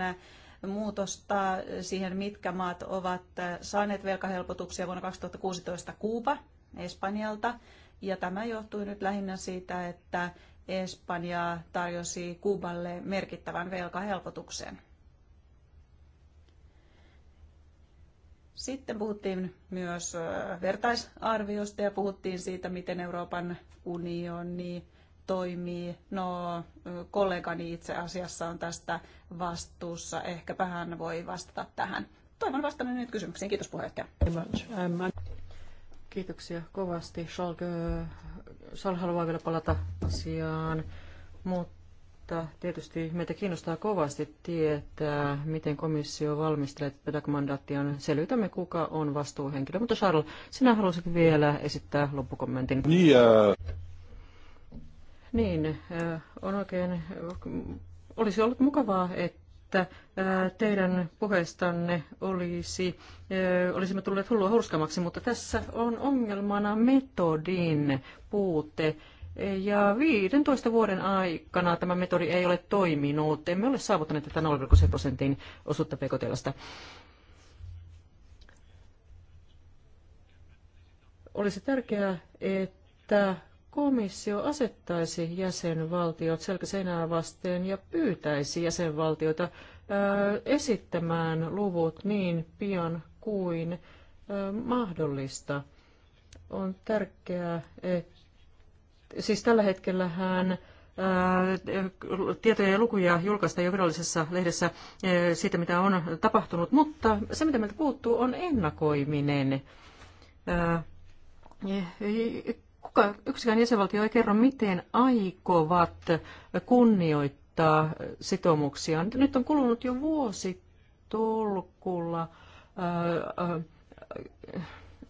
S1: muutosta siihen, mitkä maat ovat saaneet velkahelpotuksia vuonna 2016 Kuuba Espanjalta. Ja tämä johtui nyt lähinnä siitä, että Espanja tarjosi Kuuballe merkittävän velkahelpotuksen. Sitten puhuttiin myös vertaisarviosta ja puhuttiin siitä, miten Euroopan unioni toimii. No, kollegani itse asiassa on tästä vastuussa. Ehkäpä hän voi vastata tähän. Toivon vastannut nyt kysymyksiin. Kiitos puheenjohtaja.
S2: Um, Kiitoksia kovasti. Sal haluaa vielä palata asiaan, mutta tietysti meitä kiinnostaa kovasti tietää, miten komissio valmistelee pedagmandaattiaan. Selvitämme, kuka on vastuuhenkilö. Mutta Charles, sinä halusit vielä esittää loppukommentin. Niin, yeah. Niin, on oikein, olisi ollut mukavaa, että teidän puheestanne olisi, olisimme tulleet hullua hurskamaksi, mutta tässä on ongelmana metodin puute. Ja 15 vuoden aikana tämä metodi ei ole toiminut. Emme ole saavuttaneet tätä 0,7 prosentin osuutta pekotelasta. Olisi tärkeää, että komissio asettaisi jäsenvaltiot selkäseinää vasten ja pyytäisi jäsenvaltioita esittämään luvut niin pian kuin mahdollista. On tärkeää, että siis tällä hetkellähän tietoja ja lukuja julkaista jo virallisessa lehdessä siitä, mitä on tapahtunut, mutta se, mitä meiltä puuttuu, on ennakoiminen kuka, yksikään jäsenvaltio ei kerro, miten aikovat kunnioittaa sitoumuksia. Nyt on kulunut jo vuosi tolkulla äh, äh, äh,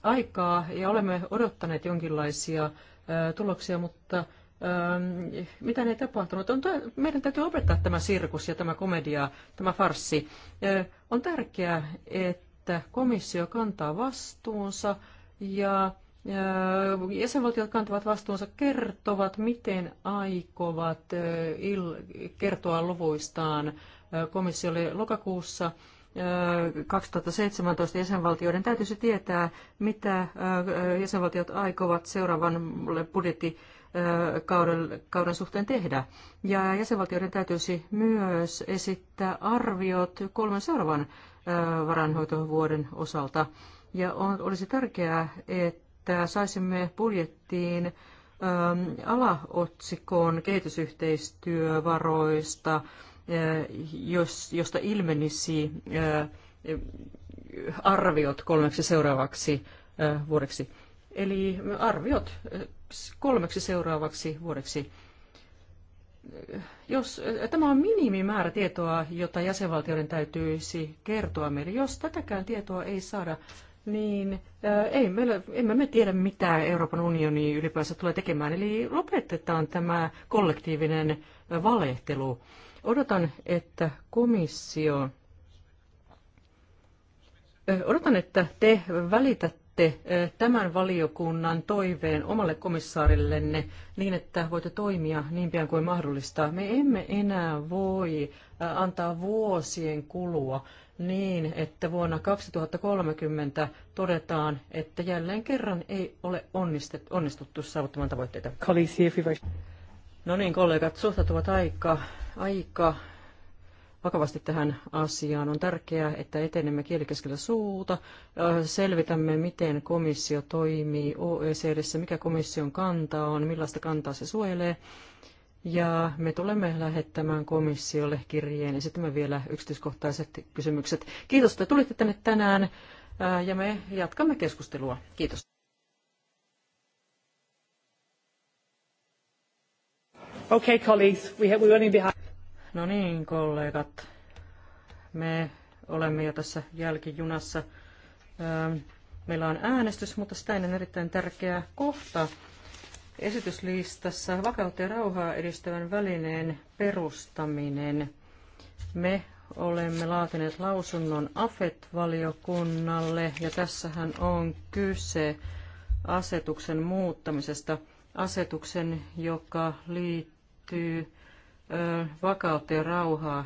S2: aikaa ja olemme odottaneet jonkinlaisia ää, tuloksia, mutta mitä ähm, mitä ei tapahtunut. On, meidän täytyy opettaa tämä sirkus ja tämä komedia, tämä farsi. on tärkeää, että komissio kantaa vastuunsa ja Jäsenvaltiot kantavat vastuunsa kertovat, miten aikovat kertoa luvuistaan komissiolle lokakuussa 2017 jäsenvaltioiden täytyisi tietää, mitä jäsenvaltiot aikovat seuraavan budjetti kauden, kauden suhteen tehdä. Ja jäsenvaltioiden täytyisi myös esittää arviot kolmen seuraavan varainhoitovuoden osalta. Ja on, olisi tärkeää, että että saisimme budjettiin ähm, alaotsikon kehitysyhteistyövaroista, äh, josta ilmenisi äh, arviot kolmeksi seuraavaksi äh, vuodeksi. Eli arviot kolmeksi seuraavaksi vuodeksi. Jos, tämä on minimimäärä tietoa, jota jäsenvaltioiden täytyisi kertoa meille. Jos tätäkään tietoa ei saada niin äh, ei meillä, emme me tiedä, mitä Euroopan unioni ylipäänsä tulee tekemään. Eli lopetetaan tämä kollektiivinen äh, valehtelu. Odotan, että komissio... Äh, odotan, että te välitätte tämän valiokunnan toiveen omalle komissaarillenne niin, että voitte toimia niin pian kuin mahdollista. Me emme enää voi antaa vuosien kulua niin, että vuonna 2030 todetaan, että jälleen kerran ei ole onnistuttu saavuttamaan tavoitteita. No niin, kollegat, suhtautuvat aika, aika vakavasti tähän asiaan. On tärkeää, että etenemme kielikeskellä suuta, äh, selvitämme, miten komissio toimii OECDssä, mikä komission kanta on, millaista kantaa se suojelee ja me tulemme lähettämään komissiolle kirjeen me vielä yksityiskohtaiset kysymykset. Kiitos, että tulitte tänne tänään ja me jatkamme keskustelua. Kiitos. Okay, colleagues, we have, we're running behind. No niin, kollegat. Me olemme jo tässä jälkijunassa. Meillä on äänestys, mutta sitä ennen erittäin tärkeä kohta esityslistassa vakautta ja rauhaa edistävän välineen perustaminen. Me olemme laatineet lausunnon AFET-valiokunnalle ja tässähän on kyse asetuksen muuttamisesta. Asetuksen, joka liittyy ö, vakautta ja rauhaa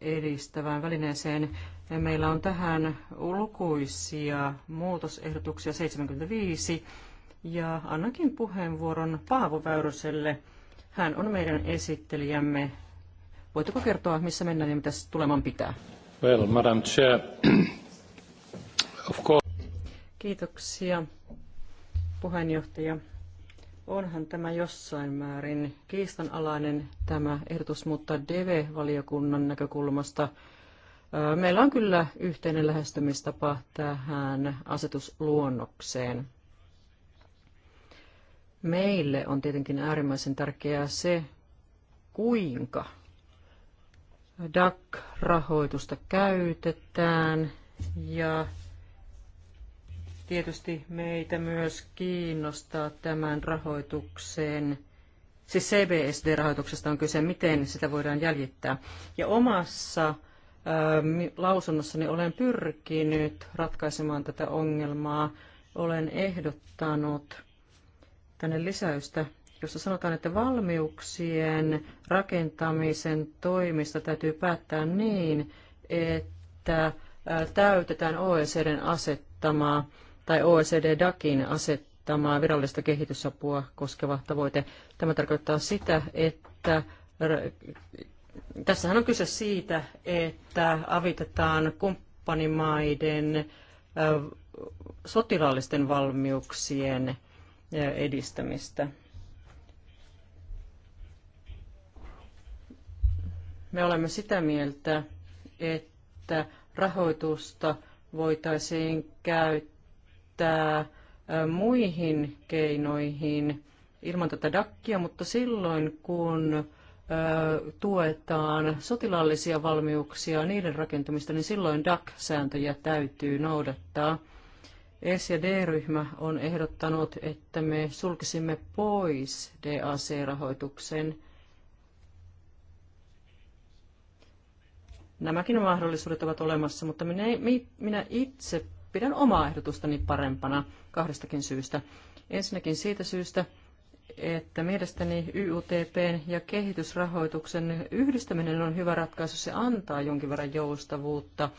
S2: edistävään välineeseen. Meillä on tähän lukuisia muutosehdotuksia 75 ja annankin puheenvuoron Paavo Väyryselle. Hän on meidän esittelijämme. Voitteko kertoa, missä mennään ja mitä tuleman pitää?
S1: Well, Madam Chair, of course.
S2: Kiitoksia, puheenjohtaja. Onhan tämä jossain määrin kiistanalainen tämä ehdotus, mutta DV-valiokunnan näkökulmasta meillä on kyllä yhteinen lähestymistapa tähän asetusluonnokseen. Meille on tietenkin äärimmäisen tärkeää se, kuinka DAC-rahoitusta käytetään ja tietysti meitä myös kiinnostaa tämän rahoituksen, siis CBSD-rahoituksesta on kyse, miten sitä voidaan jäljittää. Ja omassa lausunnossani olen pyrkinyt ratkaisemaan tätä ongelmaa. Olen ehdottanut tänne lisäystä, jossa sanotaan, että valmiuksien rakentamisen toimista täytyy päättää niin, että täytetään OECDn asettamaa tai OECD DAKin asettamaa virallista kehitysapua koskeva tavoite. Tämä tarkoittaa sitä, että tässähän on kyse siitä, että avitetaan kumppanimaiden sotilaallisten valmiuksien edistämistä. Me olemme sitä mieltä, että rahoitusta voitaisiin käyttää muihin keinoihin ilman tätä dakkia, mutta silloin kun tuetaan sotilaallisia valmiuksia, niiden rakentamista, niin silloin DAC-sääntöjä täytyy noudattaa. S- ja D-ryhmä on ehdottanut, että me sulkisimme pois DAC-rahoituksen. Nämäkin mahdollisuudet ovat olemassa, mutta minä, itse pidän omaa ehdotustani parempana kahdestakin syystä. Ensinnäkin siitä syystä, että mielestäni YUTP ja kehitysrahoituksen yhdistäminen on hyvä ratkaisu. Se antaa jonkin verran joustavuutta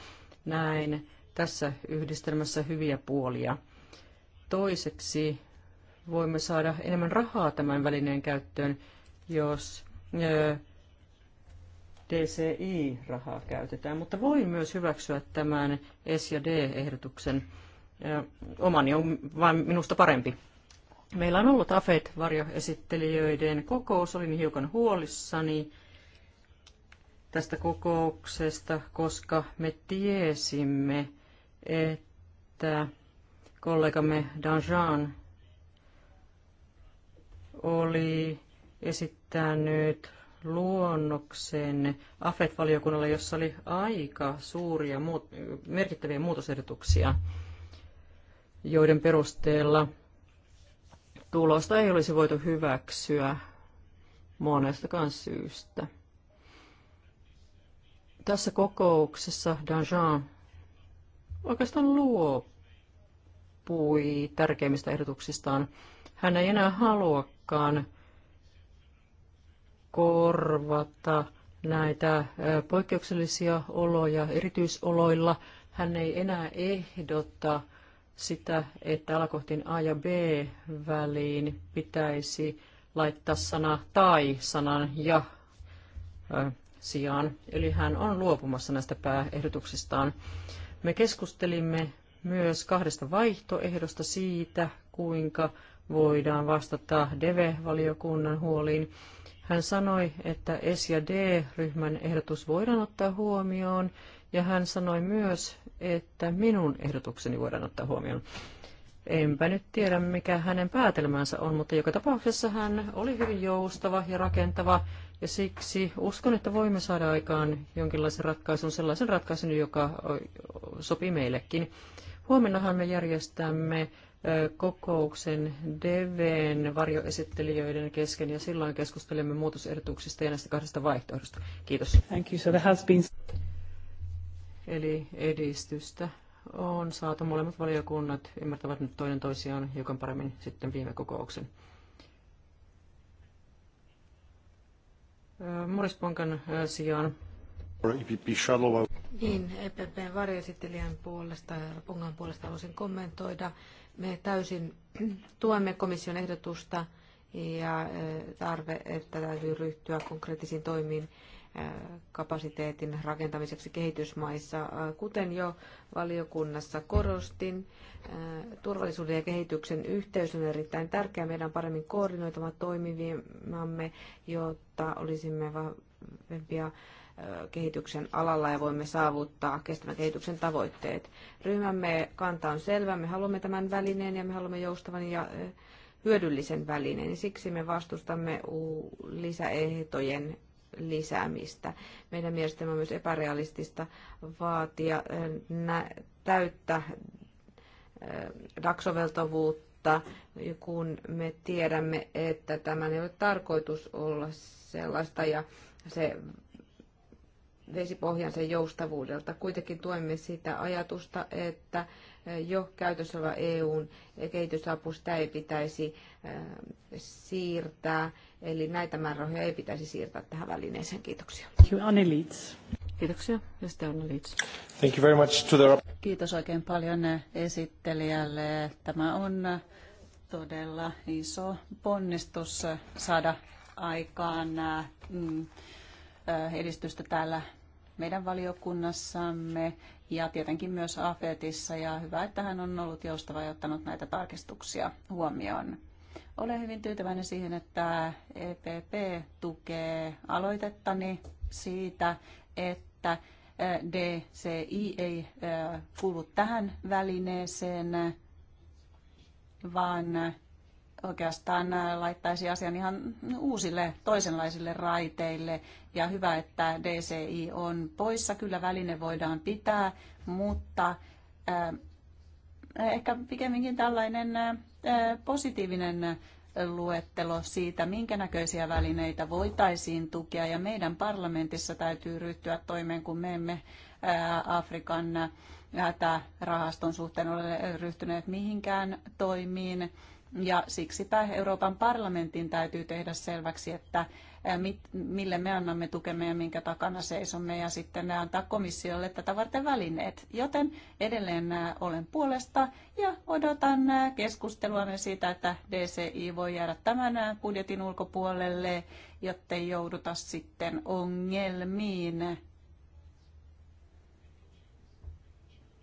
S2: näin tässä yhdistelmässä hyviä puolia. Toiseksi voimme saada enemmän rahaa tämän välineen käyttöön, jos DCI-rahaa käytetään, mutta voi myös hyväksyä tämän S- ja D-ehdotuksen. Omani on um-, vain minusta parempi. Meillä on ollut AFET-varjoesittelijöiden kokous. Olin hiukan huolissani tästä kokouksesta, koska me tiesimme, että kollegamme Danjean oli esittänyt luonnoksen AFET-valiokunnalle, jossa oli aika suuria muut, merkittäviä muutosehdotuksia, joiden perusteella tulosta ei olisi voitu hyväksyä monestakaan syystä. Tässä kokouksessa Danjean oikeastaan luopui tärkeimmistä ehdotuksistaan. Hän ei enää haluakaan korvata näitä poikkeuksellisia oloja erityisoloilla. Hän ei enää ehdota sitä, että alakohtiin A ja B väliin pitäisi laittaa sana tai sanan ja sijaan. Eli hän on luopumassa näistä pääehdotuksistaan. Me keskustelimme myös kahdesta vaihtoehdosta siitä, kuinka voidaan vastata DEVE-valiokunnan huoliin. Hän sanoi, että S- ja D-ryhmän ehdotus voidaan ottaa huomioon, ja hän sanoi myös, että minun ehdotukseni voidaan ottaa huomioon. Enpä nyt tiedä, mikä hänen päätelmänsä on, mutta joka tapauksessa hän oli hyvin joustava ja rakentava ja siksi uskon, että voimme saada aikaan jonkinlaisen ratkaisun, sellaisen ratkaisun, joka sopii meillekin. Huomennahan me järjestämme kokouksen DVn varjoesittelijöiden kesken ja silloin keskustelemme muutosehdotuksista ja näistä kahdesta vaihtoehdosta. Kiitos. Thank you. So there has been... Eli edistystä on saatu. Molemmat valiokunnat ymmärtävät nyt toinen toisiaan hiukan paremmin sitten viime kokouksen. Morisponkan sijaan.
S3: Niin, EPPn varjoesittelijän puolesta ja Pongan puolesta haluaisin kommentoida. Me täysin tuemme komission ehdotusta ja tarve, että täytyy ryhtyä konkreettisiin toimiin kapasiteetin rakentamiseksi kehitysmaissa. Äh, kuten jo valiokunnassa korostin, äh, turvallisuuden ja kehityksen yhteys on erittäin tärkeä. Meidän on paremmin koordinoitava toimivimamme, jotta olisimme vahvempia äh, kehityksen alalla ja voimme saavuttaa kestävän kehityksen tavoitteet. Ryhmämme kanta on selvä. Me haluamme tämän välineen ja me haluamme joustavan ja hyödyllisen välineen. Siksi me vastustamme lisäehtojen lisäämistä. Meidän mielestämme on myös epärealistista vaatia täyttä daksoveltavuutta, kun me tiedämme, että tämän ei ole tarkoitus olla sellaista ja se sen joustavuudelta. Kuitenkin tuemme sitä ajatusta, että jo käytössä oleva EUn kehitysapu, sitä ei pitäisi siirtää. Eli näitä määrärahoja ei pitäisi siirtää tähän välineeseen. Kiitoksia.
S1: Kiitoksia. Ja sitten Anne Leeds.
S3: Thank you very much to the...
S1: Kiitos oikein paljon esittelijälle. Tämä on todella iso ponnistus saada aikaan mm, edistystä täällä meidän valiokunnassamme ja tietenkin myös AFETissa ja hyvä, että hän on ollut joustava ja ottanut näitä tarkistuksia huomioon. Olen hyvin tyytyväinen siihen, että EPP tukee aloitettani siitä, että DCI ei kuulu tähän välineeseen, vaan oikeastaan äh, laittaisi asian ihan uusille, toisenlaisille raiteille. Ja hyvä, että DCI on poissa. Kyllä väline voidaan pitää, mutta äh, ehkä pikemminkin tällainen äh, positiivinen luettelo siitä, minkä näköisiä välineitä voitaisiin tukea. Ja meidän parlamentissa täytyy ryhtyä toimeen, kun me emme Afrikan hätärahaston suhteen ole ryhtyneet mihinkään toimiin. Ja siksipä Euroopan parlamentin täytyy tehdä selväksi, että mille me annamme tukemme ja minkä takana seisomme ja sitten ne antaa komissiolle tätä varten välineet. Joten edelleen olen puolesta ja odotan keskustelua me siitä, että DCI voi jäädä tämän budjetin ulkopuolelle, jottei jouduta sitten ongelmiin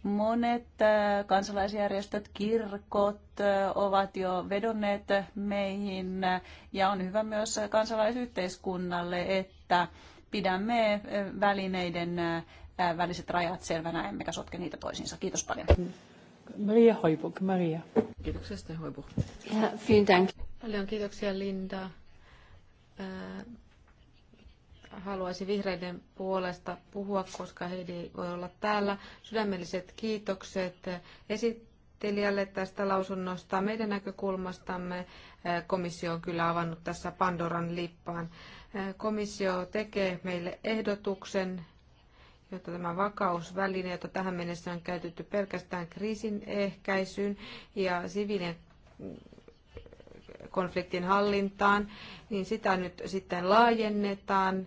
S1: Monet äh, kansalaisjärjestöt, kirkot äh, ovat jo vedonneet meihin äh, ja on hyvä myös kansalaisyhteiskunnalle, että pidämme välineiden väliset rajat selvänä, emmekä sotke niitä toisiinsa. Kiitos paljon.
S2: Maria Hoibuk, Maria. Kiitoksia Hoibuk. Ja, vielen
S1: Paljon kiitoksia Linda
S3: haluaisi vihreiden puolesta puhua, koska Heidi ei voi olla täällä. Sydämelliset kiitokset esittelijälle tästä lausunnosta. Meidän näkökulmastamme eh, komissio on kyllä avannut tässä Pandoran lippaan. Eh, komissio tekee meille ehdotuksen, jotta tämä vakausväline, jota tähän mennessä on käytetty pelkästään kriisin ehkäisyyn ja siviilien eh, konfliktin hallintaan, niin sitä nyt sitten laajennetaan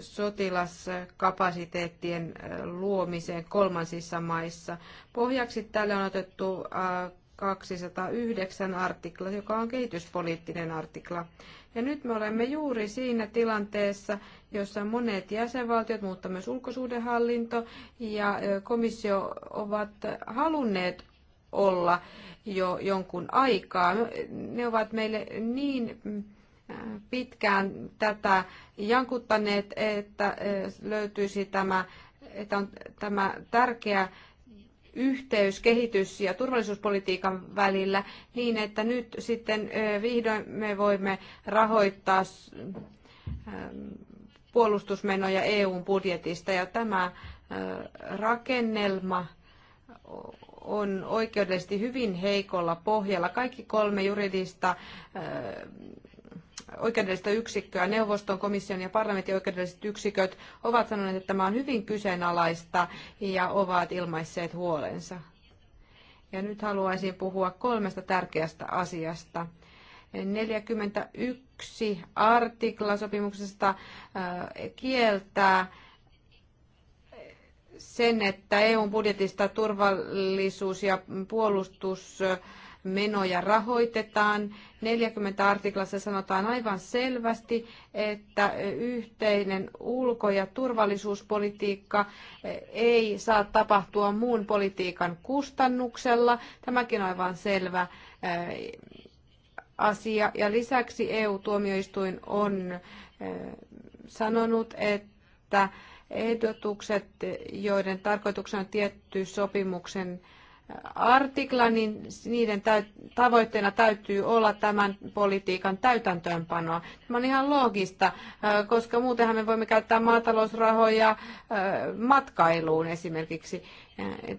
S3: sotilaskapasiteettien äh, luomiseen kolmansissa maissa. Pohjaksi tälle on otettu 209 äh, artikla, joka on kehityspoliittinen artikla. Ja nyt me olemme juuri siinä tilanteessa, jossa monet jäsenvaltiot, mutta myös ulkosuhdehallinto ja komissio ovat halunneet olla jo jonkun aikaa. Ne ovat meille niin pitkään tätä jankuttaneet, että löytyisi tämä, että on tämä tärkeä yhteys kehitys- ja turvallisuuspolitiikan välillä niin, että nyt sitten vihdoin me voimme rahoittaa puolustusmenoja EUn budjetista ja tämä rakennelma on oikeudellisesti hyvin heikolla pohjalla. Kaikki kolme juridista oikeudellista yksikköä, neuvoston, komission ja parlamentin oikeudelliset yksiköt ovat sanoneet, että tämä on hyvin kyseenalaista ja ovat ilmaisseet huolensa. Ja nyt haluaisin puhua kolmesta tärkeästä asiasta. 41 artikla sopimuksesta äh, kieltää sen, että EUn budjetista turvallisuus- ja puolustus äh, menoja rahoitetaan. 40 artiklassa sanotaan aivan selvästi, että yhteinen ulko- ja turvallisuuspolitiikka eh, ei saa tapahtua muun politiikan kustannuksella. Tämäkin on aivan selvä eh, asia. Ja lisäksi EU-tuomioistuin on eh, sanonut, että ehdotukset, joiden tarkoituksena on tietty sopimuksen artikla, niin niiden tavoitteena täytyy olla tämän politiikan täytäntöönpanoa. Tämä on ihan loogista, koska muutenhan me voimme käyttää maatalousrahoja matkailuun esimerkiksi.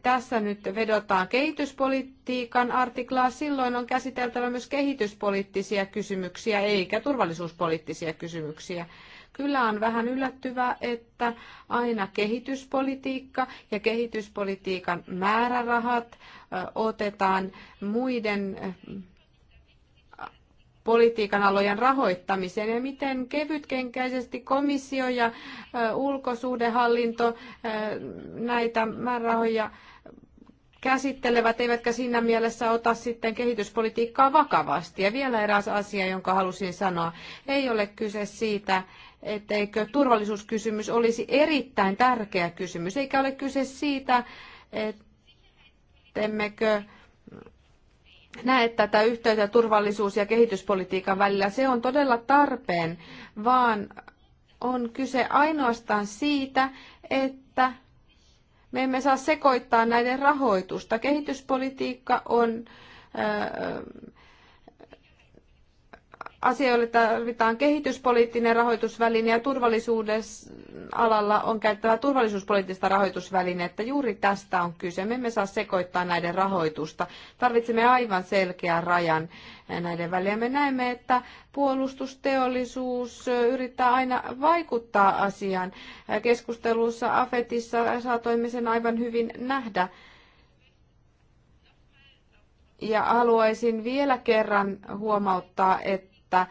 S3: Tässä nyt vedotaan kehityspolitiikan artiklaa. Silloin on käsiteltävä myös kehityspoliittisia kysymyksiä eikä turvallisuuspoliittisia kysymyksiä. Kyllä on vähän yllättyvä, että aina kehityspolitiikka ja kehityspolitiikan määrärahat otetaan muiden politiikan alojen rahoittamiseen ja miten kevytkenkäisesti komissio ja ulkosuhdehallinto näitä määrärahoja käsittelevät, eivätkä siinä mielessä ota sitten kehityspolitiikkaa vakavasti. Ja vielä eräs asia, jonka halusin sanoa, ei ole kyse siitä, etteikö turvallisuuskysymys olisi erittäin tärkeä kysymys, eikä ole kyse siitä, ettemmekö näe tätä yhteyttä turvallisuus- ja kehityspolitiikan välillä. Se on todella tarpeen, vaan on kyse ainoastaan siitä, että me emme saa sekoittaa näiden rahoitusta. Kehityspolitiikka on asioille tarvitaan kehityspoliittinen rahoitusväline ja turvallisuuden alalla on käyttävä turvallisuuspoliittista rahoitusvälinettä. Juuri tästä on kyse. Me emme saa sekoittaa näiden rahoitusta. Tarvitsemme aivan selkeän rajan näiden väliä. Me näemme, että puolustusteollisuus yrittää aina vaikuttaa asiaan. Keskustelussa AFETissa saatoimme sen aivan hyvin nähdä. Ja haluaisin vielä kerran huomauttaa, että että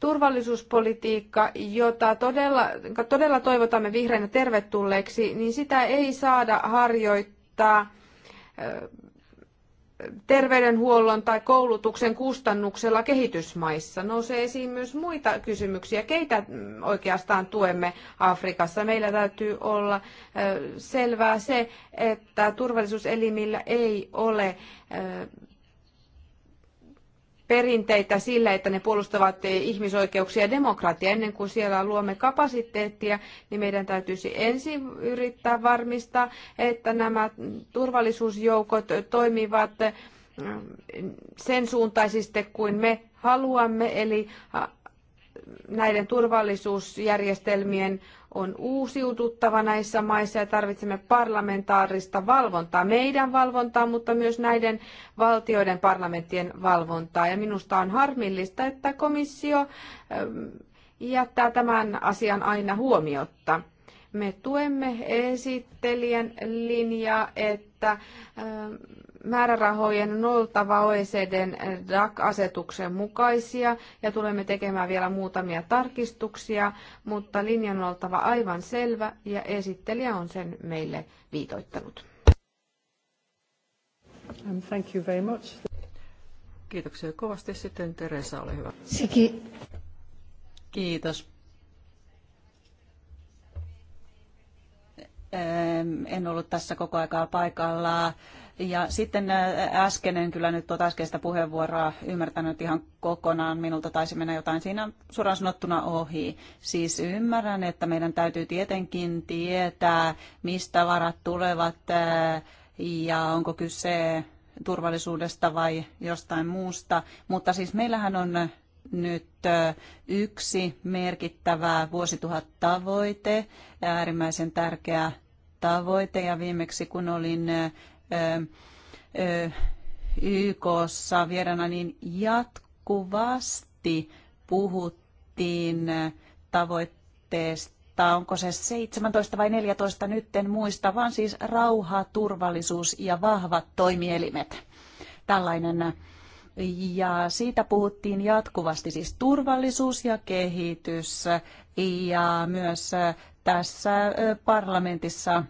S3: turvallisuuspolitiikka, jota todella, todella toivotamme vihreinä tervetulleeksi, niin sitä ei saada harjoittaa terveydenhuollon tai koulutuksen kustannuksella kehitysmaissa. Nousee esiin myös muita kysymyksiä. Keitä oikeastaan tuemme Afrikassa? Meillä täytyy olla selvää se, että turvallisuuselimillä ei ole perinteitä sille, että ne puolustavat ihmisoikeuksia ja demokratiaa. Ennen kuin siellä luomme kapasiteettia, niin meidän täytyisi ensin yrittää varmistaa, että nämä turvallisuusjoukot toimivat äh, sen suuntaisesti kuin me haluamme, eli äh, näiden turvallisuusjärjestelmien on uusiututtava näissä maissa ja tarvitsemme parlamentaarista valvontaa, meidän valvontaa, mutta myös näiden valtioiden parlamenttien valvontaa. Ja minusta on harmillista, että komissio ähm, jättää tämän asian aina huomiotta. Me tuemme esittelijän linjaa, että ähm, määrärahojen on oltava OECDn DAC-asetuksen mukaisia ja tulemme tekemään vielä muutamia tarkistuksia, mutta linjan on oltava aivan selvä ja esittelijä on sen meille viitoittanut.
S2: Thank you very much.
S3: Kiitoksia kovasti. Sitten Teresa, ole hyvä. Siki.
S1: Kiitos. En ollut tässä koko aikaa paikalla ja sitten äh, äsken, en kyllä nyt tuota äskeistä puheenvuoroa ymmärtänyt ihan kokonaan, minulta taisi mennä jotain siinä suoraan sanottuna ohi. Siis ymmärrän, että meidän täytyy tietenkin tietää, mistä varat tulevat äh, ja onko kyse turvallisuudesta vai jostain muusta. Mutta siis meillähän on nyt äh, yksi merkittävä vuosituhattavoite, äärimmäisen tärkeä tavoite ja viimeksi kun olin YKssa vieraana, niin jatkuvasti puhuttiin tavoitteesta, onko se 17 vai 14 nyt, en muista, vaan siis rauha, turvallisuus ja vahvat toimielimet. Tällainen ja siitä puhuttiin jatkuvasti, siis turvallisuus ja kehitys ja myös tässä parlamentissa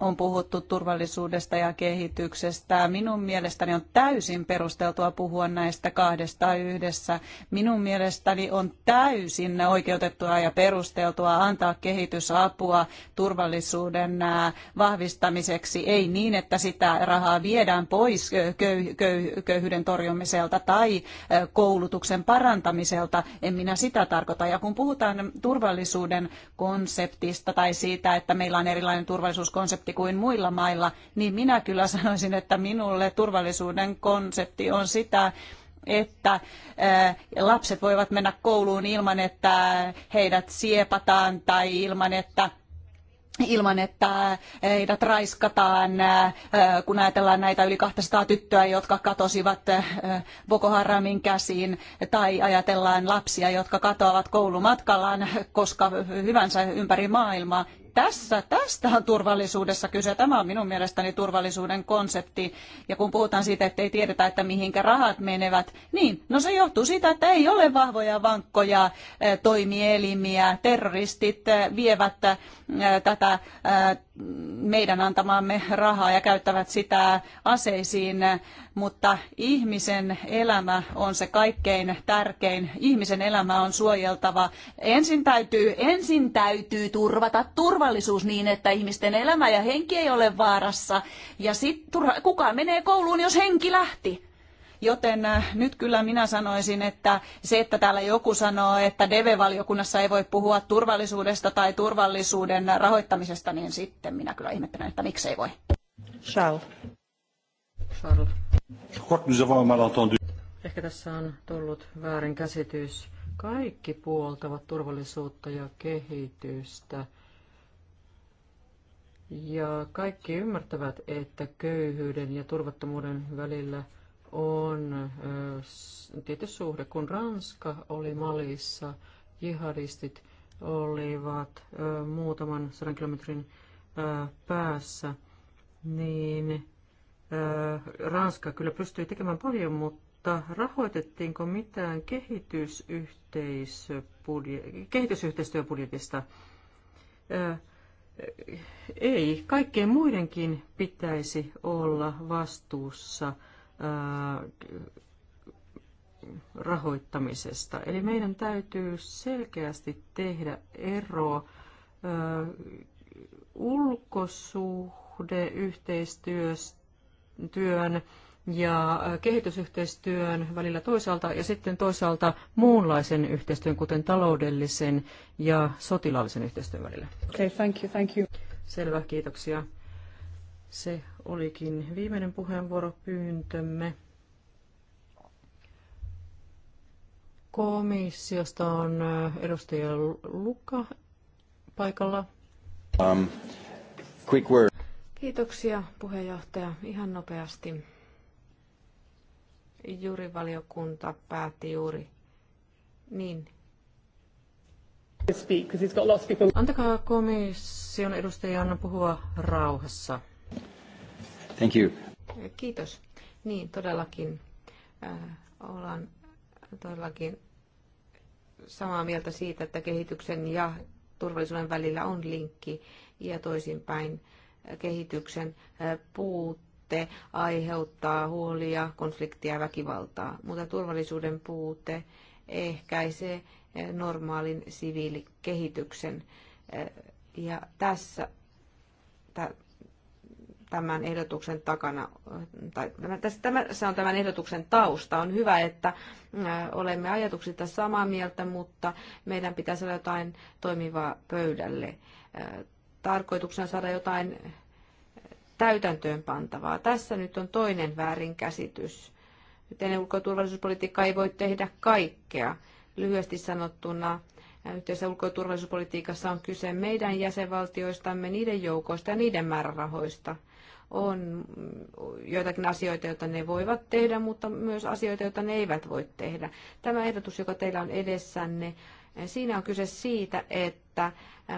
S1: on puhuttu turvallisuudesta ja kehityksestä. Minun mielestäni on täysin perusteltua puhua näistä kahdesta yhdessä. Minun mielestäni on täysin oikeutettua ja perusteltua antaa kehitysapua turvallisuuden vahvistamiseksi. Ei niin, että sitä rahaa viedään pois köyhyyden torjumiselta tai koulutuksen parantamiselta. En minä sitä tarkoita. Ja kun puhutaan turvallisuuden konseptista tai siitä, että meillä on erilainen turvallisuuskonsepti, konsepti kuin muilla mailla, niin minä kyllä sanoisin, että minulle turvallisuuden konsepti on sitä, että eh, lapset voivat mennä kouluun ilman, että heidät siepataan tai ilman, että ilman, että heidät raiskataan, eh, kun ajatellaan näitä yli 200 tyttöä, jotka katosivat eh, Boko Haramin käsiin, tai ajatellaan lapsia, jotka katoavat koulumatkallaan koska hyvänsä ympäri maailmaa tässä, tästä on turvallisuudessa kyse. Tämä on minun mielestäni turvallisuuden konsepti. Ja kun puhutaan siitä, että ei tiedetä, että mihinkä rahat menevät, niin no se johtuu siitä, että ei ole vahvoja, vankkoja eh, toimielimiä. Terroristit eh, vievät eh, tätä meidän antamaamme rahaa ja käyttävät sitä aseisiin, mutta ihmisen elämä on se kaikkein tärkein. Ihmisen elämä on suojeltava. Ensin täytyy, ensin täytyy turvata turvallisuus niin, että ihmisten elämä ja henki ei ole vaarassa. Ja sitten kuka menee kouluun, jos henki lähti? Joten äh, nyt kyllä minä sanoisin, että se, että täällä joku sanoo, että DV-valiokunnassa ei voi puhua turvallisuudesta tai turvallisuuden rahoittamisesta, niin sitten minä kyllä ihmettelen, että miksi ei voi. Charles. Charles. Ehkä tässä on tullut väärin käsitys.
S2: Kaikki puoltavat turvallisuutta ja kehitystä. Ja kaikki ymmärtävät, että köyhyyden ja turvattomuuden välillä on tietty suhde. Kun Ranska oli Malissa, jihadistit olivat muutaman sadan kilometrin päässä, niin Ranska kyllä pystyi tekemään paljon, mutta rahoitettiinko mitään kehitysyhteistyöbudjetista? Ei, kaikkien muidenkin pitäisi olla vastuussa – rahoittamisesta. Eli meidän täytyy selkeästi tehdä ero ulkosuhdeyhteistyön ja kehitysyhteistyön välillä toisaalta ja sitten toisaalta muunlaisen yhteistyön, kuten taloudellisen ja sotilaallisen yhteistyön välillä. Okay, thank you, thank you. Selvä, kiitoksia. Se olikin viimeinen puheenvuoropyyntömme. Komissiosta on edustaja Luka paikalla.
S1: Um, quick word.
S3: Kiitoksia puheenjohtaja. Ihan nopeasti. valiokunta päätti juuri
S2: niin. Antakaa komission edustajan puhua rauhassa.
S1: Thank you.
S3: Kiitos. Niin, todellakin äh, ollaan todellakin samaa mieltä siitä, että kehityksen ja turvallisuuden välillä on linkki ja toisinpäin äh, kehityksen äh, puute aiheuttaa huolia, konfliktia ja väkivaltaa, mutta turvallisuuden puute ehkäisee äh, normaalin siviilikehityksen. Ja tässä tämän ehdotuksen takana, tai tämä, se on tämän ehdotuksen tausta. On hyvä, että olemme ajatuksista samaa mieltä, mutta meidän pitäisi olla jotain toimivaa pöydälle. Tarkoituksena saada jotain täytäntöön pantavaa. Tässä nyt on toinen väärinkäsitys. Yhteinen ulko- ja turvallisuuspolitiikka ei voi tehdä kaikkea. Lyhyesti sanottuna yhteisessä ulko- ja turvallisuuspolitiikassa on kyse meidän jäsenvaltioistamme, niiden joukoista ja niiden määrärahoista on joitakin asioita, joita ne voivat tehdä, mutta myös asioita, joita ne eivät voi tehdä. Tämä ehdotus, joka teillä on edessänne, siinä on kyse siitä, että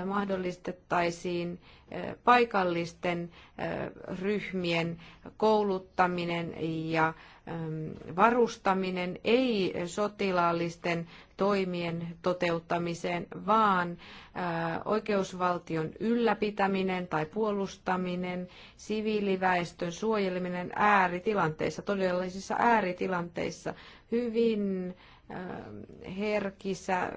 S3: mahdollistettaisiin eh, paikallisten eh, ryhmien kouluttaminen ja varustaminen ei sotilaallisten toimien toteuttamiseen, vaan oikeusvaltion ylläpitäminen tai puolustaminen, siviiliväestön suojeleminen ääritilanteissa, todellisissa ääritilanteissa, hyvin herkissä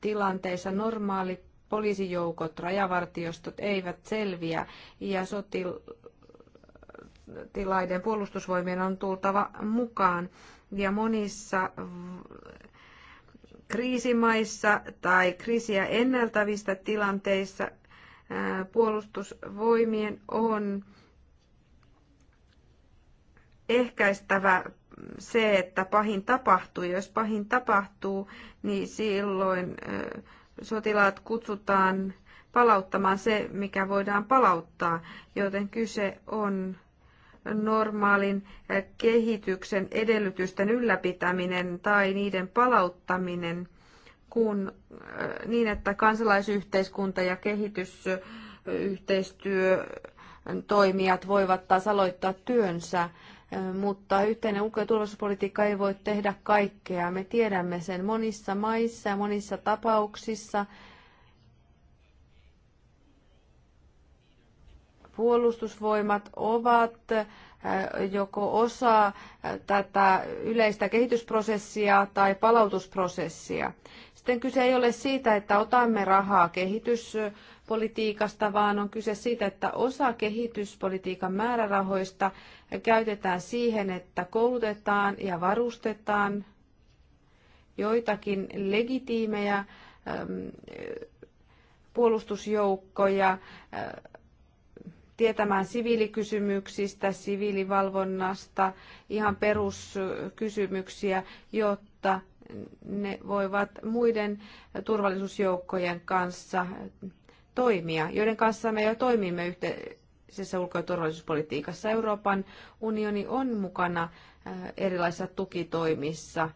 S3: tilanteissa normaalit poliisijoukot, rajavartiostot eivät selviä ja sotil- sotilaiden puolustusvoimien on tultava mukaan. Ja monissa kriisimaissa tai kriisiä enneltävistä tilanteissa puolustusvoimien on ehkäistävä se, että pahin tapahtuu. Jos pahin tapahtuu, niin silloin sotilaat kutsutaan palauttamaan se, mikä voidaan palauttaa, joten kyse on normaalin eh, kehityksen edellytysten ylläpitäminen tai niiden palauttaminen kun, eh, niin, että kansalaisyhteiskunta ja kehitysyhteistyö eh, toimijat voivat taas aloittaa työnsä, mutta yhteinen ulko- ja turvallisuuspolitiikka ei voi tehdä kaikkea. Me tiedämme sen monissa maissa ja monissa tapauksissa puolustusvoimat ovat äh, joko osa äh, tätä yleistä kehitysprosessia tai palautusprosessia. Sitten kyse ei ole siitä, että otamme rahaa kehityspolitiikasta, vaan on kyse siitä, että osa kehityspolitiikan määrärahoista käytetään siihen, että koulutetaan ja varustetaan joitakin legitiimejä puolustusjoukkoja tietämään siviilikysymyksistä, siviilivalvonnasta, ihan peruskysymyksiä, jotta ne voivat muiden turvallisuusjoukkojen kanssa toimia, joiden kanssa me jo toimimme yhteisessä ulko- ja turvallisuuspolitiikassa. Euroopan unioni on mukana erilaisissa tukitoimissa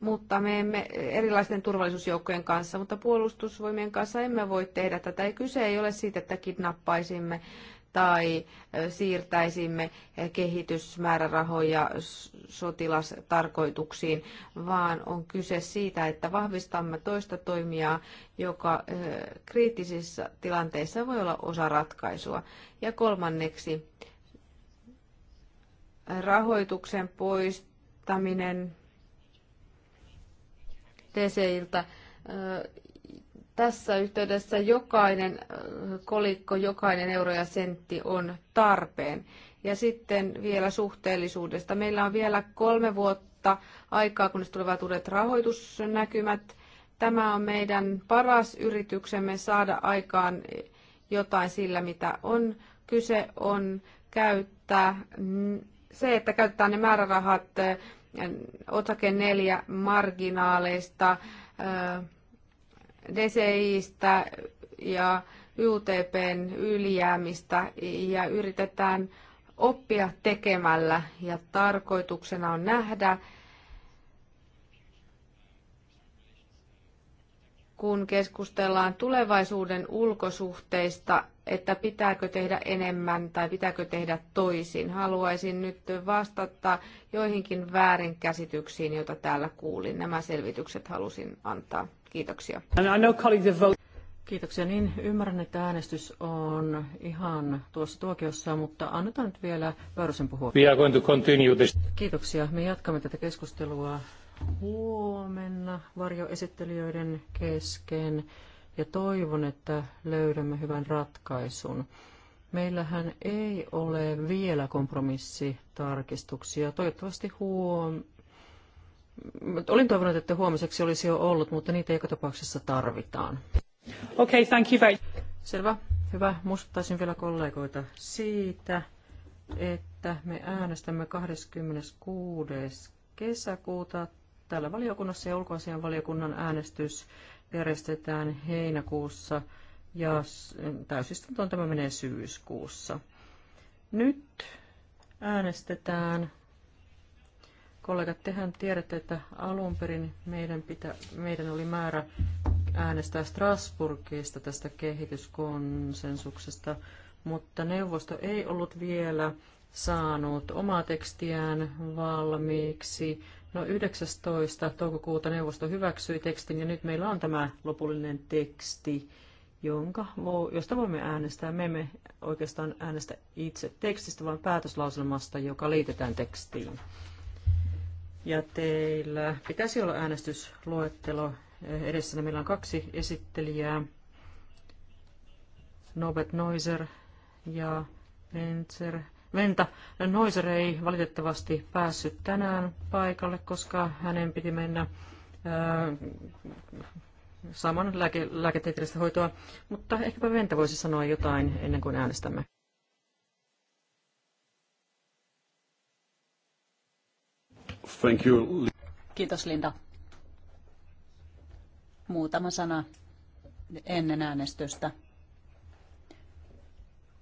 S3: mutta me emme erilaisten turvallisuusjoukkojen kanssa, mutta puolustusvoimien kanssa emme voi tehdä tätä. Ja kyse ei ole siitä, että kidnappaisimme tai siirtäisimme kehitysmäärärahoja sotilastarkoituksiin, vaan on kyse siitä, että vahvistamme toista toimijaa, joka kriittisissä tilanteissa voi olla osa ratkaisua. Ja kolmanneksi rahoituksen poistaminen TCIltä. Tässä yhteydessä jokainen kolikko, jokainen euro ja sentti on tarpeen. Ja sitten vielä suhteellisuudesta. Meillä on vielä kolme vuotta aikaa, kunnes tulevat uudet rahoitusnäkymät. Tämä on meidän paras yrityksemme saada aikaan jotain sillä, mitä on. Kyse on käyttää se, että käyttää ne määrärahat otake neljä marginaaleista, DCIstä ja UTPn ylijäämistä ja yritetään oppia tekemällä ja tarkoituksena on nähdä, kun keskustellaan tulevaisuuden ulkosuhteista, että pitääkö tehdä enemmän tai pitääkö tehdä toisin. Haluaisin nyt vastata joihinkin väärinkäsityksiin, joita täällä kuulin. Nämä selvitykset halusin antaa. Kiitoksia.
S2: Kiitoksia. Niin ymmärrän, että äänestys on ihan tuossa tuokiossa, mutta annetaan nyt vielä Pöyrysen puhua. We are going to continue this. Kiitoksia. Me jatkamme tätä keskustelua huomenna varjoesittelijöiden kesken ja toivon, että löydämme hyvän ratkaisun. Meillähän ei ole vielä kompromissitarkistuksia. Toivottavasti huom... Olin toivonut, että huomiseksi olisi jo ollut, mutta niitä joka tapauksessa tarvitaan. Okay, thank you very... Selvä. Hyvä. Muistuttaisin vielä kollegoita siitä, että me äänestämme 26. kesäkuuta täällä valiokunnassa ja ulkoasian valiokunnan äänestys järjestetään heinäkuussa ja täysistuntoon tämä menee syyskuussa. Nyt äänestetään. Kollegat, tehän tiedätte, että alun perin meidän, pitä, meidän oli määrä äänestää Strasburgista tästä kehityskonsensuksesta, mutta neuvosto ei ollut vielä saanut omaa tekstiään valmiiksi No 19. toukokuuta neuvosto hyväksyi tekstin ja nyt meillä on tämä lopullinen teksti, jonka, josta voimme äänestää. Me emme oikeastaan äänestä itse tekstistä, vaan päätöslauselmasta, joka liitetään tekstiin. Ja teillä pitäisi olla äänestysluettelo. Edessä meillä on kaksi esittelijää, Nobet Noiser ja Penzer. Venta Noiser ei valitettavasti päässyt tänään paikalle, koska hänen piti mennä ää, äh, saman lääke, lääketieteellistä hoitoa, mutta ehkäpä Venta voisi sanoa jotain ennen kuin äänestämme.
S1: Thank you. Kiitos Linda. Muutama sana ennen äänestystä.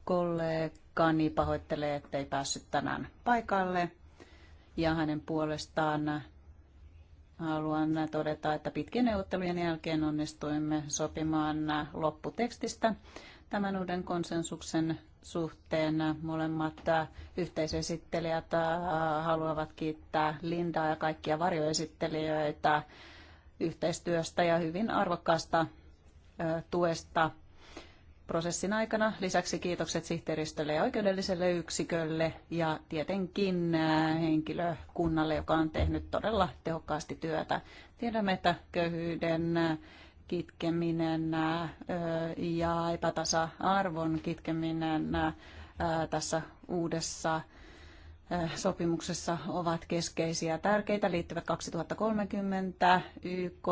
S1: Kollega Paikkaan, niin pahoittelee, ettei päässyt tänään paikalle. Ja hänen puolestaan haluan todeta, että pitkien neuvottelujen jälkeen onnistuimme sopimaan lopputekstistä tämän uuden konsensuksen suhteen. Molemmat yhteisesittelijät haluavat kiittää Lindaa ja kaikkia varjoesittelijöitä yhteistyöstä ja hyvin arvokkaasta tuesta prosessin aikana. Lisäksi kiitokset sihteeristölle ja oikeudelliselle yksikölle ja tietenkin äh, henkilökunnalle, joka on tehnyt todella tehokkaasti työtä. Tiedämme, että köyhyyden äh, kitkeminen äh, ja epätasa-arvon kitkeminen tässä uudessa sopimuksessa ovat keskeisiä tärkeitä, liittyvät 2030 YK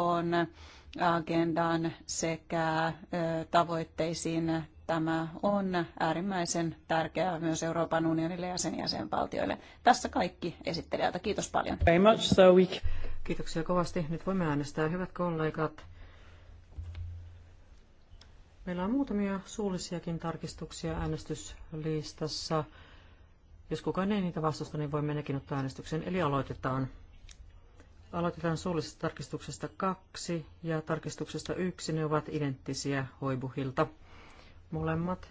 S1: agendaan sekä tavoitteisiin. Tämä on äärimmäisen tärkeää myös Euroopan unionille ja sen jäsenvaltioille. Tässä kaikki esittelijältä. Kiitos paljon.
S2: Kiitoksia kovasti. Nyt voimme äänestää, hyvät kollegat. Meillä on muutamia suullisiakin tarkistuksia äänestyslistassa. Jos kukaan ei niitä vastusta, niin voimme nekin ottaa äänestyksen. Eli aloitetaan. Aloitetaan suullisesta tarkistuksesta 2 ja tarkistuksesta 1. Ne ovat identtisiä hoibuhilta. Molemmat.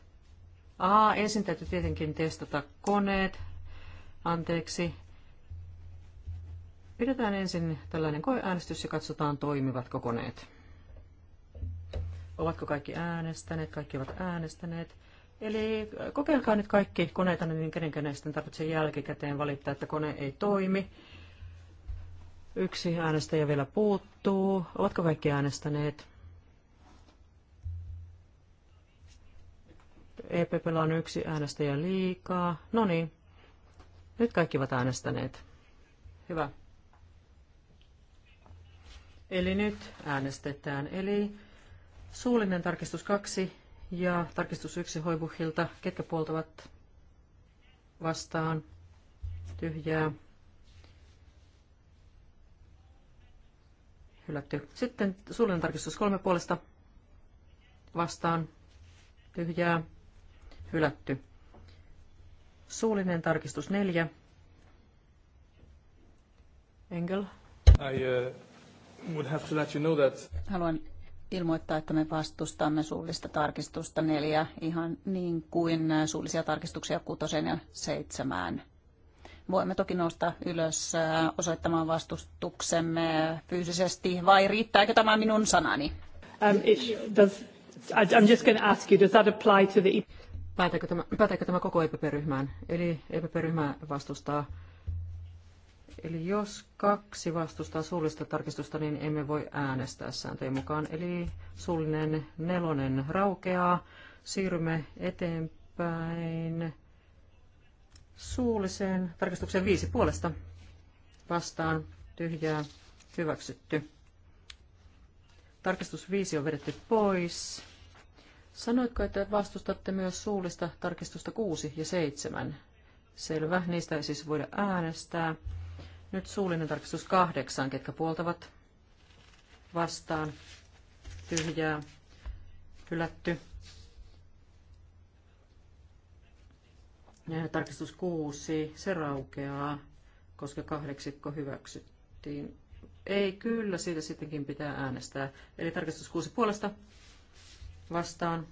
S2: A, ensin täytyy tietenkin testata koneet. Anteeksi. Pidetään ensin tällainen koeäänestys ja katsotaan toimivatko koneet. Ovatko kaikki äänestäneet? Kaikki ovat äänestäneet. Eli kokeilkaa nyt kaikki koneita, niin kenenkään ei sitten tarvitse jälkikäteen valittaa, että kone ei toimi. Yksi äänestäjä vielä puuttuu. Ovatko kaikki äänestäneet? EPP on yksi äänestäjä liikaa. No niin, nyt kaikki ovat äänestäneet. Hyvä. Eli nyt äänestetään. Eli suullinen tarkistus 2 ja tarkistus 1 hoivuhilta. Ketkä puoltavat vastaan? Tyhjää. hylätty. Sitten suullinen tarkistus kolme puolesta vastaan tyhjää hylätty. Suullinen
S1: tarkistus neljä. Engel.
S3: I, uh, would have to let you know that.
S1: Haluan ilmoittaa, että me vastustamme suullista tarkistusta neljä ihan niin kuin suullisia tarkistuksia kutoseen ja seitsemään. Voimme toki nousta ylös äh, osoittamaan vastustuksemme fyysisesti, vai riittääkö tämä minun sanani? Um, it, does, I'm
S2: just going to ask you, does that apply to the... Päätäkö tämä, päätäkö tämä koko EPP-ryhmään? Eli EPP-ryhmä vastustaa Eli jos kaksi vastustaa suullista tarkistusta, niin emme voi äänestää sääntöjen mukaan. Eli suullinen nelonen raukeaa. Siirrymme eteenpäin suulliseen tarkistukseen viisi puolesta vastaan tyhjää hyväksytty. Tarkistus viisi on vedetty pois. Sanoitko, että vastustatte myös suullista tarkistusta kuusi ja seitsemän? Selvä, niistä ei siis voida äänestää. Nyt suullinen tarkistus kahdeksan, ketkä puoltavat vastaan tyhjää hylätty. Tarkistus 6, se raukeaa, koska kahdeksikko hyväksyttiin. Ei, kyllä, siitä sittenkin pitää äänestää. Eli tarkistus 6 puolesta vastaan,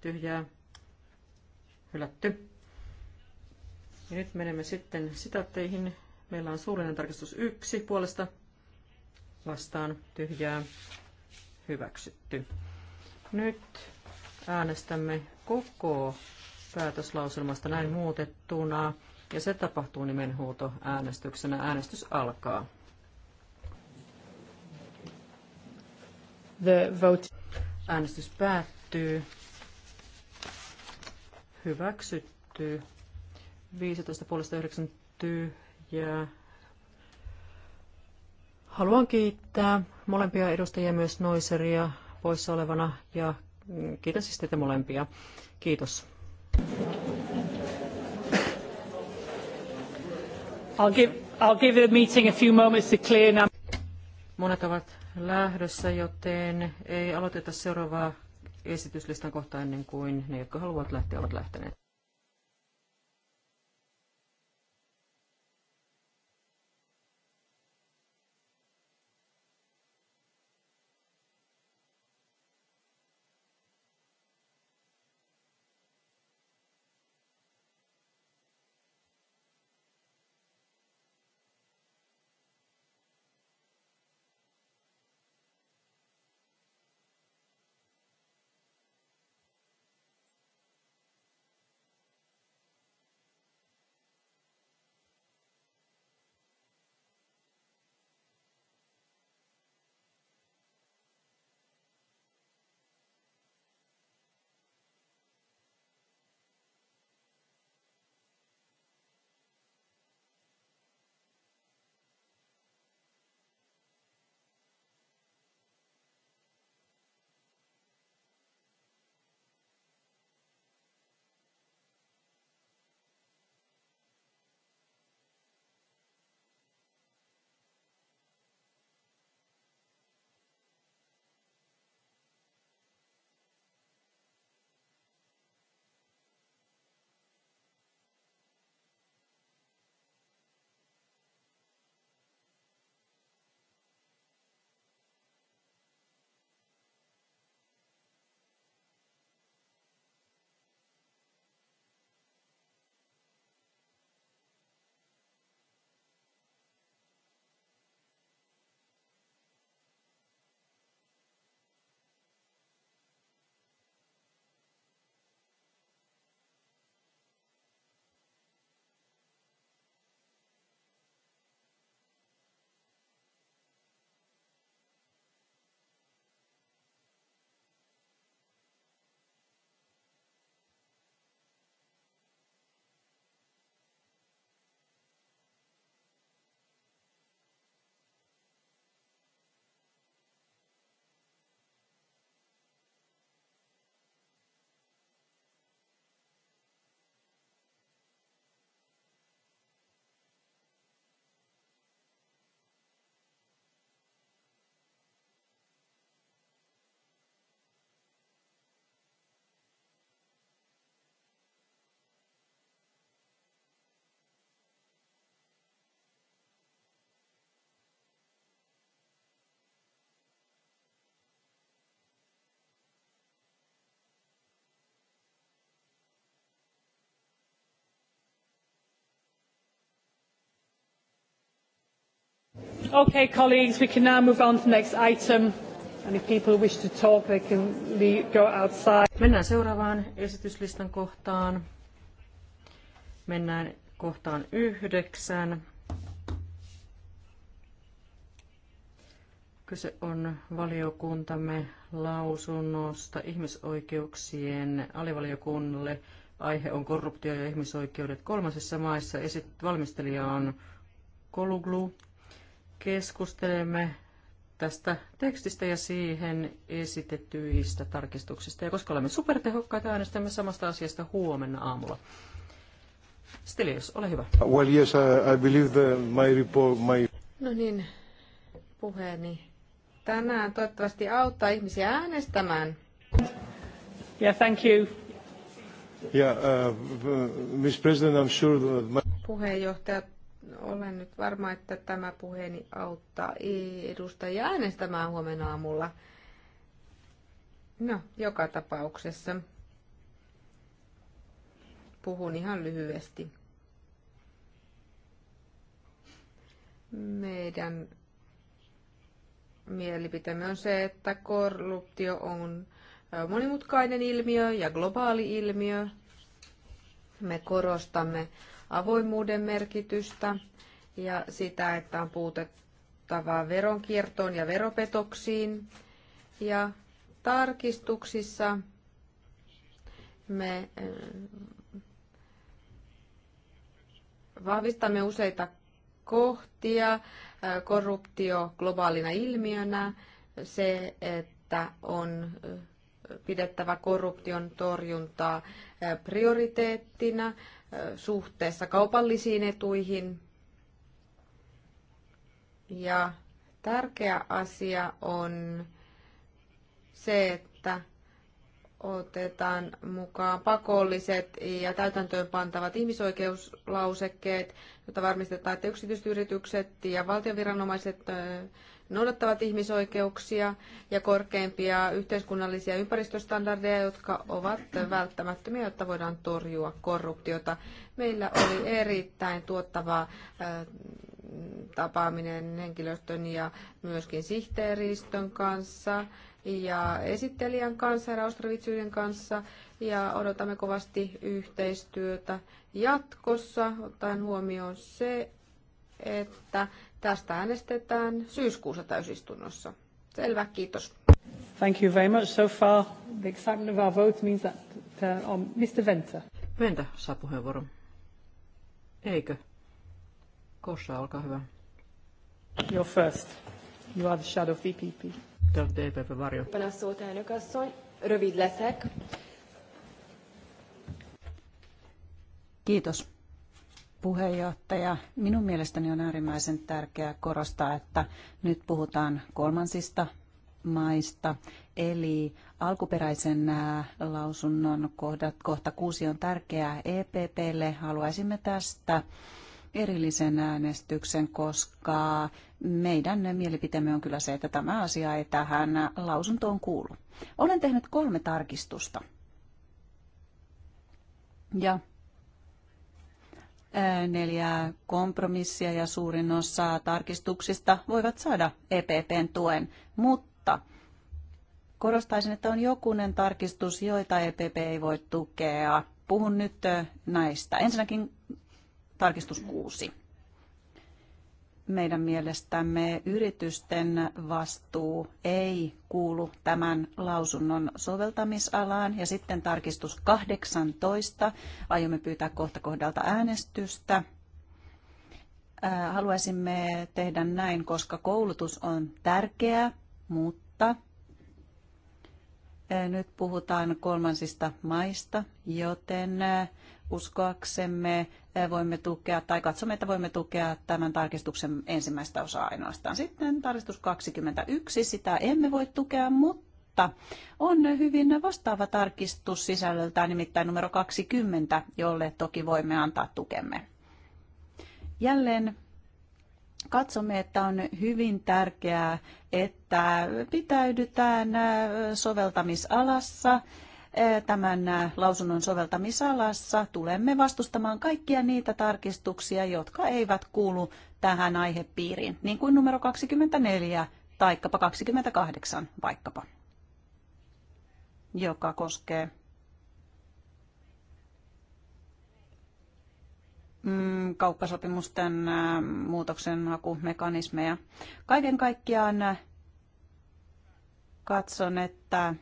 S2: tyhjää, hylätty. Ja nyt menemme sitten sitaatteihin. Meillä on suullinen tarkistus 1 puolesta vastaan, tyhjää, hyväksytty. Nyt äänestämme koko päätöslauselmasta näin muutettuna. Ja se tapahtuu nimenhuuto äänestyksenä. Äänestys alkaa. The vote. Äänestys päättyy. Hyväksytty. 15 puolesta 9 tyhjää. Haluan kiittää molempia edustajia, myös Noiseria poissa olevana, ja kiitän siis teitä molempia. Kiitos. Monet ovat lähdössä, joten ei aloiteta seuraavaa esityslistan kohtaa ennen kuin ne, jotka haluavat lähteä, ovat lähteneet. Okay, colleagues, we can now move on to the next item. And if people wish to talk, they can leave, go outside. Mennään seuraavaan esityslistan kohtaan. Mennään kohtaan yhdeksän. Kyse on valiokuntamme lausunnosta ihmisoikeuksien alivaliokunnalle. Aihe on korruptio ja ihmisoikeudet kolmasessa maissa. Esit- valmistelija on Koluglu keskustelemme tästä tekstistä ja siihen esitettyistä tarkistuksista. Ja koska olemme supertehokkaita, äänestämme samasta asiasta huomenna aamulla. Stelios, ole hyvä. Well, yes, I, I believe my report, my...
S3: No niin, puheeni tänään toivottavasti auttaa ihmisiä äänestämään.
S1: Yeah, thank you.
S2: Yeah, uh, uh Miss President, I'm sure that my...
S3: Puheenjohtaja, olen nyt varma, että tämä puheeni auttaa edustajia äänestämään huomenna aamulla. No, joka tapauksessa puhun ihan lyhyesti. Meidän mielipiteemme on se, että korruptio on monimutkainen ilmiö ja globaali ilmiö. Me korostamme avoimuuden merkitystä ja sitä, että on puutettavaa veronkiertoon ja veropetoksiin. Ja tarkistuksissa me eh, vahvistamme useita kohtia, eh, korruptio globaalina ilmiönä, se, että on eh, pidettävä korruption torjuntaa prioriteettina, suhteessa kaupallisiin etuihin. Ja tärkeä asia on se, että otetaan mukaan pakolliset ja täytäntöönpantavat ihmisoikeuslausekkeet, jotta varmistetaan, että yksityiset yritykset ja valtionviranomaiset noudattavat ihmisoikeuksia ja korkeimpia yhteiskunnallisia ympäristöstandardeja, jotka ovat välttämättömiä, jotta voidaan torjua korruptiota. Meillä oli erittäin tuottava tapaaminen henkilöstön ja myöskin sihteeristön kanssa ja esittelijän kanssa, herra Ostravitsyyden kanssa, ja odotamme kovasti yhteistyötä jatkossa, ottaen huomioon se, että Tästä äänestetään syyskuussa täysistunnossa. Selvä, kiitos.
S2: Thank you very much. So far, the excitement of our vote means that uh, on um, Mr. Venter. Venter saa puheenvuoron. Eikö? Kossa, olkaa hyvä. You're first. You are the shadow of EPP. Te olette EPP-varjo.
S3: Panassuut elnök asszony. Rövid
S1: Kiitos puheenjohtaja. Minun mielestäni on äärimmäisen tärkeää korostaa, että nyt puhutaan kolmansista maista. Eli alkuperäisen lausunnon kohdat, kohta kuusi on tärkeää EPPlle. Haluaisimme tästä erillisen äänestyksen, koska meidän mielipiteemme on kyllä se, että tämä asia ei tähän lausuntoon kuulu. Olen tehnyt kolme tarkistusta. Ja neljää kompromissia ja suurin osa tarkistuksista voivat saada EPPn tuen, mutta korostaisin, että on jokunen tarkistus, joita EPP ei voi tukea. Puhun nyt näistä. Ensinnäkin tarkistus kuusi meidän mielestämme yritysten vastuu ei kuulu tämän lausunnon soveltamisalaan. Ja sitten tarkistus 18. Aiomme pyytää kohta kohdalta äänestystä. Haluaisimme tehdä näin, koska koulutus on tärkeää, mutta nyt puhutaan kolmansista maista, joten uskoaksemme voimme tukea, tai katsomme, että voimme tukea tämän tarkistuksen ensimmäistä osaa ainoastaan. Sitten tarkistus 21, sitä emme voi tukea, mutta on hyvin vastaava tarkistus sisällöltään, nimittäin numero 20, jolle toki voimme antaa tukemme. Jälleen katsomme, että on hyvin tärkeää, että pitäydytään soveltamisalassa tämän lausunnon soveltamisalassa tulemme vastustamaan kaikkia niitä tarkistuksia, jotka eivät kuulu tähän aihepiiriin, niin kuin numero 24 tai 28 vaikkapa, joka koskee mm, kauppasopimusten muutoksen hakumekanismeja. Kaiken kaikkiaan katson, että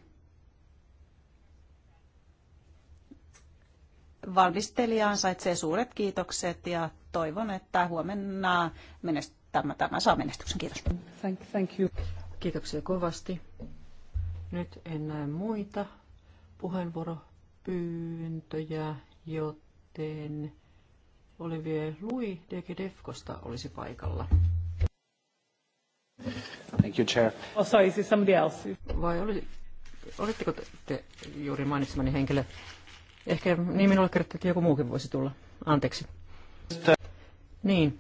S1: valmistelija ansaitsee suuret kiitokset ja toivon, että huomenna menest- tämä, tämä saa menestyksen. Kiitos. Thank, thank you. Kiitoksia kovasti. Nyt en näe muita
S2: puheenvuoropyyntöjä, joten Olivier Louis Dekidefkosta olisi paikalla. Thank you, Chair. Oh, sorry, is it somebody else? Vai oli, olitteko te, te juuri mainitsemani henkilö? Ehkä niin minulle kerrottiin, joku muukin voisi tulla. Anteeksi. Niin.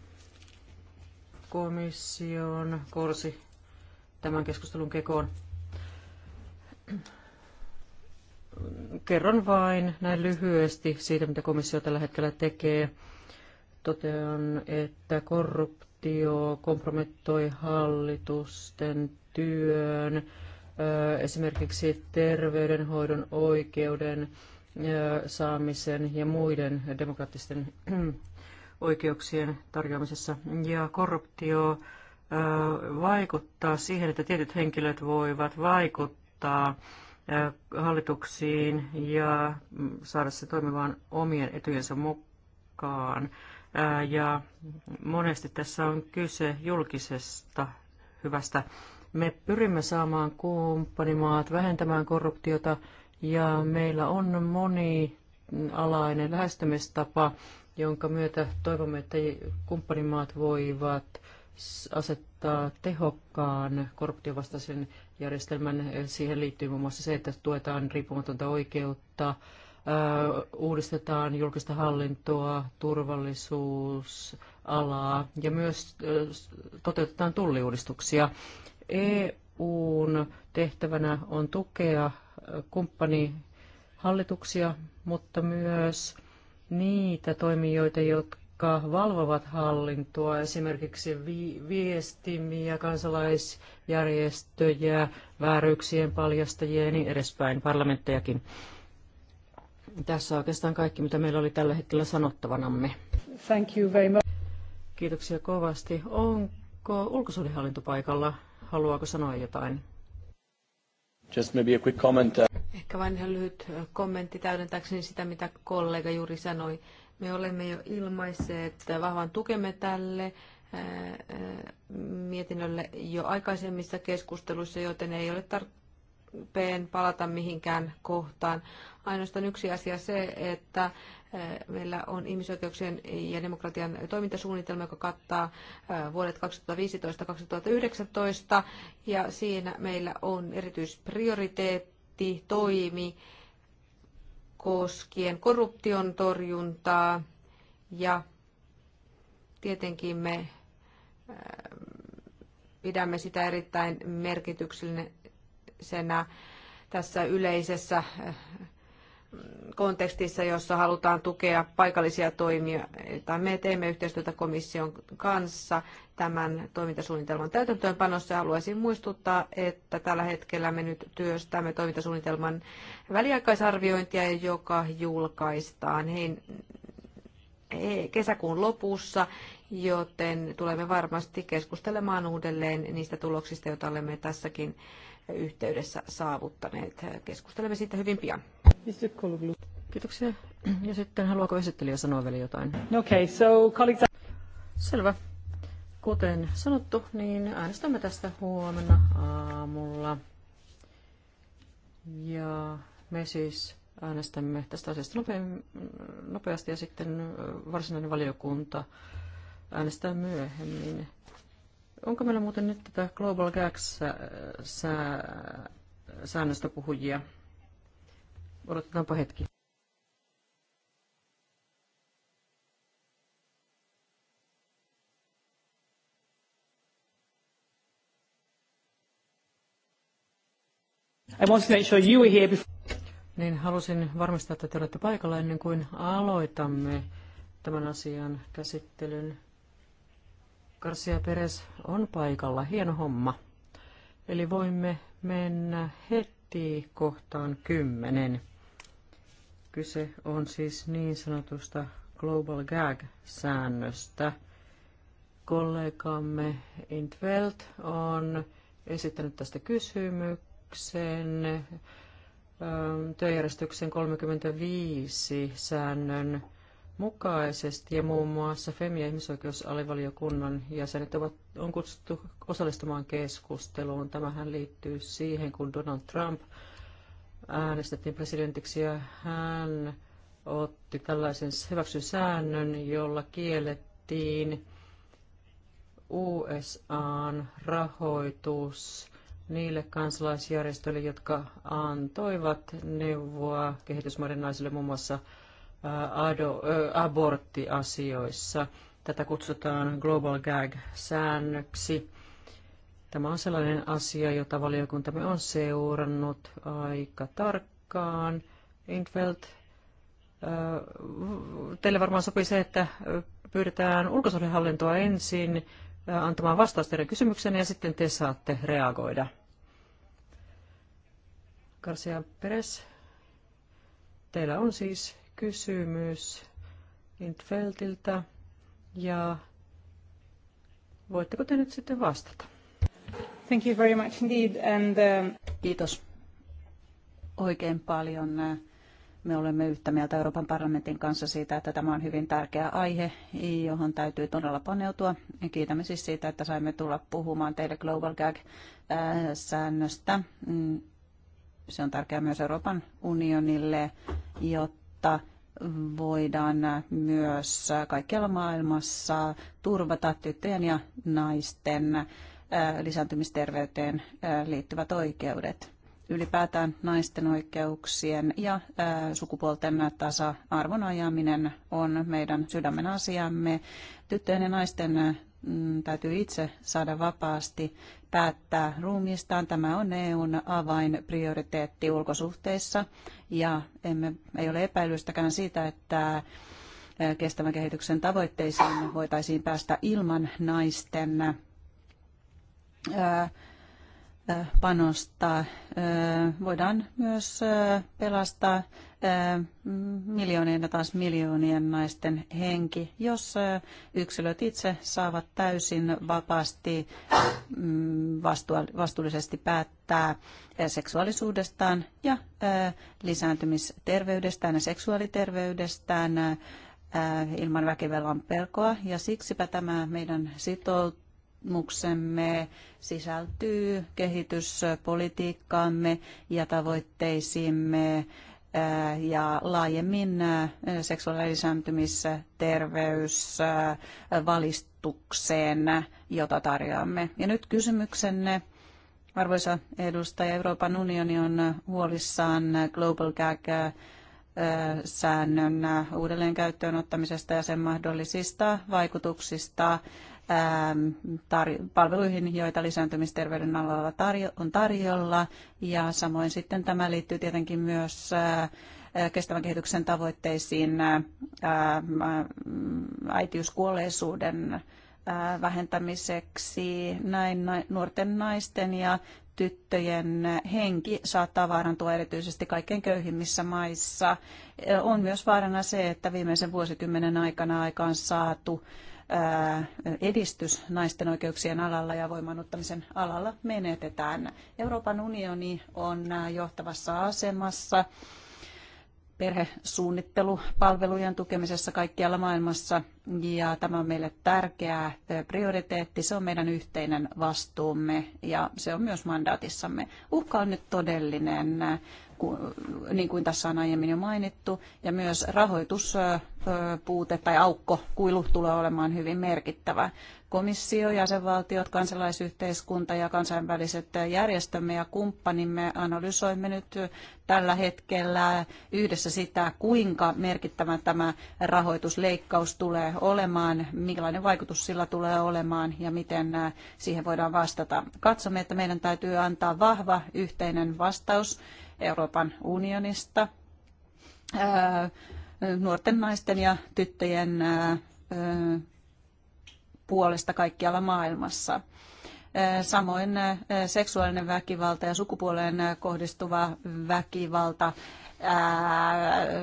S2: Komission korsi tämän keskustelun kekoon. Kerron vain näin lyhyesti siitä, mitä komissio tällä hetkellä tekee. Totean, että korruptio kompromettoi hallitusten työn, esimerkiksi terveydenhoidon oikeuden saamisen ja muiden demokraattisten oikeuksien tarjoamisessa. Ja korruptio vaikuttaa siihen, että tietyt henkilöt voivat vaikuttaa hallituksiin ja mm, saada se toimimaan omien etujensa mukaan. Ja monesti tässä on kyse julkisesta hyvästä. Me pyrimme saamaan kumppanimaat vähentämään korruptiota ja meillä on monialainen lähestymistapa, jonka myötä toivomme, että kumppanimaat voivat asettaa tehokkaan korruptiovastaisen järjestelmän. Siihen liittyy muun muassa se, että tuetaan riippumatonta oikeutta, uudistetaan julkista hallintoa, turvallisuusalaa ja myös toteutetaan tulliuudistuksia. EU EUn tehtävänä on tukea kumppanihallituksia, mutta myös niitä toimijoita, jotka valvovat hallintoa, esimerkiksi viestimiä, kansalaisjärjestöjä, vääryyksien paljastajia ja niin edespäin, parlamenttejakin. Tässä oikeastaan kaikki, mitä meillä oli tällä hetkellä sanottavanamme. Thank you very much. Kiitoksia kovasti. Onko ulkosuhdehallinto paikalla? haluaako sanoa jotain?
S1: Just maybe a quick comment. Uh,
S3: Ehkä vain ihan lyhyt uh, kommentti täydentääkseni sitä, mitä kollega juuri sanoi. Me olemme jo ilmaisseet vahvan tukemme tälle uh, mietinnölle jo aikaisemmissa keskusteluissa, joten ei ole tarpeen palata mihinkään kohtaan. Ainoastaan yksi asia se, että Eh, meillä on ihmisoikeuksien ja demokratian toimintasuunnitelma, joka kattaa eh, vuodet 2015-2019, ja siinä meillä on erityisprioriteetti, toimi koskien korruption torjuntaa, ja tietenkin me eh, pidämme sitä erittäin merkityksellisenä tässä yleisessä kontekstissa, jossa halutaan tukea paikallisia toimia. Me teemme yhteistyötä komission kanssa tämän toimintasuunnitelman täytäntöönpanossa. Haluaisin muistuttaa, että tällä hetkellä me nyt työstämme toimintasuunnitelman väliaikaisarviointia, joka julkaistaan kesäkuun lopussa, joten tulemme varmasti keskustelemaan uudelleen niistä tuloksista, joita olemme tässäkin yhteydessä saavuttaneet. Keskustelemme siitä hyvin pian.
S2: Kiitoksia. Ja sitten haluaako esittelijä sanoa vielä jotain? Okay, so colleagues... Selvä. Kuten sanottu, niin äänestämme tästä huomenna aamulla. Ja me siis äänestämme tästä asiasta nopeasti ja sitten varsinainen valiokunta äänestää myöhemmin. Onko meillä muuten nyt tätä Global Gags-säännöstä äh, puhujia? Odotetaanpa hetki. I to make sure you were here before. Niin, halusin varmistaa, että te olette paikalla ennen kuin aloitamme tämän asian käsittelyn. Garcia Perez on paikalla. Hieno homma. Eli voimme mennä heti kohtaan kymmenen. Kyse on siis niin sanotusta Global Gag-säännöstä. Kollegamme Intveld on esittänyt tästä kysymyksen öö, työjärjestyksen 35 säännön mukaisesti ja muun muassa FEMI- ja ihmisoikeusalivaliokunnan jäsenet ovat, on kutsuttu osallistumaan keskusteluun. Tämähän liittyy siihen, kun Donald Trump äänestettiin presidentiksi ja hän otti tällaisen hyväksysäännön, säännön, jolla kiellettiin USAn rahoitus niille kansalaisjärjestöille, jotka antoivat neuvoa kehitysmaiden naisille muun muassa – ado, aborttiasioissa. Tätä kutsutaan Global Gag-säännöksi. Tämä on sellainen asia, jota valiokuntamme on seurannut aika tarkkaan. Infeld, teille varmaan sopii se, että pyydetään ulkosuhdehallintoa ensin antamaan vastaus teidän kysymykseen ja sitten te saatte reagoida. Garcia Perez, teillä on siis kysymys Intveltiltä
S1: ja voitteko te nyt sitten vastata? Thank you very much indeed. And, uh... Kiitos oikein paljon. Me olemme yhtä mieltä Euroopan parlamentin kanssa siitä, että tämä on hyvin tärkeä aihe, johon täytyy todella paneutua. Kiitämme siis siitä, että saimme tulla puhumaan teille Global Gag-säännöstä. Äh, mm, se on tärkeää myös Euroopan unionille, jotta voidaan myös kaikkialla maailmassa turvata tyttöjen ja naisten äh, lisääntymisterveyteen äh, liittyvät oikeudet. Ylipäätään naisten oikeuksien ja äh, sukupuolten tasa-arvon ajaminen on meidän sydämen asiamme. Tyttöjen ja naisten Mm, täytyy itse saada vapaasti päättää ruumiistaan. Tämä on EUn avain prioriteetti ulkosuhteissa ja emme, ei ole epäilystäkään siitä, että kestävän kehityksen tavoitteisiin voitaisiin päästä ilman naisten panostaa. Voidaan myös pelastaa miljoonien ja taas miljoonien naisten henki, jos yksilöt itse saavat täysin vapaasti mm, vastuullisesti päättää seksuaalisuudestaan ja lisääntymisterveydestään ja seksuaaliterveydestään ilman väkivallan pelkoa. Ja siksipä tämä meidän sitoutuminen tutkimuksemme sisältyy kehityspolitiikkaamme ja tavoitteisiimme ja laajemmin seksuaali- ja valistukseen, jota tarjoamme. Ja nyt kysymyksenne, arvoisa edustaja, Euroopan unioni on huolissaan Global Gag säännön uudelleen käyttöön ottamisesta ja sen mahdollisista vaikutuksista Ähm, palveluihin, joita lisääntymisterveyden alalla on tarjolla. Ja samoin sitten tämä liittyy tietenkin myös äh, kestävän kehityksen tavoitteisiin äh, äh, äitiyskuolleisuuden vähentämiseksi. Näin nuorten naisten ja tyttöjen henki saattaa vaarantua erityisesti kaikkein köyhimmissä maissa. On myös vaarana se, että viimeisen vuosikymmenen aikana aikaan saatu edistys naisten oikeuksien alalla ja voimannuttamisen alalla menetetään. Euroopan unioni on johtavassa asemassa perhesuunnittelupalvelujen tukemisessa kaikkialla maailmassa ja tämä on meille tärkeä prioriteetti. Se on meidän yhteinen vastuumme ja se on myös mandaatissamme. Uhka on nyt todellinen niin kuin tässä on aiemmin jo mainittu, ja myös rahoituspuute tai aukko, kuilu tulee olemaan hyvin merkittävä. Komissio, jäsenvaltiot, kansalaisyhteiskunta ja kansainväliset järjestömme ja kumppanimme analysoimme nyt tällä hetkellä yhdessä sitä, kuinka merkittävä tämä rahoitusleikkaus tulee olemaan, millainen vaikutus sillä tulee olemaan ja miten äh, siihen voidaan vastata. Katsomme, että meidän täytyy antaa vahva yhteinen vastaus Euroopan unionista nuorten naisten ja tyttöjen puolesta kaikkialla maailmassa. Samoin seksuaalinen väkivalta ja sukupuoleen kohdistuva väkivalta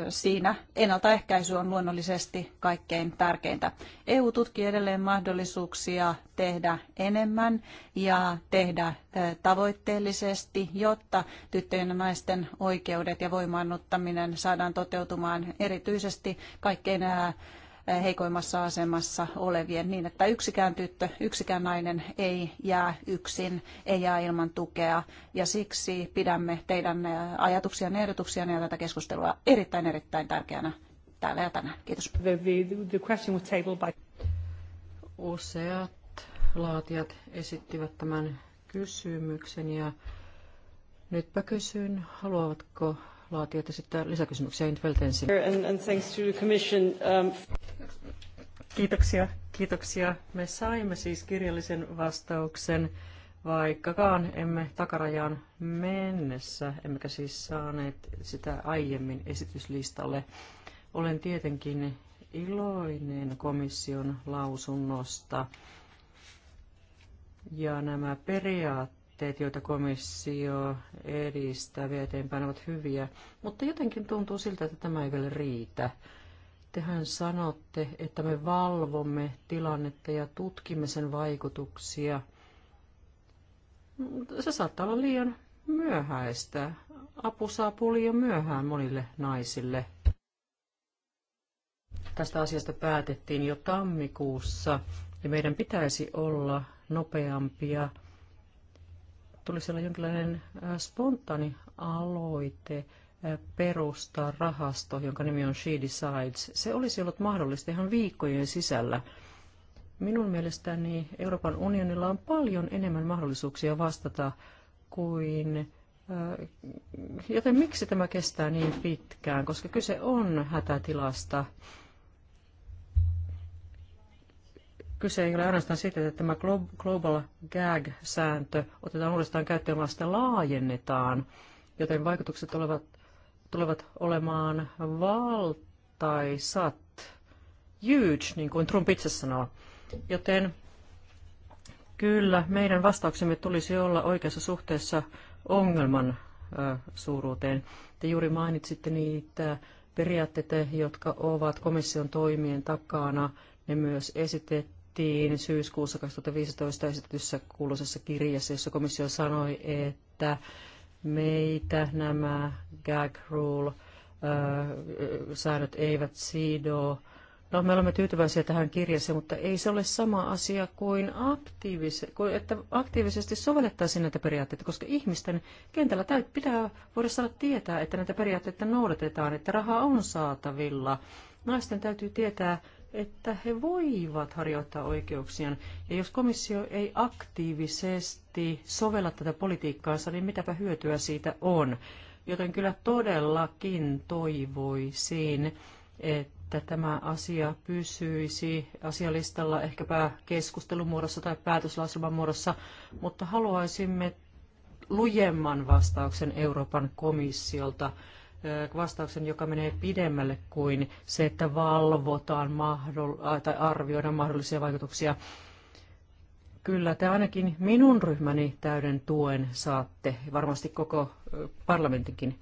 S1: siinä ennaltaehkäisy on luonnollisesti kaikkein tärkeintä. EU tutkii edelleen mahdollisuuksia tehdä enemmän ja tehdä tavoitteellisesti, jotta tyttöjen ja naisten oikeudet ja voimaannuttaminen saadaan toteutumaan erityisesti kaikkein heikoimmassa asemassa olevien niin, että yksikään tyttö, yksikään nainen ei jää yksin, ei jää ilman tukea. Ja siksi pidämme teidän ajatuksia ja ehdotuksia ja tätä keskustelua erittäin erittäin tärkeänä täällä ja tänään. Kiitos. Useat laatijat esittivät tämän kysymyksen
S2: ja nytpä kysyn, haluavatko laatijoita lisäkysymyksiä um, Kiitoksia, kiitoksia. Me saimme siis kirjallisen vastauksen, vaikkakaan emme takarajaan mennessä, emmekä siis saaneet sitä aiemmin esityslistalle. Olen tietenkin iloinen komission lausunnosta. Ja nämä periaatteet, tavoitteet, joita komissio edistää vie eteenpäin, ovat hyviä, mutta jotenkin tuntuu siltä, että tämä ei vielä riitä. Tehän sanotte, että me valvomme tilannetta ja tutkimme sen vaikutuksia. Se saattaa olla liian myöhäistä. Apu saapuu liian myöhään monille naisille. Tästä asiasta päätettiin jo tammikuussa ja meidän pitäisi olla nopeampia tulisi olla jonkinlainen äh, spontaani aloite äh, perustaa rahasto, jonka nimi on She Decides. Se olisi ollut mahdollista ihan viikkojen sisällä. Minun mielestäni Euroopan unionilla on paljon enemmän mahdollisuuksia vastata kuin... Äh, joten miksi tämä kestää niin pitkään? Koska kyse on hätätilasta Kyse ei ole ainoastaan siitä, että tämä Global Gag-sääntö otetaan uudestaan käyttöön, vaan sitä laajennetaan, joten vaikutukset olevat, tulevat olemaan valtaisat, huge, niin kuin Trump itse sanoo. Joten kyllä meidän vastauksemme tulisi olla oikeassa suhteessa ongelman suuruuteen. Te juuri mainitsitte niitä periaatteita, jotka ovat komission toimien takana. Ne myös esitettiin mainittiin syyskuussa 2015 esitetyssä kuuluisessa kirjassa, jossa komissio sanoi, että meitä nämä gag rule säännöt eivät sido. No, me olemme tyytyväisiä tähän kirjassa, mutta ei se ole sama asia kuin, aktiivis- kuin että aktiivisesti sovellettaisiin näitä periaatteita, koska ihmisten kentällä täyt- pitää voida saada tietää, että näitä periaatteita noudatetaan, että rahaa on saatavilla. Naisten täytyy tietää, että he voivat harjoittaa oikeuksiaan. Ja jos komissio ei aktiivisesti sovella tätä politiikkaansa, niin mitäpä hyötyä siitä on. Joten kyllä todellakin toivoisin, että tämä asia pysyisi asialistalla ehkäpä keskustelun muodossa tai päätöslauselman muodossa, mutta haluaisimme lujemman vastauksen Euroopan komissiolta vastauksen, joka menee pidemmälle kuin se, että valvotaan mahdoll- tai arvioidaan mahdollisia vaikutuksia. Kyllä, te ainakin minun ryhmäni täyden tuen saatte, varmasti koko parlamentinkin.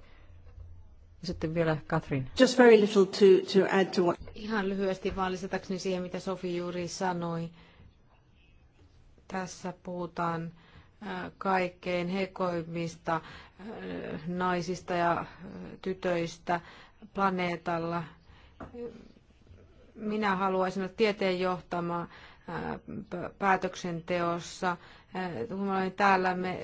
S2: Sitten vielä
S1: Katrin.
S3: Just very little
S1: to, to add to
S3: what... Ihan lyhyesti vaan lisätäkseni siihen, mitä Sofi juuri sanoi. Tässä puhutaan kaikkein heikoimmista naisista ja tytöistä planeetalla. Minä haluaisin olla tieteen johtama päätöksenteossa. Täällä me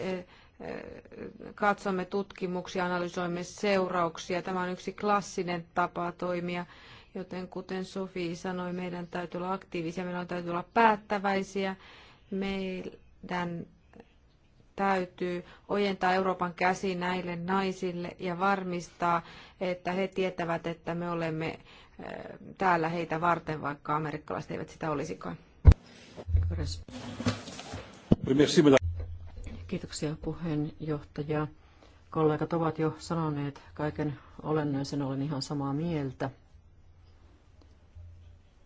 S3: katsomme tutkimuksia, analysoimme seurauksia. Tämä on yksi klassinen tapa toimia, joten kuten Sofi sanoi, meidän täytyy olla aktiivisia, meidän täytyy olla päättäväisiä. Meidän täytyy ojentaa Euroopan käsi näille naisille ja varmistaa, että he tietävät, että me olemme eh, täällä heitä varten, vaikka amerikkalaiset eivät sitä olisikaan. Kiitoksia
S2: puheenjohtaja. Kollegat ovat jo sanoneet kaiken olennaisen, olen ihan samaa mieltä.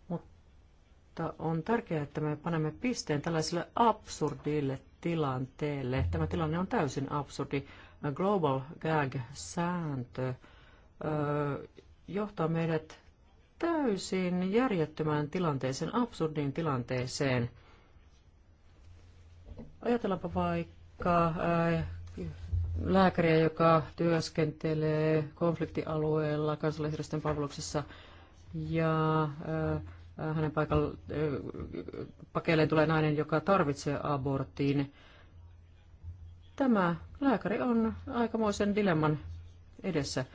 S2: Mutta on tärkeää, että me panemme pisteen tällaiselle absurdille tilanteelle. Tämä tilanne on täysin absurdi. Global Gag-sääntö johtaa meidät täysin järjettömään tilanteeseen, absurdiin tilanteeseen. Ajatellaanpa vaikka lääkäriä, joka työskentelee konfliktialueella kansalaisjärjestön palveluksessa ja Äh, hänen paikalla, äh, pakeilleen tulee nainen, joka tarvitsee abortin. Tämä lääkäri on aikamoisen dilemman edessä.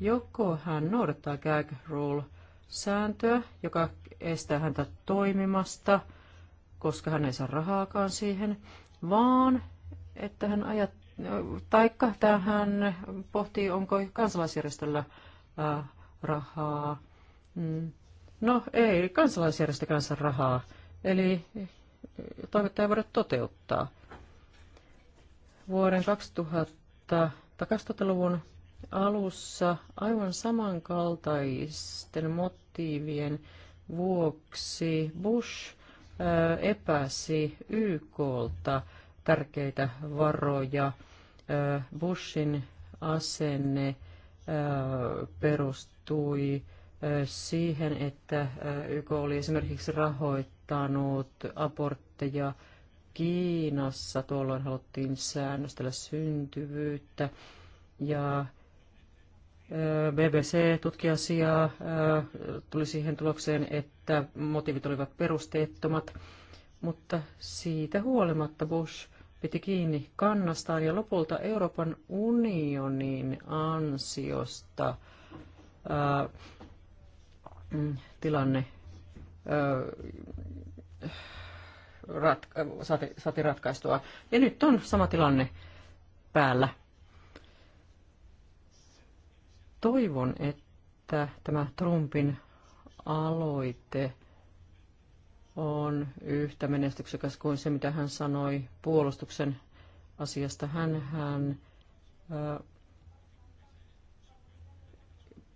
S2: Joko hän noudattaa gag rule sääntöä, joka estää häntä toimimasta, koska hän ei saa rahaakaan siihen, vaan että hän ajat, taikka hän pohtii, onko kansalaisjärjestöllä äh, rahaa. Mm No ei, kansalaisjärjestö kanssa rahaa, eli eh, toimittaja ei voida toteuttaa. Vuoden 2000, 2000-luvun alussa aivan samankaltaisten motiivien vuoksi Bush eh, epäsi YKlta tärkeitä varoja. Eh, Bushin asenne perustui siihen, että YK oli esimerkiksi rahoittanut abortteja Kiinassa. Tuolloin haluttiin säännöstellä syntyvyyttä ja BBC tutki asiaa, tuli siihen tulokseen, että motiivit olivat perusteettomat, mutta siitä huolimatta Bush piti kiinni kannastaan ja lopulta Euroopan unionin ansiosta tilanne ratka- saati, saati ratkaistua. Ja nyt on sama tilanne päällä. Toivon, että tämä Trumpin aloite on yhtä menestyksekäs kuin se, mitä hän sanoi puolustuksen asiasta. Hän, hän äh,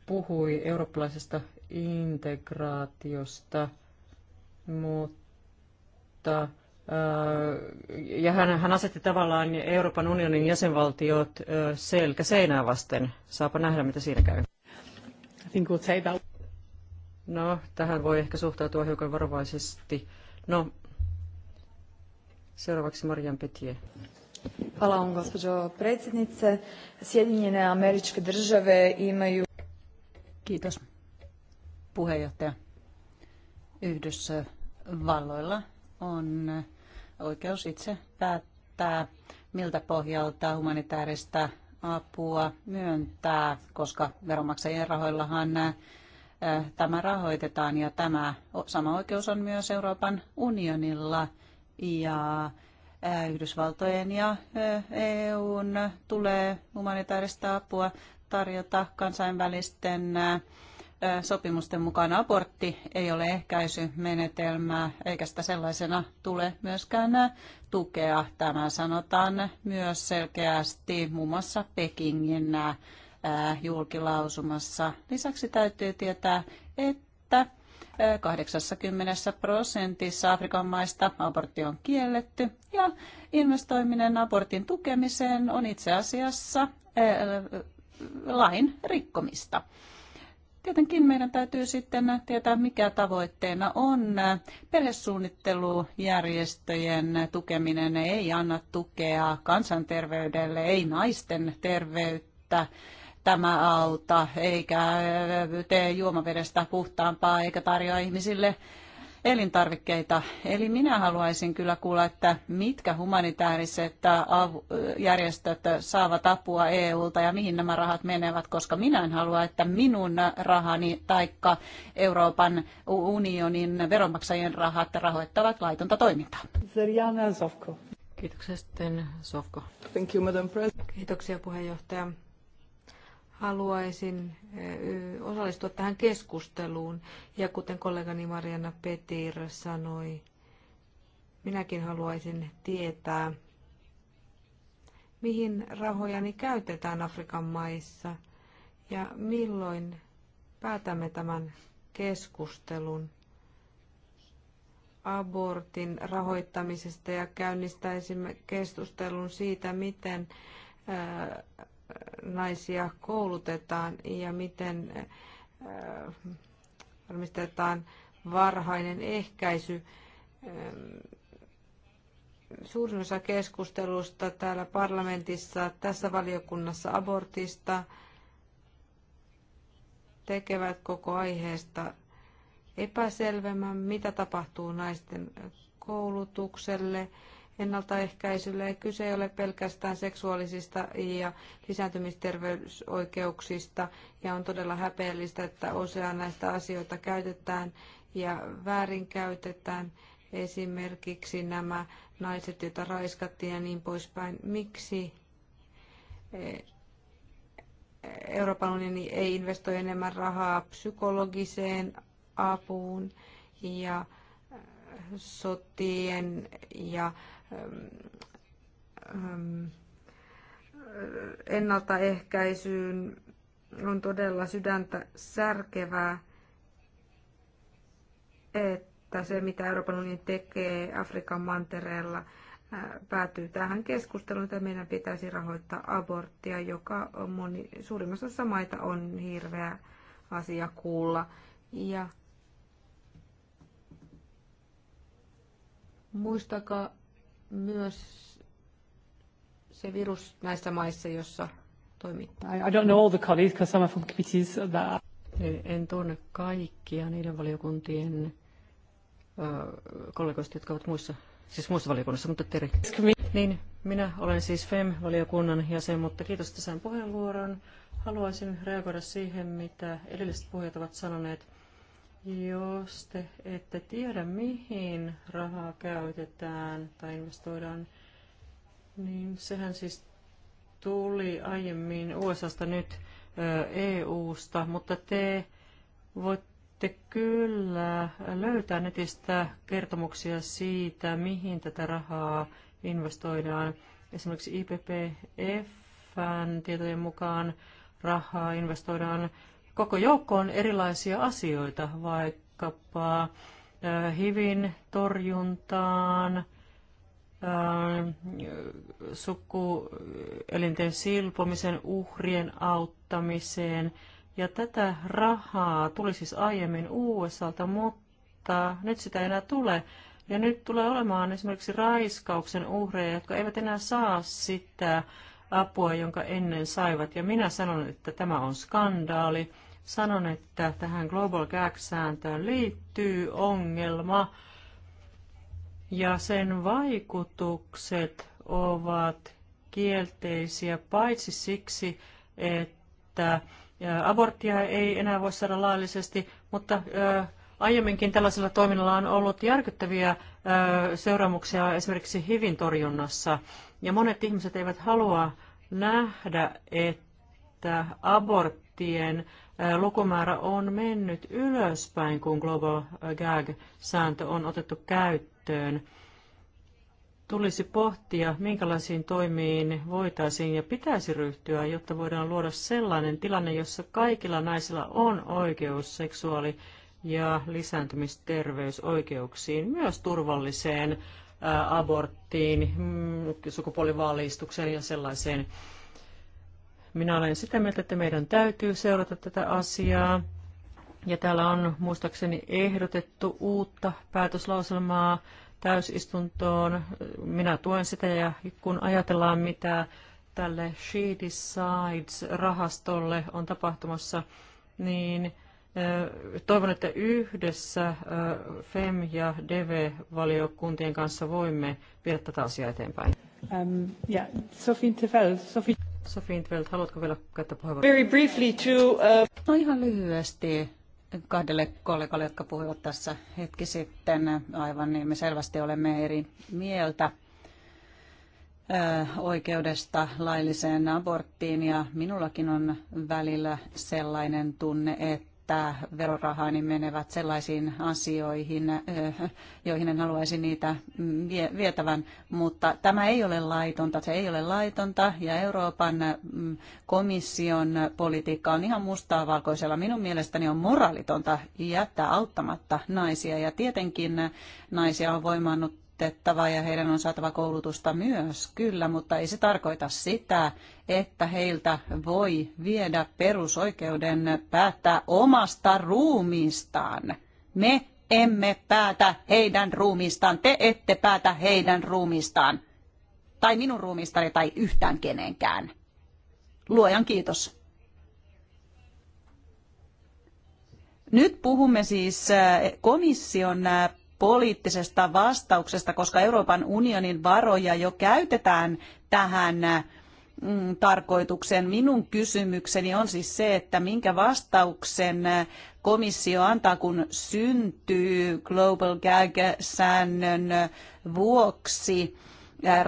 S2: puhui eurooppalaisesta integraatiosta, mutta äh, ja hän, hän asetti tavallaan Euroopan unionin jäsenvaltiot äh, selkä seinää vasten. Saapa nähdä, mitä siinä käy. No, tähän voi ehkä suhtautua hiukan varovaisesti. No, seuraavaksi Marian Petje.
S3: Hvala vam,
S1: gospođo predsjednice. Sjedinjene američke države imaju... Kiitos puheenjohtaja. Yhdysvalloilla on oikeus itse päättää, miltä pohjalta humanitaarista apua myöntää, koska veronmaksajien rahoillahan tämä rahoitetaan ja tämä sama oikeus on myös Euroopan unionilla ja Yhdysvaltojen ja EUn tulee humanitaarista apua tarjota kansainvälisten sopimusten mukaan abortti ei ole ehkäisymenetelmää, eikä sitä sellaisena tule myöskään tukea. Tämä sanotaan myös selkeästi muun muassa Pekingin julkilausumassa. Lisäksi täytyy tietää, että 80 prosentissa Afrikan maista abortti on kielletty ja investoiminen abortin tukemiseen on itse asiassa lain rikkomista. Tietenkin meidän täytyy sitten tietää, mikä tavoitteena on. Perhesuunnittelujärjestöjen tukeminen ei anna tukea kansanterveydelle, ei naisten terveyttä tämä auta, eikä tee juomavedestä puhtaampaa, eikä tarjoa ihmisille elintarvikkeita. Eli minä haluaisin kyllä kuulla, että mitkä humanitaariset järjestöt saavat apua EUlta ja mihin nämä rahat menevät, koska minä en halua, että minun rahani taikka Euroopan unionin veronmaksajien rahat rahoittavat laitonta toimintaa.
S2: Kiitoksia sitten Sofko. Thank you, Madam
S3: President. Kiitoksia puheenjohtaja haluaisin eh, osallistua tähän keskusteluun. Ja kuten kollegani Mariana Petir sanoi, minäkin haluaisin tietää, mihin rahojani käytetään Afrikan maissa ja milloin päätämme tämän keskustelun abortin rahoittamisesta ja käynnistäisimme keskustelun siitä, miten eh, naisia koulutetaan ja miten äh, varmistetaan varhainen ehkäisy. Ähm, suurin osa keskustelusta täällä parlamentissa, tässä valiokunnassa abortista, tekevät koko aiheesta epäselvemmän, mitä tapahtuu naisten koulutukselle, ennaltaehkäisylle. Kyse ei ole pelkästään seksuaalisista ja lisääntymisterveysoikeuksista ja on todella häpeällistä, että osa näistä asioita käytetään ja väärinkäytetään esimerkiksi nämä naiset, joita raiskattiin ja niin poispäin. Miksi e, Euroopan unioni ei investoi enemmän rahaa psykologiseen apuun ja sotien ja ennaltaehkäisyyn on todella sydäntä särkevää, että se mitä Euroopan unioni tekee Afrikan mantereella päätyy tähän keskusteluun, että meidän pitäisi rahoittaa aborttia, joka on moni, suurimmassa osassa maita on hirveä asia kuulla. Ja muistakaa myös se virus näissä maissa, jossa toimii? I, don't know
S2: all the colleagues because some are from committees that... Uh, en tunne kaikkia niiden valiokuntien kollegoista, jotka ovat muissa, siis muissa valiokunnissa, mutta Teri. Niin, minä olen siis FEM-valiokunnan jäsen, mutta kiitos, että sain puheenvuoron. Haluaisin reagoida siihen, mitä edelliset puhujat ovat sanoneet. Jos te ette tiedä, mihin rahaa käytetään tai investoidaan, niin sehän siis tuli aiemmin USAsta nyt EUsta, mutta te voitte kyllä löytää netistä kertomuksia siitä, mihin tätä rahaa investoidaan. Esimerkiksi IPPFn tietojen mukaan rahaa investoidaan koko joukkoon erilaisia asioita, vaikkapa HIVin torjuntaan, sukuelinten silpomisen uhrien auttamiseen. Ja tätä rahaa tuli siis aiemmin USAlta, mutta nyt sitä ei enää tule. Ja nyt tulee olemaan esimerkiksi raiskauksen uhreja, jotka eivät enää saa sitä apua, jonka ennen saivat. Ja minä sanon, että tämä on skandaali sanon, että tähän Global Gag-sääntöön liittyy ongelma ja sen vaikutukset ovat kielteisiä paitsi siksi, että aborttia ei enää voi saada laillisesti, mutta aiemminkin tällaisella toiminnalla on ollut järkyttäviä seuraamuksia esimerkiksi HIVin torjunnassa. Ja monet ihmiset eivät halua nähdä, että aborttien lukumäärä on mennyt ylöspäin, kun Global Gag-sääntö on otettu käyttöön. Tulisi pohtia, minkälaisiin toimiin voitaisiin ja pitäisi ryhtyä, jotta voidaan luoda sellainen tilanne, jossa kaikilla naisilla on oikeus seksuaali- ja lisääntymisterveysoikeuksiin, myös turvalliseen aborttiin, mm, sukupuolivalistukseen ja sellaiseen minä olen sitä mieltä, että meidän täytyy seurata tätä asiaa. Ja täällä on muistaakseni ehdotettu uutta päätöslauselmaa täysistuntoon. Minä tuen sitä ja kun ajatellaan, mitä tälle She Decides-rahastolle on tapahtumassa, niin toivon, että yhdessä FEM- ja DV-valiokuntien kanssa voimme viedä tätä asiaa eteenpäin.
S3: Um, yeah. Sophie Tefel,
S2: Sophie... Sofi haluatko vielä käyttää puheenvuoron? Very
S1: briefly to, uh... No ihan lyhyesti kahdelle kollegalle, jotka puhuivat tässä hetki sitten. Aivan niin, me selvästi olemme eri mieltä uh, oikeudesta lailliseen aborttiin ja minullakin on välillä sellainen tunne, että että verorahaani menevät sellaisiin asioihin, joihin en haluaisi niitä vietävän, mutta tämä ei ole laitonta, se ei ole laitonta ja Euroopan mm, komission politiikka on ihan mustaa valkoisella. Minun mielestäni on moraalitonta jättää auttamatta naisia ja tietenkin naisia on voimannut koulutettava ja heidän on saatava koulutusta myös, kyllä, mutta ei se tarkoita sitä, että heiltä voi viedä perusoikeuden päättää omasta ruumiistaan. Me emme päätä heidän ruumiistaan, te ette päätä heidän ruumiistaan, tai minun ruumiistani tai yhtään kenenkään. Luojan kiitos. Nyt puhumme siis eh, komission eh, poliittisesta vastauksesta, koska Euroopan unionin varoja jo käytetään tähän mm, tarkoitukseen. Minun kysymykseni on siis se, että minkä vastauksen komissio antaa, kun syntyy Global Gag-säännön vuoksi äh,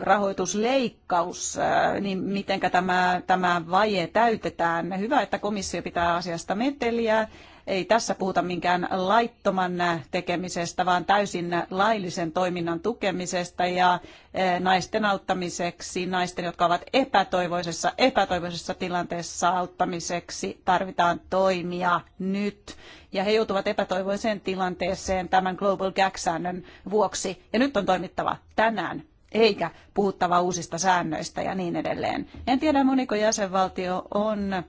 S1: rahoitusleikkaus, äh, niin miten tämä, tämä vaje täytetään. Hyvä, että komissio pitää asiasta meteliä. Ei tässä puhuta minkään laittoman tekemisestä, vaan täysin laillisen toiminnan tukemisesta ja eh, naisten auttamiseksi, naisten, jotka ovat epätoivoisessa, epätoivoisessa tilanteessa auttamiseksi, tarvitaan toimia nyt. Ja he joutuvat epätoivoiseen tilanteeseen tämän Global Gag-säännön vuoksi. Ja nyt on toimittava tänään eikä puhuttava uusista säännöistä ja niin edelleen. En tiedä, moniko jäsenvaltio on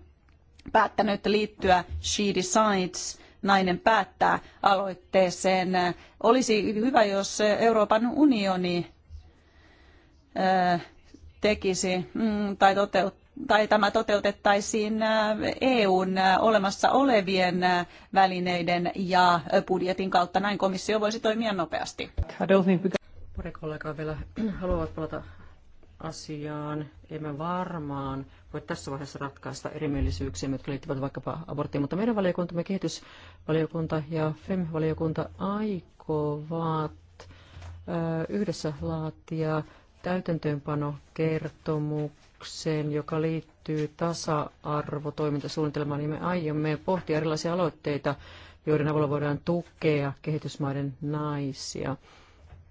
S1: päättänyt liittyä She Decides nainen päättää aloitteeseen. Olisi hyvä, jos Euroopan unioni tekisi mm, tai, toteut, tai tämä toteutettaisiin EUn olemassa olevien välineiden ja budjetin kautta. Näin komissio voisi toimia nopeasti.
S2: Pari kollegaa vielä haluavat palata asiaan emme varmaan voi tässä vaiheessa ratkaista erimielisyyksiä, jotka liittyvät vaikkapa aborttiin, mutta meidän valiokuntamme, kehitysvaliokunta ja FEM-valiokunta aikovat yhdessä laatia täytäntöönpanokertomuksen, joka liittyy tasa-arvotoimintasuunnitelmaan, niin me aiomme pohtia erilaisia aloitteita, joiden avulla voidaan tukea kehitysmaiden naisia –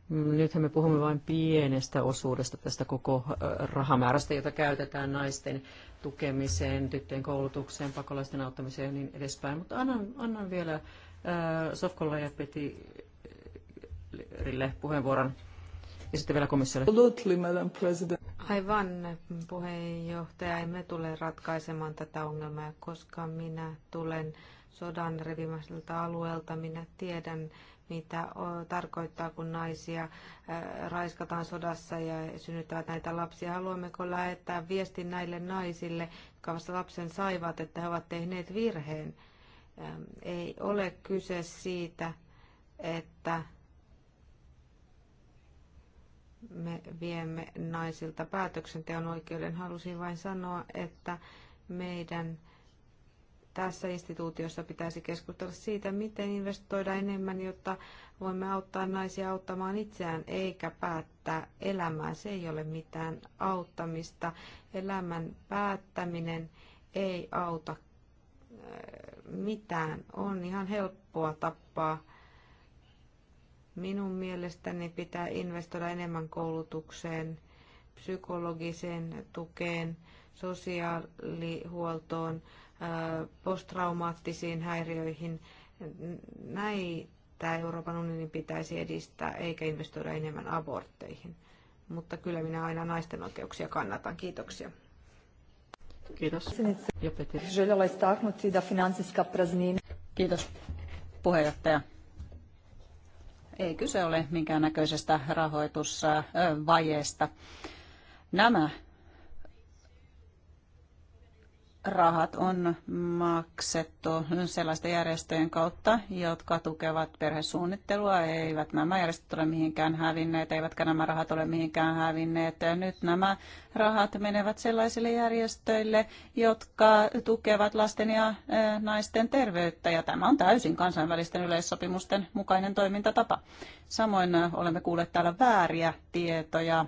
S2: Nythän me puhumme vain pienestä osuudesta tästä koko rahamäärästä, jota käytetään naisten tukemiseen, tyttöjen koulutukseen, pakolaisten auttamiseen ja niin edespäin. Mutta annan, annan vielä äh, Sofkolla ja Petirille puheenvuoron ja sitten vielä komissiolle.
S3: Aivan, puheenjohtaja. Emme tule ratkaisemaan tätä ongelmaa, koska minä tulen sodan revimäiseltä alueelta. Minä tiedän, mitä tarkoittaa, kun naisia raiskataan sodassa ja synnyttävät näitä lapsia. Haluammeko lähettää viestin näille naisille, jotka vasta lapsen saivat, että he ovat tehneet virheen? Ei ole kyse siitä, että me viemme naisilta päätöksenteon oikeuden. Halusin vain sanoa, että meidän tässä instituutiossa pitäisi keskustella siitä, miten investoida enemmän, jotta voimme auttaa naisia auttamaan itseään, eikä päättää elämää. Se ei ole mitään auttamista. Elämän päättäminen ei auta äh, mitään. On ihan helppoa tappaa. Minun mielestäni pitää investoida enemmän koulutukseen, psykologiseen tukeen, sosiaalihuoltoon, posttraumaattisiin häiriöihin. Näitä Euroopan unionin pitäisi edistää eikä investoida enemmän abortteihin. Mutta kyllä minä aina naisten oikeuksia kannatan.
S1: Kiitoksia. Kiitos. Željela Kiitos puheenjohtaja. Ei kyse ole minkäännäköisestä rahoitusvajeesta. Nämä rahat on maksettu sellaisten järjestöjen kautta, jotka tukevat perhesuunnittelua. Eivät nämä järjestöt ole mihinkään hävinneet, eivätkä nämä rahat ole mihinkään hävinneet. Nyt nämä rahat menevät sellaisille järjestöille, jotka tukevat lasten ja e, naisten terveyttä. Ja tämä on täysin kansainvälisten yleissopimusten mukainen toimintatapa. Samoin e, olemme kuulleet täällä vääriä tietoja,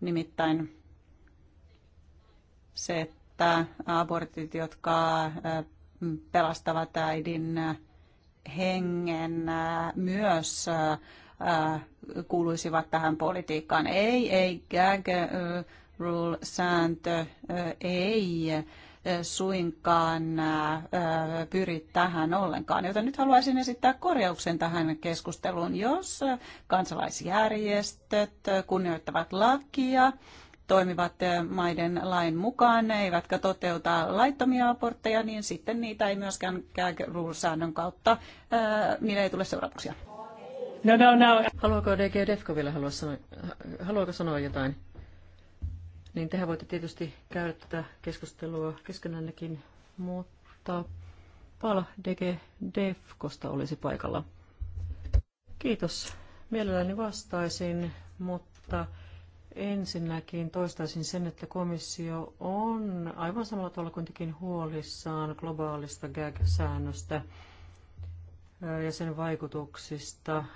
S1: nimittäin se, että että abortit, jotka pelastavat äidin hengen, myös kuuluisivat tähän politiikkaan. Ei, ei, gag rule-sääntö ei suinkaan pyri tähän ollenkaan. Joten nyt haluaisin esittää korjauksen tähän keskusteluun. Jos kansalaisjärjestöt kunnioittavat lakia, toimivat maiden lain mukaan, ne eivätkä toteuta laittomia abortteja, niin sitten niitä ei myöskään gag rule-säännön kautta, äh, niille ei tule seurauksia. No, no, no.
S2: Haluaako DG Defko vielä halua sanoa, haluaako sanoa jotain? Niin tehän voitte tietysti käydä tätä keskustelua keskenännekin, mutta Pala DG Defkosta olisi paikalla. Kiitos. Mielelläni vastaisin, mutta Ensinnäkin toistaisin sen, että komissio on aivan samalla tavalla kuitenkin huolissaan globaalista GAG-säännöstä äh, ja sen vaikutuksista äh,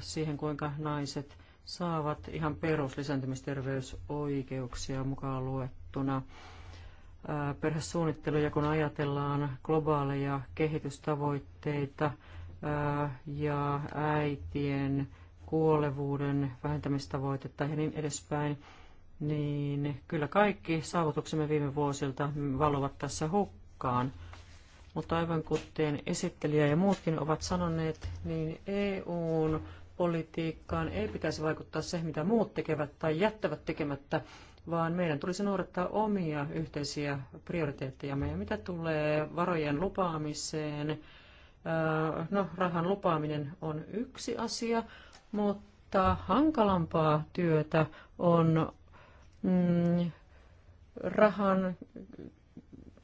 S2: siihen, kuinka naiset saavat ihan peruslisääntymisterveysoikeuksia mukaan luettuna äh, perhesuunnitteluja, kun ajatellaan globaaleja kehitystavoitteita ja äitien kuolevuuden vähentämistavoitetta ja niin edespäin, niin kyllä kaikki saavutuksemme viime vuosilta valuvat tässä hukkaan. Mutta aivan kuten esittelijä ja muutkin ovat sanoneet, niin EUn politiikkaan ei pitäisi vaikuttaa se, mitä muut tekevät tai jättävät tekemättä, vaan meidän tulisi noudattaa omia yhteisiä prioriteettejamme. Ja mitä tulee varojen lupaamiseen, no rahan lupaaminen on yksi asia, mutta hankalampaa työtä on mm, rahan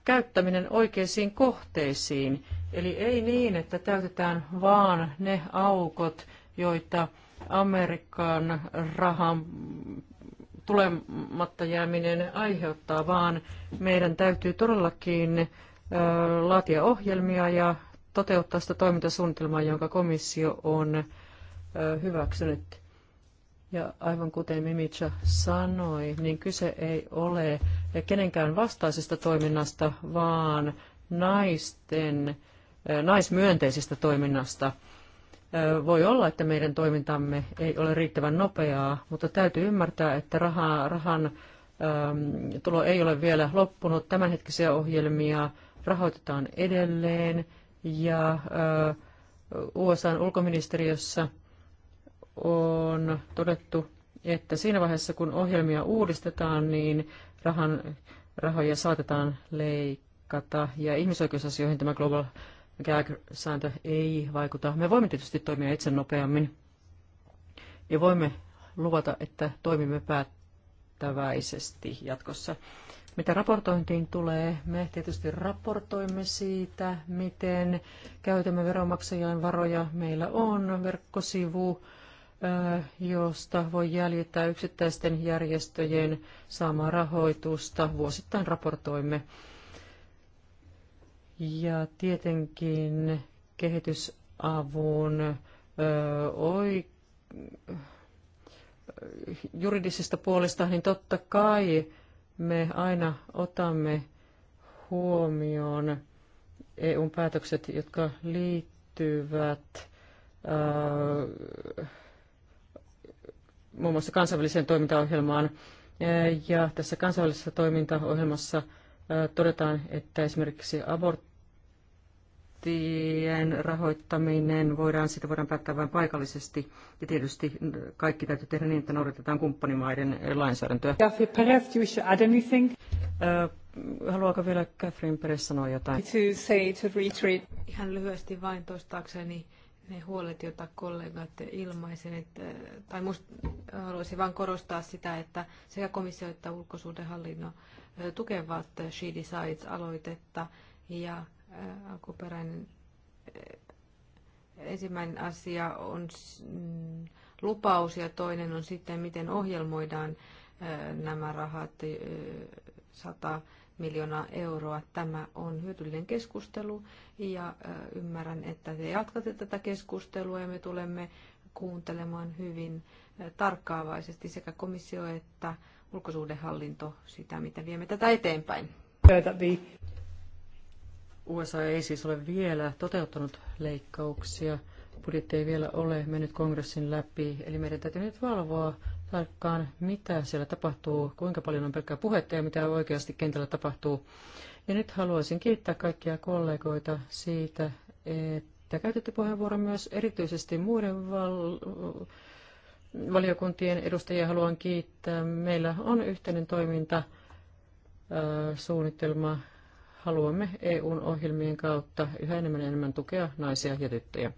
S2: käyttäminen oikeisiin kohteisiin. Eli ei niin, että täytetään vaan ne aukot, joita Amerikan rahan tulematta jääminen aiheuttaa, vaan meidän täytyy todellakin laatia ohjelmia ja toteuttaa sitä toimintasuunnitelmaa, jonka komissio on hyväksynyt. Ja aivan kuten Mimicha sanoi, niin kyse ei ole kenenkään vastaisesta toiminnasta, vaan naisten, naismyönteisestä toiminnasta. Voi olla, että meidän toimintamme ei ole riittävän nopeaa, mutta täytyy ymmärtää, että rahan, rahan tulo ei ole vielä loppunut. Tämänhetkisiä ohjelmia rahoitetaan edelleen ja USAn ulkoministeriössä – on todettu, että siinä vaiheessa, kun ohjelmia uudistetaan, niin rahan, rahoja saatetaan leikata. Ja ihmisoikeusasioihin tämä Global Gag-sääntö ei vaikuta. Me voimme tietysti toimia itse nopeammin ja voimme luvata, että toimimme päättäväisesti jatkossa. Mitä raportointiin tulee, me tietysti raportoimme siitä, miten käytämme veronmaksajien varoja. Meillä on verkkosivu, josta voi jäljittää yksittäisten järjestöjen saamaa rahoitusta. Vuosittain raportoimme. Ja tietenkin kehitysavun oi, juridisesta puolesta, niin totta kai me aina otamme huomioon EUn päätökset, jotka liittyvät muun muassa kansainväliseen toimintaohjelmaan. Ja tässä kansainvälisessä toimintaohjelmassa todetaan, että esimerkiksi aborttien rahoittaminen voidaan, sitä voidaan päättää vain paikallisesti. Ja tietysti kaikki täytyy tehdä niin, että noudatetaan kumppanimaiden lainsäädäntöä. Haluaako vielä Catherine Perez sanoa jotain? To
S3: say, to retreat. Ihan lyhyesti vain toistaakseni ne huolet, joita kollegat ilmaisivat, eh, tai minusta eh, haluaisin vain korostaa sitä, että sekä komissio että ulkosuhdehallinnon eh, tukevat She Decides-aloitetta, ja alkuperäinen ensimmäinen asia on mm, lupaus, ja toinen on sitten, miten ohjelmoidaan nämä rahat, 100 miljoonaa euroa. Tämä on hyödyllinen keskustelu ja ymmärrän, että te jatkatte tätä keskustelua ja me tulemme kuuntelemaan hyvin tarkkaavaisesti sekä komissio että ulkosuhdehallinto sitä, miten viemme tätä eteenpäin.
S2: USA ei siis ole vielä toteuttanut leikkauksia. Budjetti ei vielä ole mennyt kongressin läpi, eli meidän täytyy nyt valvoa tarkkaan, mitä siellä tapahtuu, kuinka paljon on pelkkää puhetta ja mitä oikeasti kentällä tapahtuu. Ja nyt haluaisin kiittää kaikkia kollegoita siitä, että käytitte puheenvuoron myös erityisesti muiden val- valiokuntien edustajia haluan kiittää. Meillä on yhteinen toiminta suunnitelma. Haluamme eu ohjelmien kautta yhä enemmän ja enemmän tukea naisia ja tyttöjä.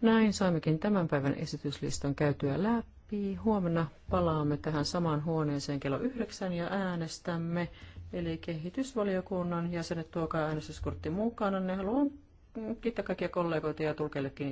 S2: Näin saimmekin tämän päivän esityslistan käytyä läpi sopii, huomenna palaamme tähän samaan huoneeseen kello yhdeksän ja äänestämme. Eli kehitysvaliokunnan jäsenet tuokaa äänestyskortti mukana. Ne haluan kiittää kaikkia kollegoita ja tulkeillekin